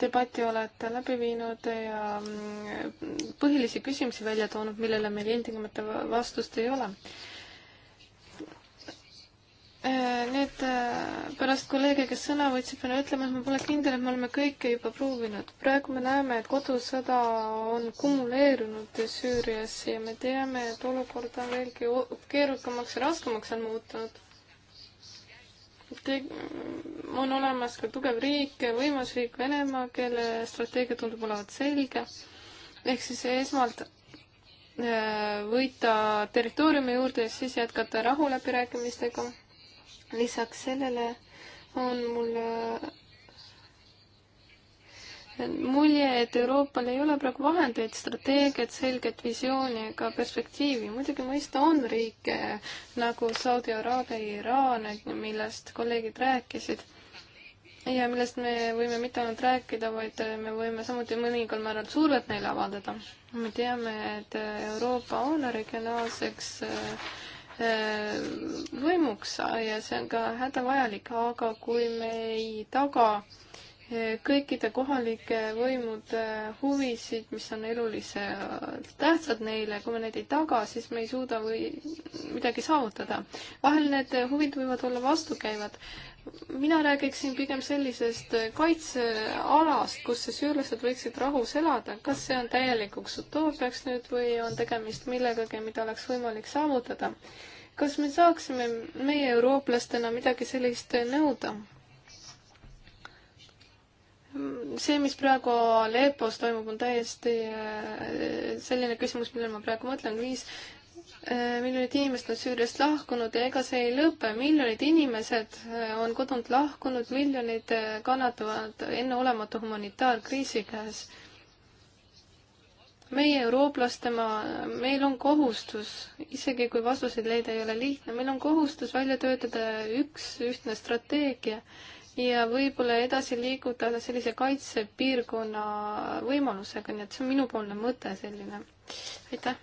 debatti olete läbi viinud ja mm, põhilisi küsimusi välja toonud, millele meil ilmtingimata vastust ei ole Äh, need äh, pärast kolleege, kes sõna võtsid, pean ütlema, et ma pole kindel, et me oleme kõike juba proovinud. praegu me näeme, et kodusõda on kumuleerunud Süürias ja me teame, et olukord on veelgi keerukamaks ja raskemaks on muutunud. on olemas ka tugev riik, võimas riik Venemaa, kelle strateegia tundub olevat selge. ehk siis esmalt äh, võita territooriumi juurde ja siis jätkata rahuläbirääkimistega lisaks sellele on mul äh, mulje, et Euroopal ei ole praegu vahendeid, strateegiat, selget visiooni ega perspektiivi. muidugi mõista on riike nagu Saudi Araabia ja Iraan, millest kolleegid rääkisid ja millest me võime mitte ainult rääkida, vaid me võime samuti mõningal määral survet neile avaldada. me teame, et Euroopa on regionaalseks äh, Äh, võimuks ja see on ka hädavajalik, aga kui me ei taga kõikide kohalike võimude huvisid, mis on eluliselt tähtsad neile, kui me neid ei taga, siis me ei suuda või midagi saavutada. vahel need huvid võivad olla vastukäivad. mina räägiksin pigem sellisest kaitsealast, kus siis üürlased võiksid rahus elada. kas see on täielikuks utoopiaks nüüd või on tegemist millegagi, mida oleks võimalik saavutada? kas me saaksime meie eurooplastena midagi sellist nõuda? see, mis praegu Aleppos toimub, on täiesti äh, selline küsimus, millele ma praegu mõtlen, viis äh, miljonit inimest on Süüriast lahkunud ja ega see ei lõpe, miljonid inimesed äh, on kodunt lahkunud, miljonid kannatavad enneolematu humanitaarkriisi käes. meie eurooplastena, meil on kohustus, isegi kui vastuseid leida ei ole lihtne, meil on kohustus välja töötada üks ühtne strateegia äh, ja võib-olla edasi liiguda sellise kaitsepiirkonna võimalusega, nii et see on minupoolne mõte selline. aitäh.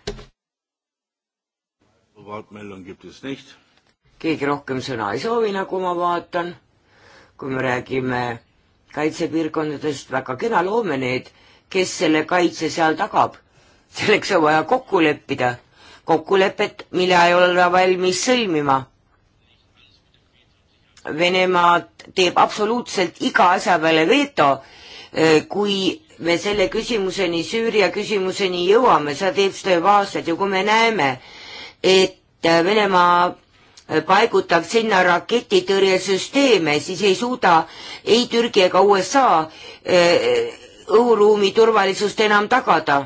keegi rohkem sõna ei soovi, nagu ma vaatan. kui me räägime kaitsepiirkondadest, väga kena, loome need, kes selle kaitse seal tagab. selleks on vaja kokku leppida, kokkulepet, mille ei ole valmis sõlmima Venemaa teeb absoluutselt iga asja peale veto, äh, kui me selle küsimuseni, Süüria küsimuseni jõuame, seda teeb seda juba aastaid ja kui me näeme, et äh, Venemaa äh, paigutab sinna raketitõrjesüsteeme, siis ei suuda ei Türgi ega USA õhuruumi turvalisust enam tagada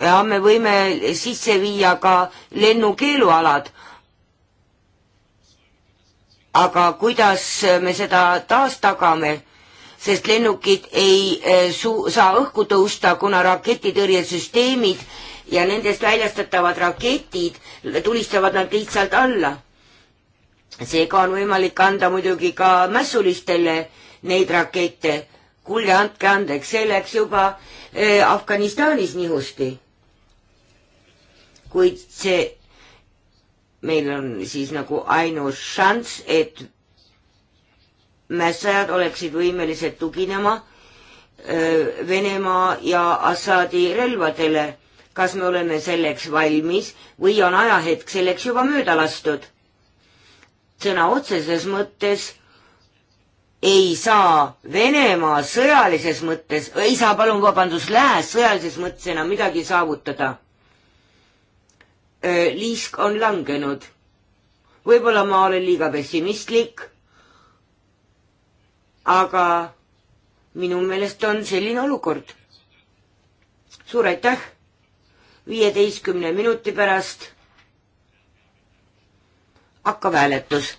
ja me võime sisse viia ka lennukeelualad, aga kuidas me seda taastagame, sest lennukid ei eh, su-, saa õhku tõusta, kuna raketitõrjesüsteemid ja nendest väljastatavad raketid tulistavad nad lihtsalt alla. seega on võimalik anda muidugi ka mässulistele neid rakette. kuulge, andke andeks, see läks juba eh, Afganistanis nihusti. kuid see meil on siis nagu ainus šanss, et mässajad oleksid võimelised tuginema Venemaa ja Assadi relvadele. kas me oleme selleks valmis või on ajahetk selleks juba mööda lastud? sõna otseses mõttes ei saa Venemaa sõjalises mõttes, ei saa, palun vabandust, Lääs sõjalises mõttes enam midagi saavutada liisk on langenud. võib-olla ma olen liiga pessimistlik, aga minu meelest on selline olukord. suur aitäh, viieteistkümne minuti pärast hakkab hääletus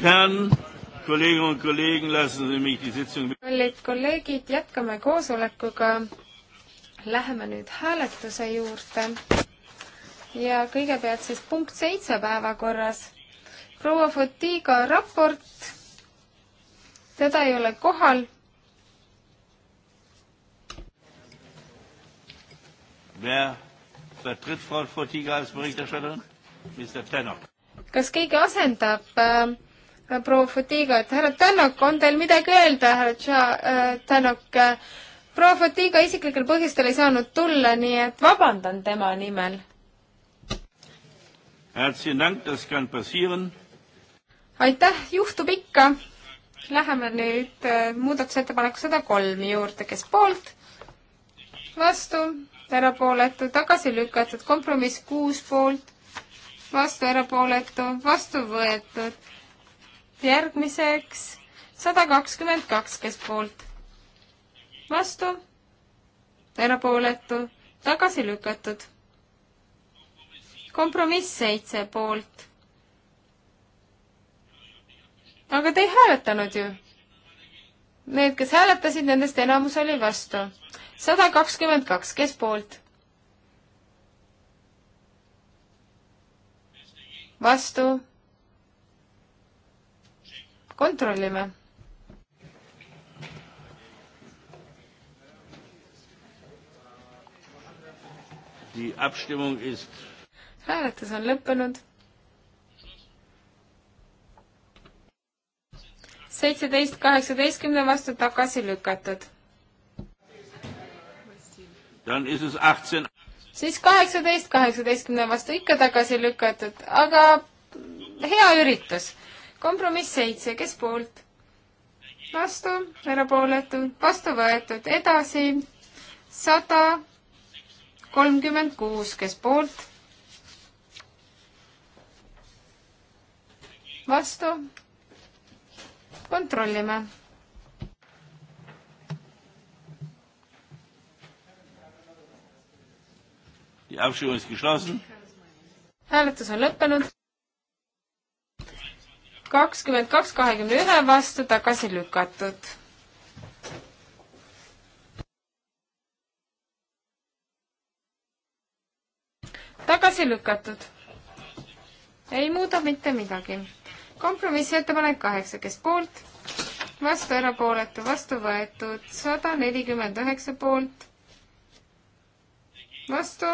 kallid kolleegid, jätkame koosolekuga. Läheme nüüd hääletuse juurde. ja kõigepealt siis punkt seitse päevakorras. proua Fotiga raport. teda ei ole kohal. Wer vertritt Frau Fotiga als Berichterstatterin? Mr Tenok. kas keegi asendab äh, Äh, proua Fatiga, et härra Tänak, on teil midagi öelda, härra Tša-, äh, Tänak? proua Fatiga isiklikel põhjustel ei saanud tulla, nii et vabandan tema nimel Herzlichen Dank, das kann passieren. aitäh, juhtub ikka. Läheme nüüd äh, muudatusettepaneku sada kolm juurde, kes poolt, vastu, erapooletu, tagasi lükatud, kompromiss kuus poolt, vastu, erapooletu, vastu võetud, järgmiseks sada kakskümmend kaks, kes poolt, vastu, erapooletu, tagasi lükatud. kompromiss seitse poolt. aga te ei hääletanud ju. Need, kes hääletasid, nendest enamus oli vastu. sada kakskümmend kaks, kes poolt? vastu kontrollime. hääletus on lõppenud. seitseteist kaheksateistkümne vastu tagasi lükatud. siis kaheksateist kaheksateistkümne vastu ikka tagasi lükatud, aga hea üritus kompromiss seitse, kes poolt? vastu, erapooletu, vastu võetud, edasi sada kolmkümmend kuus, kes poolt? vastu, kontrollime Die Abstimmung ist geschlossen. Hääletus on lõppenud kakskümmend kaks kahekümne ühe vastu tagasi lükatud. tagasi lükatud. ei muuda mitte midagi. kompromissettepanek kaheksa, kes poolt, vastu erapooletu, vastu võetud, sada nelikümmend üheksa poolt, vastu,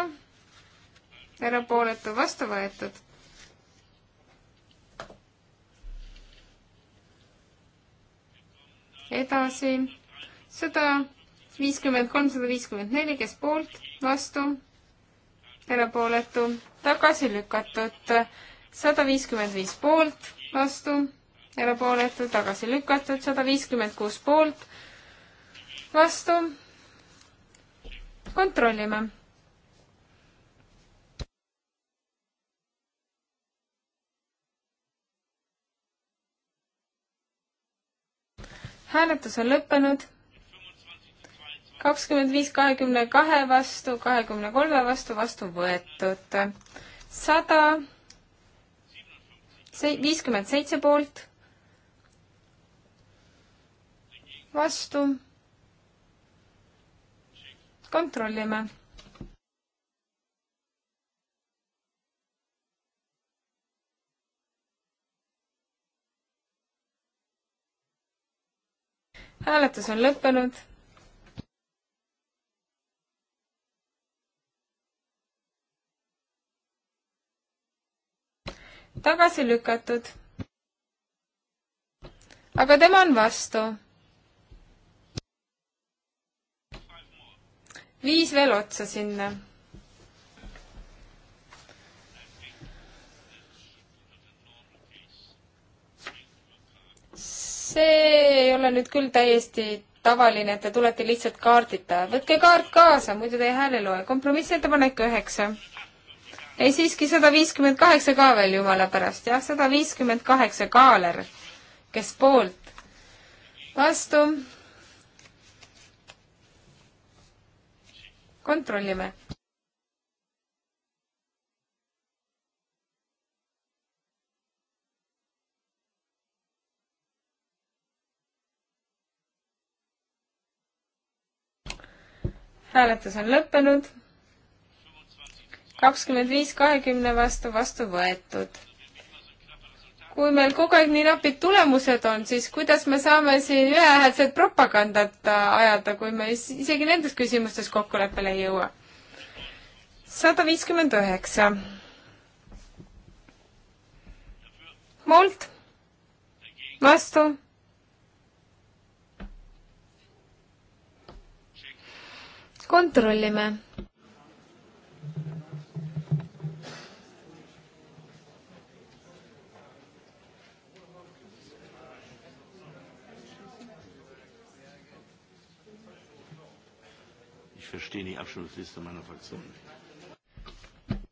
erapooletu, vastu võetud edasi sada viiskümmend kolm, sada viiskümmend neli, kes poolt, vastu, erapooletu, tagasi lükatud, sada viiskümmend viis poolt, vastu, erapooletu, tagasi lükatud, sada viiskümmend kuus poolt, vastu, kontrollime hääletus on lõppenud. kakskümmend viis kahekümne kahe vastu, kahekümne kolme vastu, vastu võetud. sada see-, viiskümmend seitse poolt, vastu kontrollime. hääletus on lõppenud. tagasi lükatud. aga tema on vastu. viis veel otsa sinna see ei ole nüüd küll täiesti tavaline, et te tulete lihtsalt kaardita. võtke kaart kaasa, muidu te ei hääle loe. kompromissettepanek üheksa. ei siiski sada viiskümmend kaheksa ka veel, jumala pärast, jah, sada viiskümmend kaheksa, Kaaler, kes poolt? vastu. kontrollime hääletus on lõppenud. kakskümmend viis kahekümne vastu vastu võetud kui meil kogu aeg nii napid tulemused on, siis kuidas me saame siin ühehäälset propagandat ajada, kui me isegi nendes küsimustes kokkuleppele ei jõua? sada viiskümmend üheksa. Molt. vastu. kontrollime. Ich verstehe die Abstimmungsliste meiner Fraktion nicht.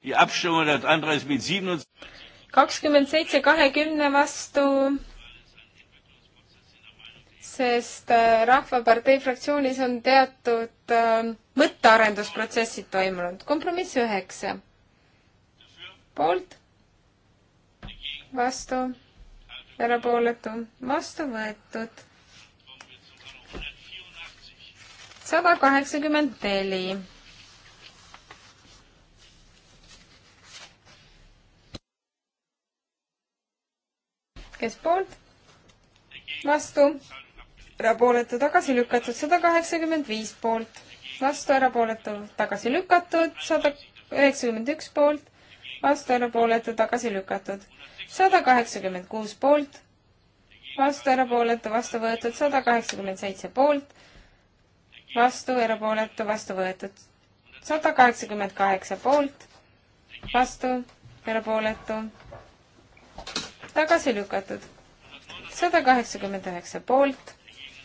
Die Abstimmung hat Andreas mit 27 kakskümmend seitse kahekümne vastu sest äh, Rahvapartei fraktsioonis on teatud äh, mõttearendusprotsessid toimunud. kompromiss üheksa. poolt, vastu, erapooletu, vastu võetud. sada kaheksakümmend neli. kes poolt? vastu erapooletu tagasi lükatud, sada kaheksakümmend viis poolt, vastu erapooletu tagasi lükatud, sada üheksakümmend üks poolt, vastu erapooletu tagasi lükatud, sada kaheksakümmend kuus poolt, vastu erapooletu vastu võetud, sada kaheksakümmend seitse poolt, vastu erapooletu vastu võetud, sada kaheksakümmend kaheksa poolt, vastu erapooletu tagasi lükatud, sada kaheksakümmend üheksa poolt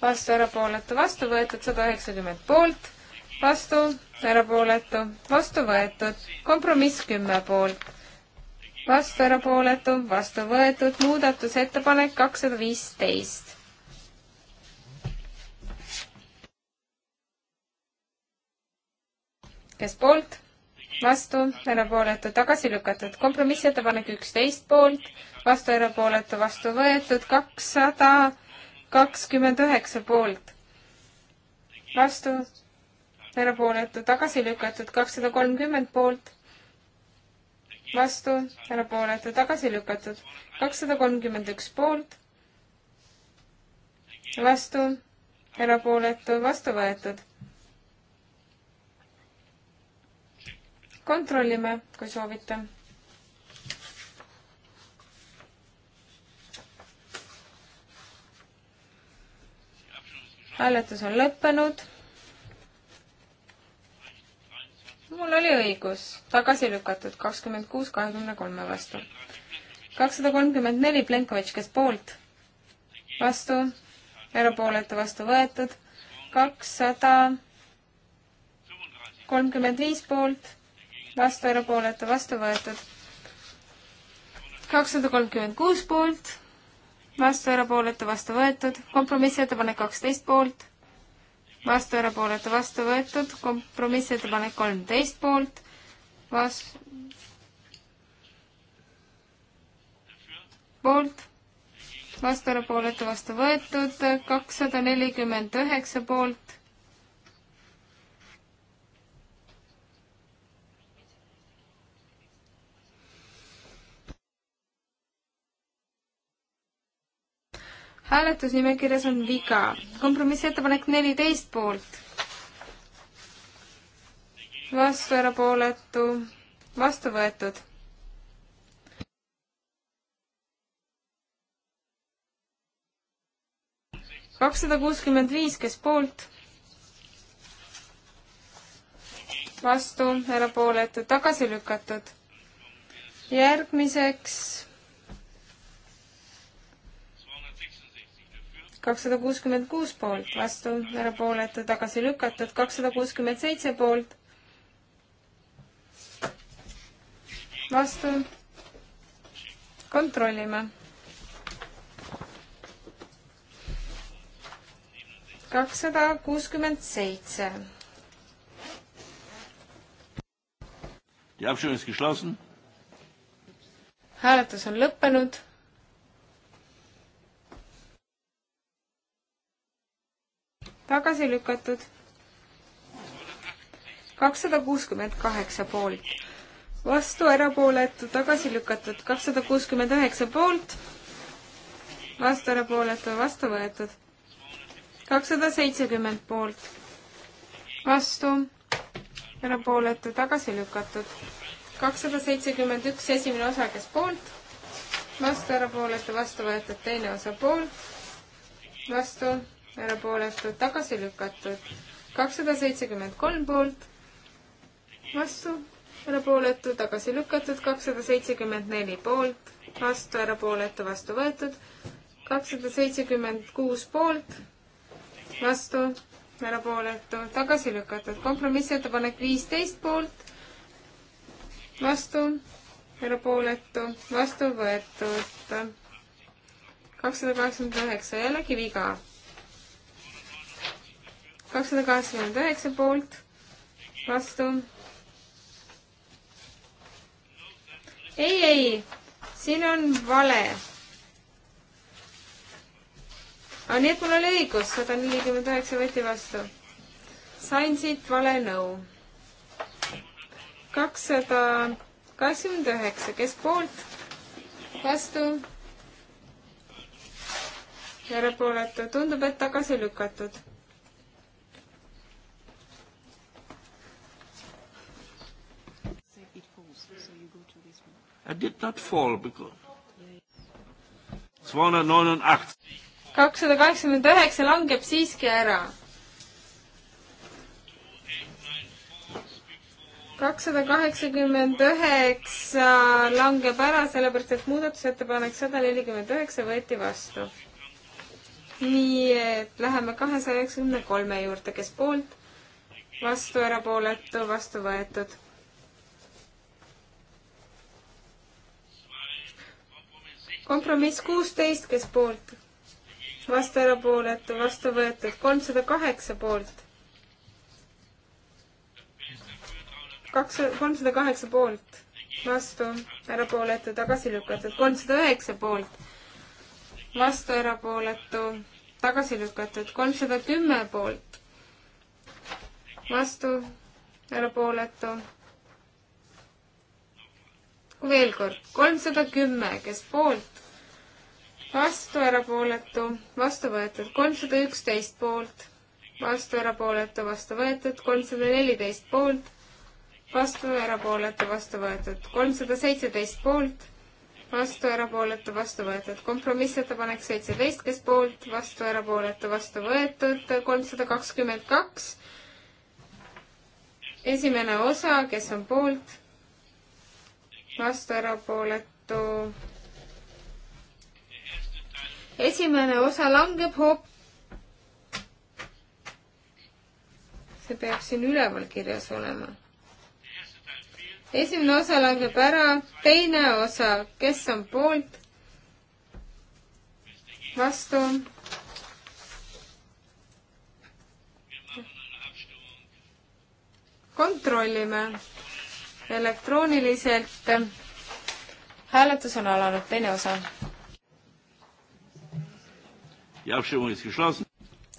vastu, erapooletu, vastu võetud, sada üheksakümmend poolt, vastu, erapooletu, vastu võetud, kompromiss kümme poolt, vastu, erapooletu, vastu võetud, muudatusettepanek kakssada viisteist. kes poolt? vastu, erapooletu, tagasi lükatud. kompromissettepanek üksteist poolt, vastu, erapooletu, vastu võetud, kakssada kakskümmend üheksa poolt, vastu, erapooletu, tagasi lükatud, kakssada kolmkümmend poolt, vastu, erapooletu, tagasi lükatud, kakssada kolmkümmend üks poolt, vastu, erapooletu, vastu võetud kontrollime, kui soovite. hääletus on lõppenud. mul oli õigus, tagasi lükatud kakskümmend kuus, kahekümne kolme vastu. kakssada kolmkümmend neli Plenkovitš, kes poolt, vastu, erapooletu vastu võetud, kakssada kolmkümmend viis poolt, vastu, erapooletu vastu võetud, kakssada kolmkümmend kuus poolt vastu, erapooletu, vastu võetud, kompromissettepanek kaksteist poolt, vastu, erapooletu, vastu võetud, kompromissettepanek kolmteist poolt, vas-, poolt, vastu, erapooletu, vastu võetud, kakssada nelikümmend üheksa poolt hääletusnimekirjas on viga. kompromissettepanek neliteist poolt. vastu, erapooletu, vastu võetud. kakssada kuuskümmend viis, kes poolt? vastu, erapooletu, tagasi lükatud. järgmiseks kakssada kuuskümmend kuus poolt, vastu, erapooletu, tagasi lükatud, kakssada kuuskümmend seitse poolt, vastu, kontrollime. kakssada kuuskümmend seitse. hääletus on lõppenud tagasi lükatud. kakssada kuuskümmend kaheksa poolt, vastu erapooletu, tagasi lükatud, kakssada kuuskümmend üheksa poolt, vastu erapooletu, vastu võetud. kakssada seitsekümmend poolt, vastu erapooletu, tagasi lükatud. kakssada seitsekümmend üks, esimene osa, kes poolt, vastu erapooletu, vastu võetud, teine osa poolt, vastu erapooletud, tagasi lükatud. kakssada seitsekümmend kolm poolt, vastu, erapooletu, tagasi lükatud. kakssada seitsekümmend neli poolt, vastu, erapooletu, vastu võetud. kakssada seitsekümmend kuus poolt, vastu, erapooletu, tagasi lükatud. kompromissettepanek viisteist poolt, vastu, erapooletu, vastu võetud. kakssada kaheksakümmend üheksa, jällegi viga kakssada kaheksakümmend üheksa poolt, vastu. ei, ei, siin on vale. aga nii, et mul oli õigus, sada nelikümmend üheksa võeti vastu. sain siit vale nõu. kakssada kaheksakümmend üheksa, kes poolt, vastu erapooletu, tundub, et tagasi lükatud I did not fall because 289. kakssada kaheksakümmend üheksa langeb siiski ära. kakssada kaheksakümmend üheksa langeb ära, sellepärast et muudatusettepanek sada nelikümmend üheksa võeti vastu. nii et läheme kahesaja üheksakümne kolme juurde, kes poolt, vastu, erapooletu, vastu võetud kompromiss kuusteist, kes poolt? vastu erapooletu, vastu võetud, kolmsada kaheksa poolt. kaks, kolmsada kaheksa poolt, vastu erapooletu, tagasi lükatud, kolmsada üheksa poolt, vastu erapooletu, tagasi lükatud, kolmsada kümme poolt, vastu erapooletu. veel kord, kolmsada kümme, kes poolt, vastu, erapooletu, vastu võetud kolmsada üksteist poolt, vastu, erapooletu, vastu võetud kolmsada neliteist poolt, vastu, erapooletu, vastu võetud kolmsada seitseteist poolt, vastu, erapooletu, vastu võetud kompromissettepanek seitseteist, kes poolt, vastu, erapooletu, vastu võetud kolmsada kakskümmend kaks, esimene osa, kes on poolt, vastu, erapooletu esimene osa langeb hoop-. see peab siin üleval kirjas olema. esimene osa langeb ära, teine osa, kes on poolt? vastu. kontrollime elektrooniliselt. hääletus on alanud, teine osa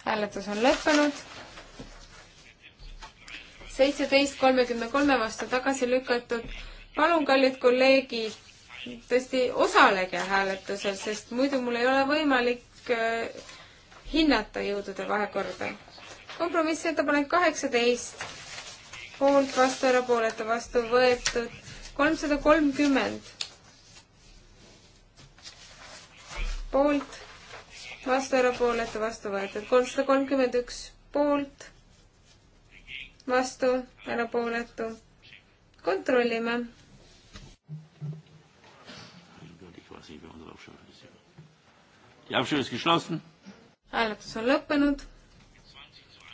hääletus on lõppenud. seitseteist kolmekümne kolme vastu tagasi lükatud. palun, kallid kolleegid, tõesti osalege hääletusel, sest muidu mul ei ole võimalik äh, hinnata jõudude vahekorda. kompromissettepanek kaheksateist, poolt, vastu, erapooletu, vastu võetud kolmsada kolmkümmend. poolt vastu, erapooletu, vastu võetud. kolmsada kolmkümmend üks poolt, vastu, erapooletu. kontrollime. hääletus on lõppenud.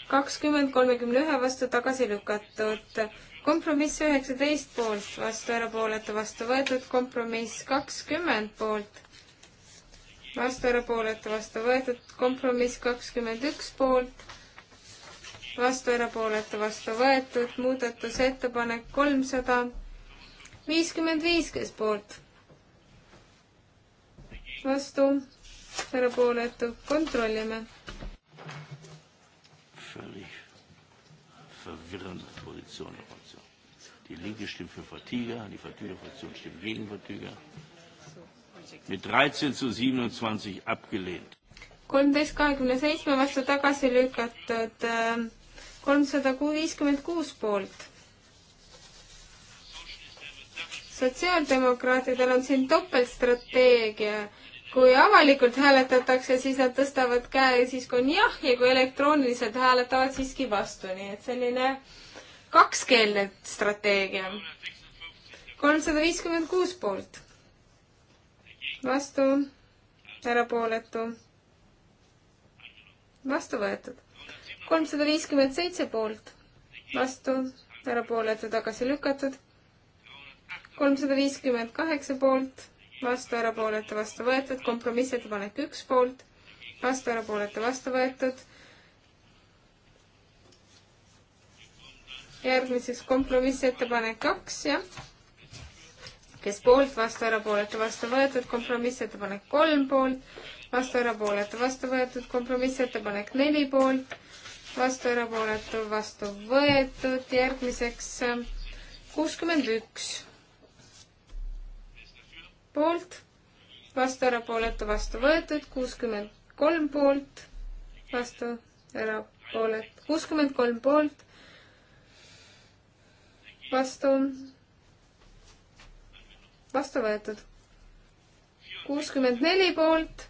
kakskümmend kolmekümne ühe vastu tagasi lükatud. kompromiss üheksateist poolt, vastu, erapooletu, vastu võetud. kompromiss kakskümmend poolt vastu erapooletu, vastu võetud, kompromiss kakskümmend üks poolt, vastu erapooletu, vastu võetud, muudatusettepanek kolmsada viiskümmend viis, kes poolt, vastu, erapooletu, kontrollime. verwirrende Position. Die Linke stimmt für Vertiger, die Vertiger-Fraktion stimmt gegen Vertiger mit 13 zu 27 abgelehnt. kolmteist kahekümne seitsme vastu tagasi lükatud ähm, kolmsada viiskümmend kuus poolt. sotsiaaldemokraatidel on siin topeltstrateegia. kui avalikult hääletatakse, siis nad tõstavad käe siis, kui on jah ja kui elektrooniliselt hääletavad siiski vastu, nii et selline kakskeelne strateegia. kolmsada viiskümmend kuus poolt vastu, erapooletu, vastu võetud. kolmsada viiskümmend seitse poolt, vastu, erapooletu, tagasi lükatud. kolmsada viiskümmend kaheksa poolt, vastu, erapooletu, vastu võetud. kompromissettepanek üks poolt, vastu, erapooletu, vastu võetud. järgmiseks kompromissettepanek kaks, jah kes poolt, vastu, erapooletu, vastu võetud, kompromissettepanek kolm poolt, vastu, erapooletu, vastu võetud, kompromissettepanek neli poolt, vastu, erapooletu, vastu võetud, järgmiseks ähm, kuuskümmend üks poolt, vastu, erapooletu, vastu võetud, kuuskümmend kolm poolt, vastu, erapooletu, kuuskümmend kolm poolt, vastu, vastu võetud. kuuskümmend neli poolt,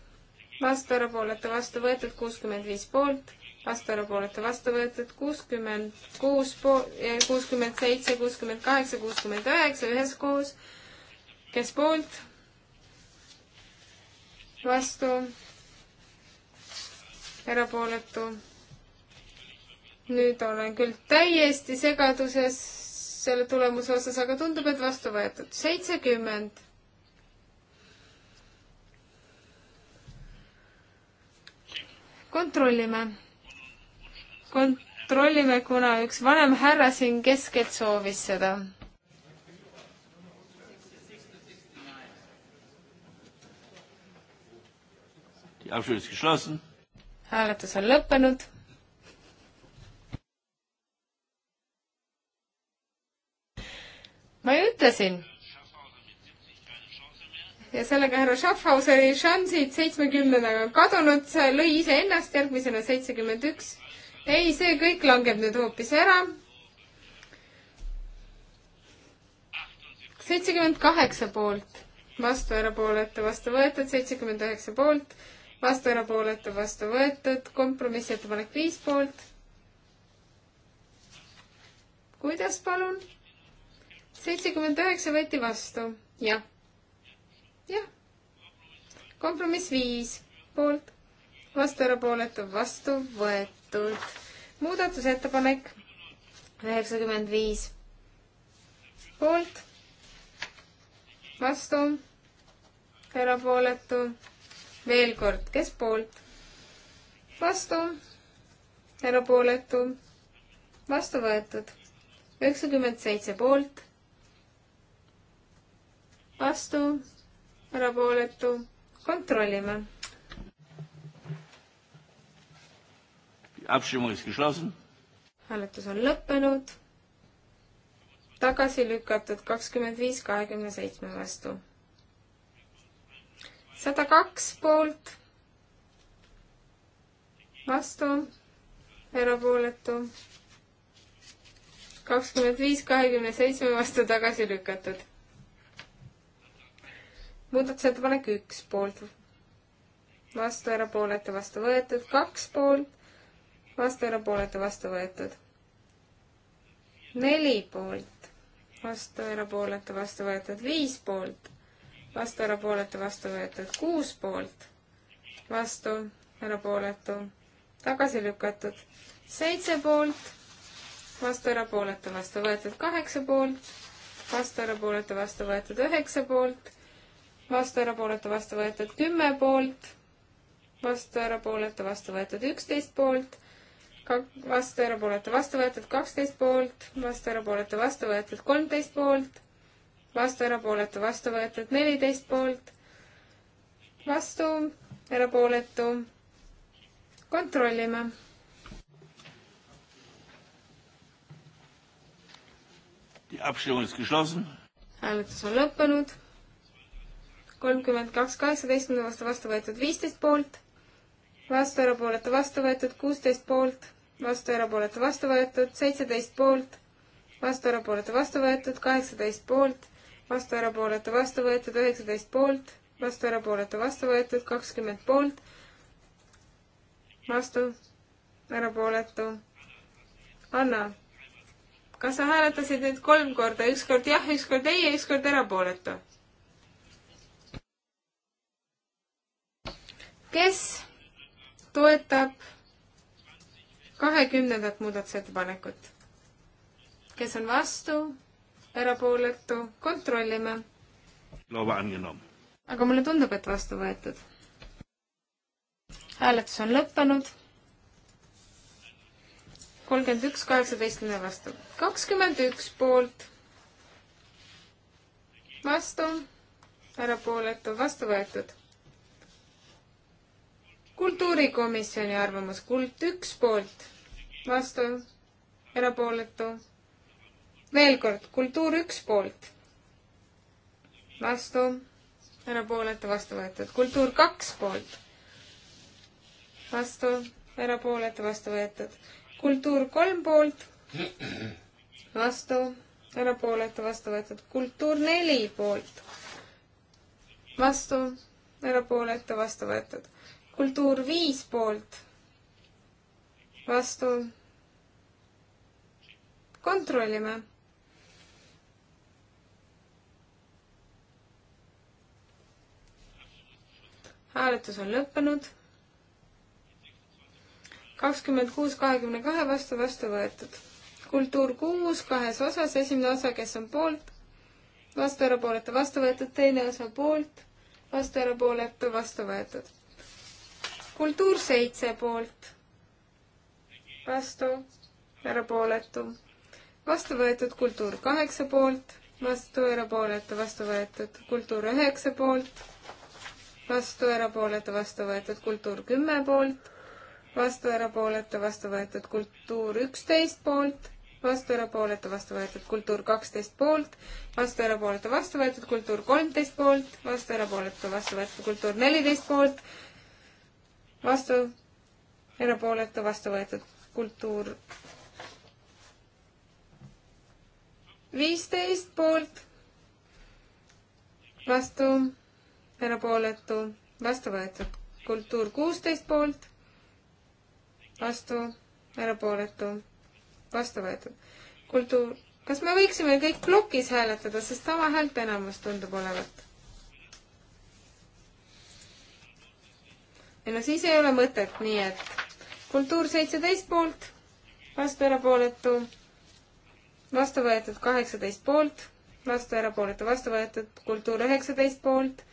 vastu erapooletu, vastu võetud, kuuskümmend viis poolt, vastu erapooletu, vastu võetud, kuuskümmend kuus po-, eh, kuuskümmend seitse, kuuskümmend kaheksa, kuuskümmend üheksa üheskoos, kes poolt, vastu, erapooletu. nüüd olen küll täiesti segaduses selle tulemuse osas, aga tundub, et vastu võetud. seitsekümmend. kontrollime. kontrollime, kuna üks vanem härra siin keskelt soovis seda. hääletus on lõppenud ma ju ütlesin. ja sellega härra Schaffhauseri šansid seitsmekümnendaga kadunud, lõi iseennast järgmisena seitsekümmend üks. ei, see kõik langeb nüüd hoopis ära. seitsekümmend kaheksa poolt, vastu erapooletu, vastu võetud, seitsekümmend üheksa poolt, vastu erapooletu, vastu võetud, kompromissettepanek viis poolt. kuidas palun? seitsekümmend üheksa võeti vastu, jah. jah. kompromiss viis poolt, vastu erapooletu, vastu võetud. muudatusettepanek üheksakümmend viis poolt, vastu, erapooletu, veel kord, kes poolt, vastu, erapooletu, vastu võetud, üheksakümmend seitse poolt vastu, erapooletu, kontrollime. hääletus on lõppenud. tagasi lükatud kakskümmend viis kahekümne seitsme vastu. sada kaks poolt, vastu, erapooletu kakskümmend viis kahekümne seitsme vastu tagasi lükatud muudatusettepanek üks poolt, vastu, erapooletu, vastu võetud, kaks poolt, vastu, erapooletu, vastu võetud. neli poolt, vastu, erapooletu, vastu võetud, viis poolt, vastu, erapooletu, vastu võetud, kuus poolt, vastu, erapooletu, tagasi lükatud, seitse poolt, vastu, erapooletu, vastu võetud, kaheksa poolt, vastu, erapooletu, vastu võetud, üheksa poolt vastu, erapooletu, vastu võetud kümme poolt, vastu, erapooletu, vastu võetud üksteist poolt, vastu, erapooletu, vastu võetud kaksteist poolt, vastu, erapooletu, vastu võetud kolmteist poolt, vastu, erapooletu, vastu võetud neliteist poolt, vastu, erapooletu, kontrollime Die Abstimmung ist geschlossen. Hääletus on lõppenud kolmkümmend kaks kaheksateistkümne vastu vastu võetud viisteist poolt, vastu erapooletu vastu võetud kuusteist poolt, vastu erapooletu vastu võetud seitseteist poolt, vastu erapooletu vastu võetud kaheksateist poolt, vastu erapooletu vastu võetud üheksateist poolt, vastu erapooletu vastu võetud kakskümmend poolt, vastu erapooletu. Anna, kas sa hääletasid nüüd kolm korda, üks kord jah, üks kord ei ja üks kord erapooletu? kes toetab kahekümnendat muudatusettepanekut? kes on vastu, erapooletu, kontrollime. aga mulle tundub, et vastu võetud. hääletus on lõppenud kolmkümmend üks kaheksateistkümne vastu. kakskümmend üks poolt. vastu, erapooletu, vastu võetud kultuurikomisjoni arvamus, kuld üks poolt, vastu, erapooletu. veel kord, kultuur üks poolt, vastu, erapooletu, vastu võetud. kultuur kaks poolt, vastu, erapooletu, vastu võetud. kultuur kolm poolt, vastu, erapooletu, vastu võetud. kultuur neli poolt, vastu, erapooletu, vastu võetud kultuur viis poolt, vastu. kontrollime hääletus on lõppenud. kakskümmend kuus kahekümne kahe vastu vastu võetud. kultuur kuus kahes osas, esimene osa, kes on poolt, vastu erapooletu vastu võetud, teine osa poolt, vastu erapooletu vastu võetud kultuur seitse poolt, vastu, erapooletu, vastu võetud kultuur kaheksa poolt, vastu, erapooletu, vastu võetud kultuur üheksa poolt, vastu, erapooletu, vastu võetud kultuur kümme poolt, vastu, erapooletu, vastu võetud kultuur üksteist poolt vastu, erapooletu, vastu võetud, kultuur kaksteist poolt, vastu, erapooletu, vastu võetud, kultuur kolmteist poolt, vastu, erapooletu, vastu võetud, kultuur neliteist poolt, vastu, erapooletu, vastu võetud. kultuur viisteist poolt, vastu, erapooletu, vastu võetud. kultuur kuusteist poolt, vastu, erapooletu, vastu võetud. kultuur, kas me võiksime kõik plokis hääletada, sest sama häälte enamus tundub olevat ja no siis ei ole mõtet, nii et kultuur seitseteist poolt, vastu erapooletu, vastu võetud kaheksateist poolt, vastu erapooletu, vastu võetud kultuur üheksateist poolt,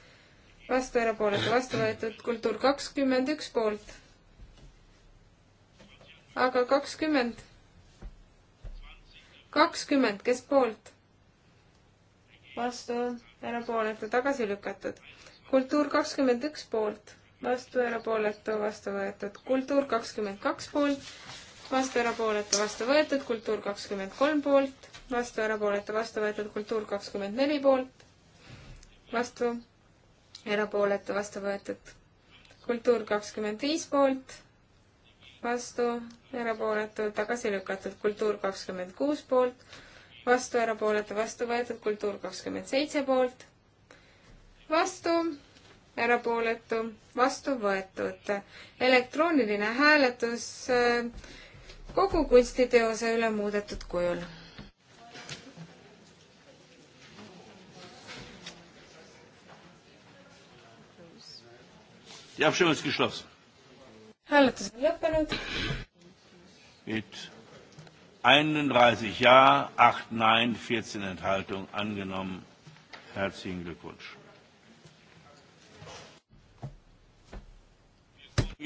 vastu erapooletu, vastu võetud kultuur kakskümmend üks poolt. aga kakskümmend, kakskümmend, kes poolt? vastu, erapooletu, tagasi lükatud. kultuur kakskümmend üks poolt vastu, erapooletu, vastu võetud. kultuur kakskümmend kaks poolt, vastu, erapooletu, vastu võetud. kultuur kakskümmend kolm poolt, vastu, erapooletu, vastu võetud. kultuur kakskümmend neli poolt, vastu, erapooletu, vastu võetud. kultuur kakskümmend viis poolt, vastu, erapooletu, tagasi lükatud. kultuur kakskümmend kuus poolt, vastu, erapooletu, vastu võetud. kultuur kakskümmend seitse poolt, vastu erapooletu, vastu võetud. elektrooniline hääletus äh, kogu kunstiteose üle muudetud kujul. hääletus on lõppenud. Mit 31 Ja, 8 Nein, 14 Enthaltungen angenommen. Herzlichen Glückwunsch.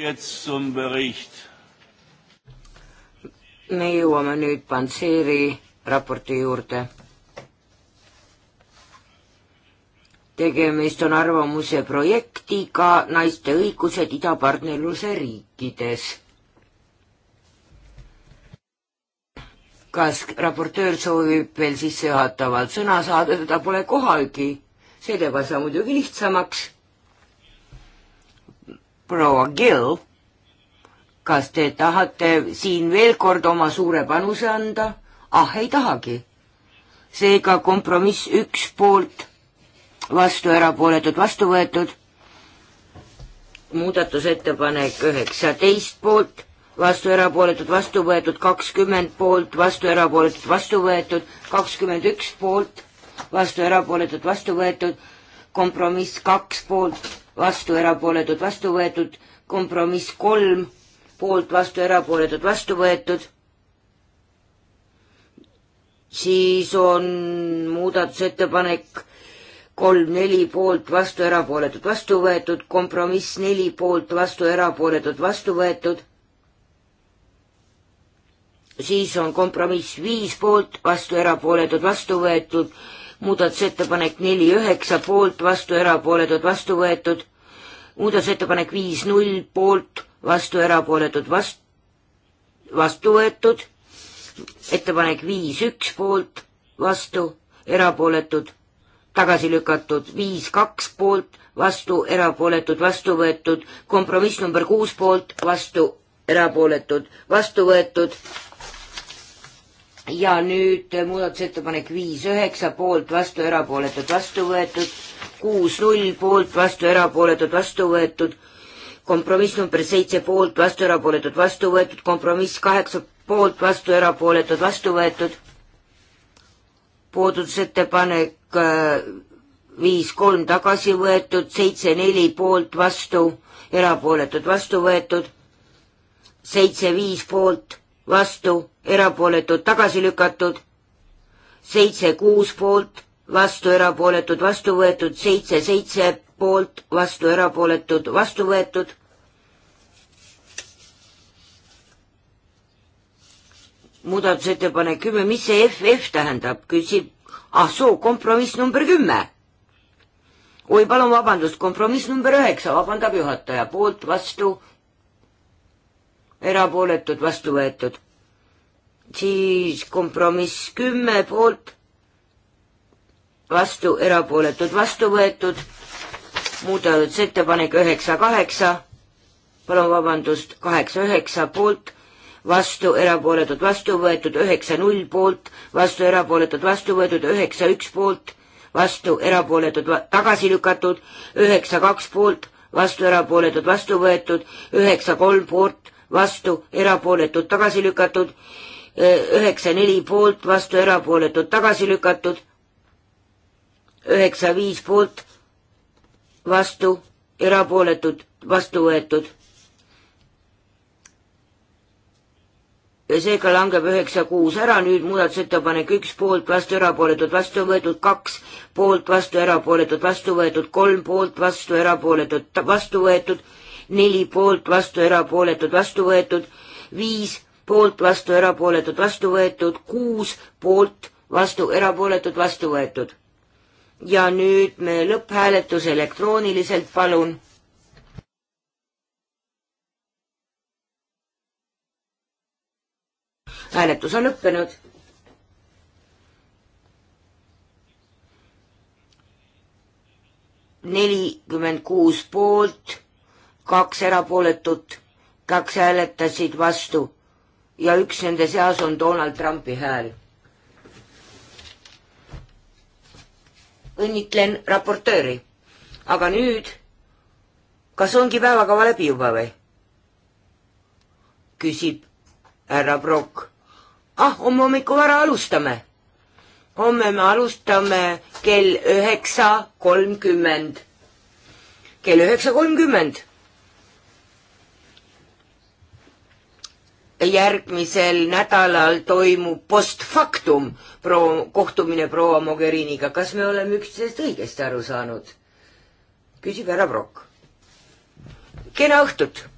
me jõuame nüüd Panseri raporti juurde. tegemist on arvamuse projektiga Naiste õigused idapartnerluse riikides. kas raportöör soovib veel sissejuhatavalt sõna saada, teda pole kohalgi, see teeb asja muidugi lihtsamaks proua Gill, kas te tahate siin veel kord oma suure panuse anda? ah, ei tahagi. seega kompromiss üks poolt, vastu erapooletud, vastu võetud. muudatusettepanek üheksateist poolt, vastu erapooletud, vastu võetud, kakskümmend poolt, vastu erapooletud, vastu võetud, kakskümmend üks poolt, vastu erapooletud, vastu võetud kompromiss kaks poolt, vastu, erapooletud, vastu võetud, kompromiss kolm poolt, vastu, erapooletud, vastu võetud. siis on muudatusettepanek kolm, neli poolt, vastu, erapooletud, vastu võetud, kompromiss neli poolt, vastu, erapooletud, vastu võetud. siis on kompromiss viis poolt, vastu, erapooletud, vastu võetud muudatusettepanek neli üheksa poolt, vastu erapooletud, vastu võetud. muudatusettepanek viis null poolt, vastu erapooletud, vastu, vastu võetud. ettepanek viis üks poolt, vastu erapooletud, tagasi lükatud, viis kaks poolt, vastu erapooletud, vastu võetud, kompromiss number kuus poolt, vastu erapooletud, vastu võetud ja nüüd muudatusettepanek viis üheksa poolt, vastu, erapooletud, vastu võetud, kuus null poolt, vastu, erapooletud, vastu võetud, kompromiss number seitse poolt, vastu, erapooletud, vastu võetud, kompromiss kaheksa poolt, vastu, erapooletud, vastu võetud, puudutusettepanek äh, viis kolm tagasi võetud, seitse neli poolt, vastu, erapooletud, vastu võetud, seitse viis poolt, vastu erapooletud, tagasi lükatud, seitse kuus poolt, vastu erapooletud, vastu võetud, seitse seitse poolt, vastu erapooletud, vastu võetud. muudatusettepanek kümme, mis see FF tähendab, küsib, ah soo, kompromiss number kümme oi, palun vabandust, kompromiss number üheksa, vabandab juhataja, poolt, vastu, erapooletud, vastu võetud siis kompromiss kümme poolt, vastu, erapooletud, vastu võetud, muudatusettepanek üheksa, kaheksa, palun vabandust, kaheksa, üheksa poolt, vastu, erapooletud, vastu võetud, üheksa, null poolt, vastu, erapooletud, vastu võetud, üheksa, üks poolt, vastu, erapooletud, tagasi lükatud, üheksa, kaks poolt, vastu, erapooletud, vastu võetud, üheksa, kolm poolt, vastu, erapooletud, tagasi lükatud, üheksa neli poolt, vastu erapooletud, tagasi lükatud. üheksa viis poolt, vastu erapooletud, vastu võetud. ja seega langeb üheksa kuus ära, nüüd muudatusettepanek üks poolt, vastu erapooletud, vastu võetud kaks poolt, vastu erapooletud, vastu võetud kolm poolt, vastu erapooletud, vastu võetud neli poolt, vastu erapooletud, vastu võetud viis poolt, vastu, erapooletud, vastu võetud, kuus poolt, vastu, erapooletud, vastu võetud. ja nüüd me lõpphääletus elektrooniliselt, palun hääletus on lõppenud. nelikümmend kuus poolt, kaks erapooletut, kaks hääletasid vastu ja üks nende seas on Donald Trumpi hääl. õnnitlen raportööri. aga nüüd, kas ongi päevakava läbi juba või? küsib härra Brock. ah, homme hommikul vara alustame. homme me alustame kell üheksa kolmkümmend. kell üheksa kolmkümmend järgmisel nädalal toimub post factum pro kohtumine proua Mogheriniga, kas me oleme üksteisest õigesti aru saanud? küsib härra Brock. kena õhtut!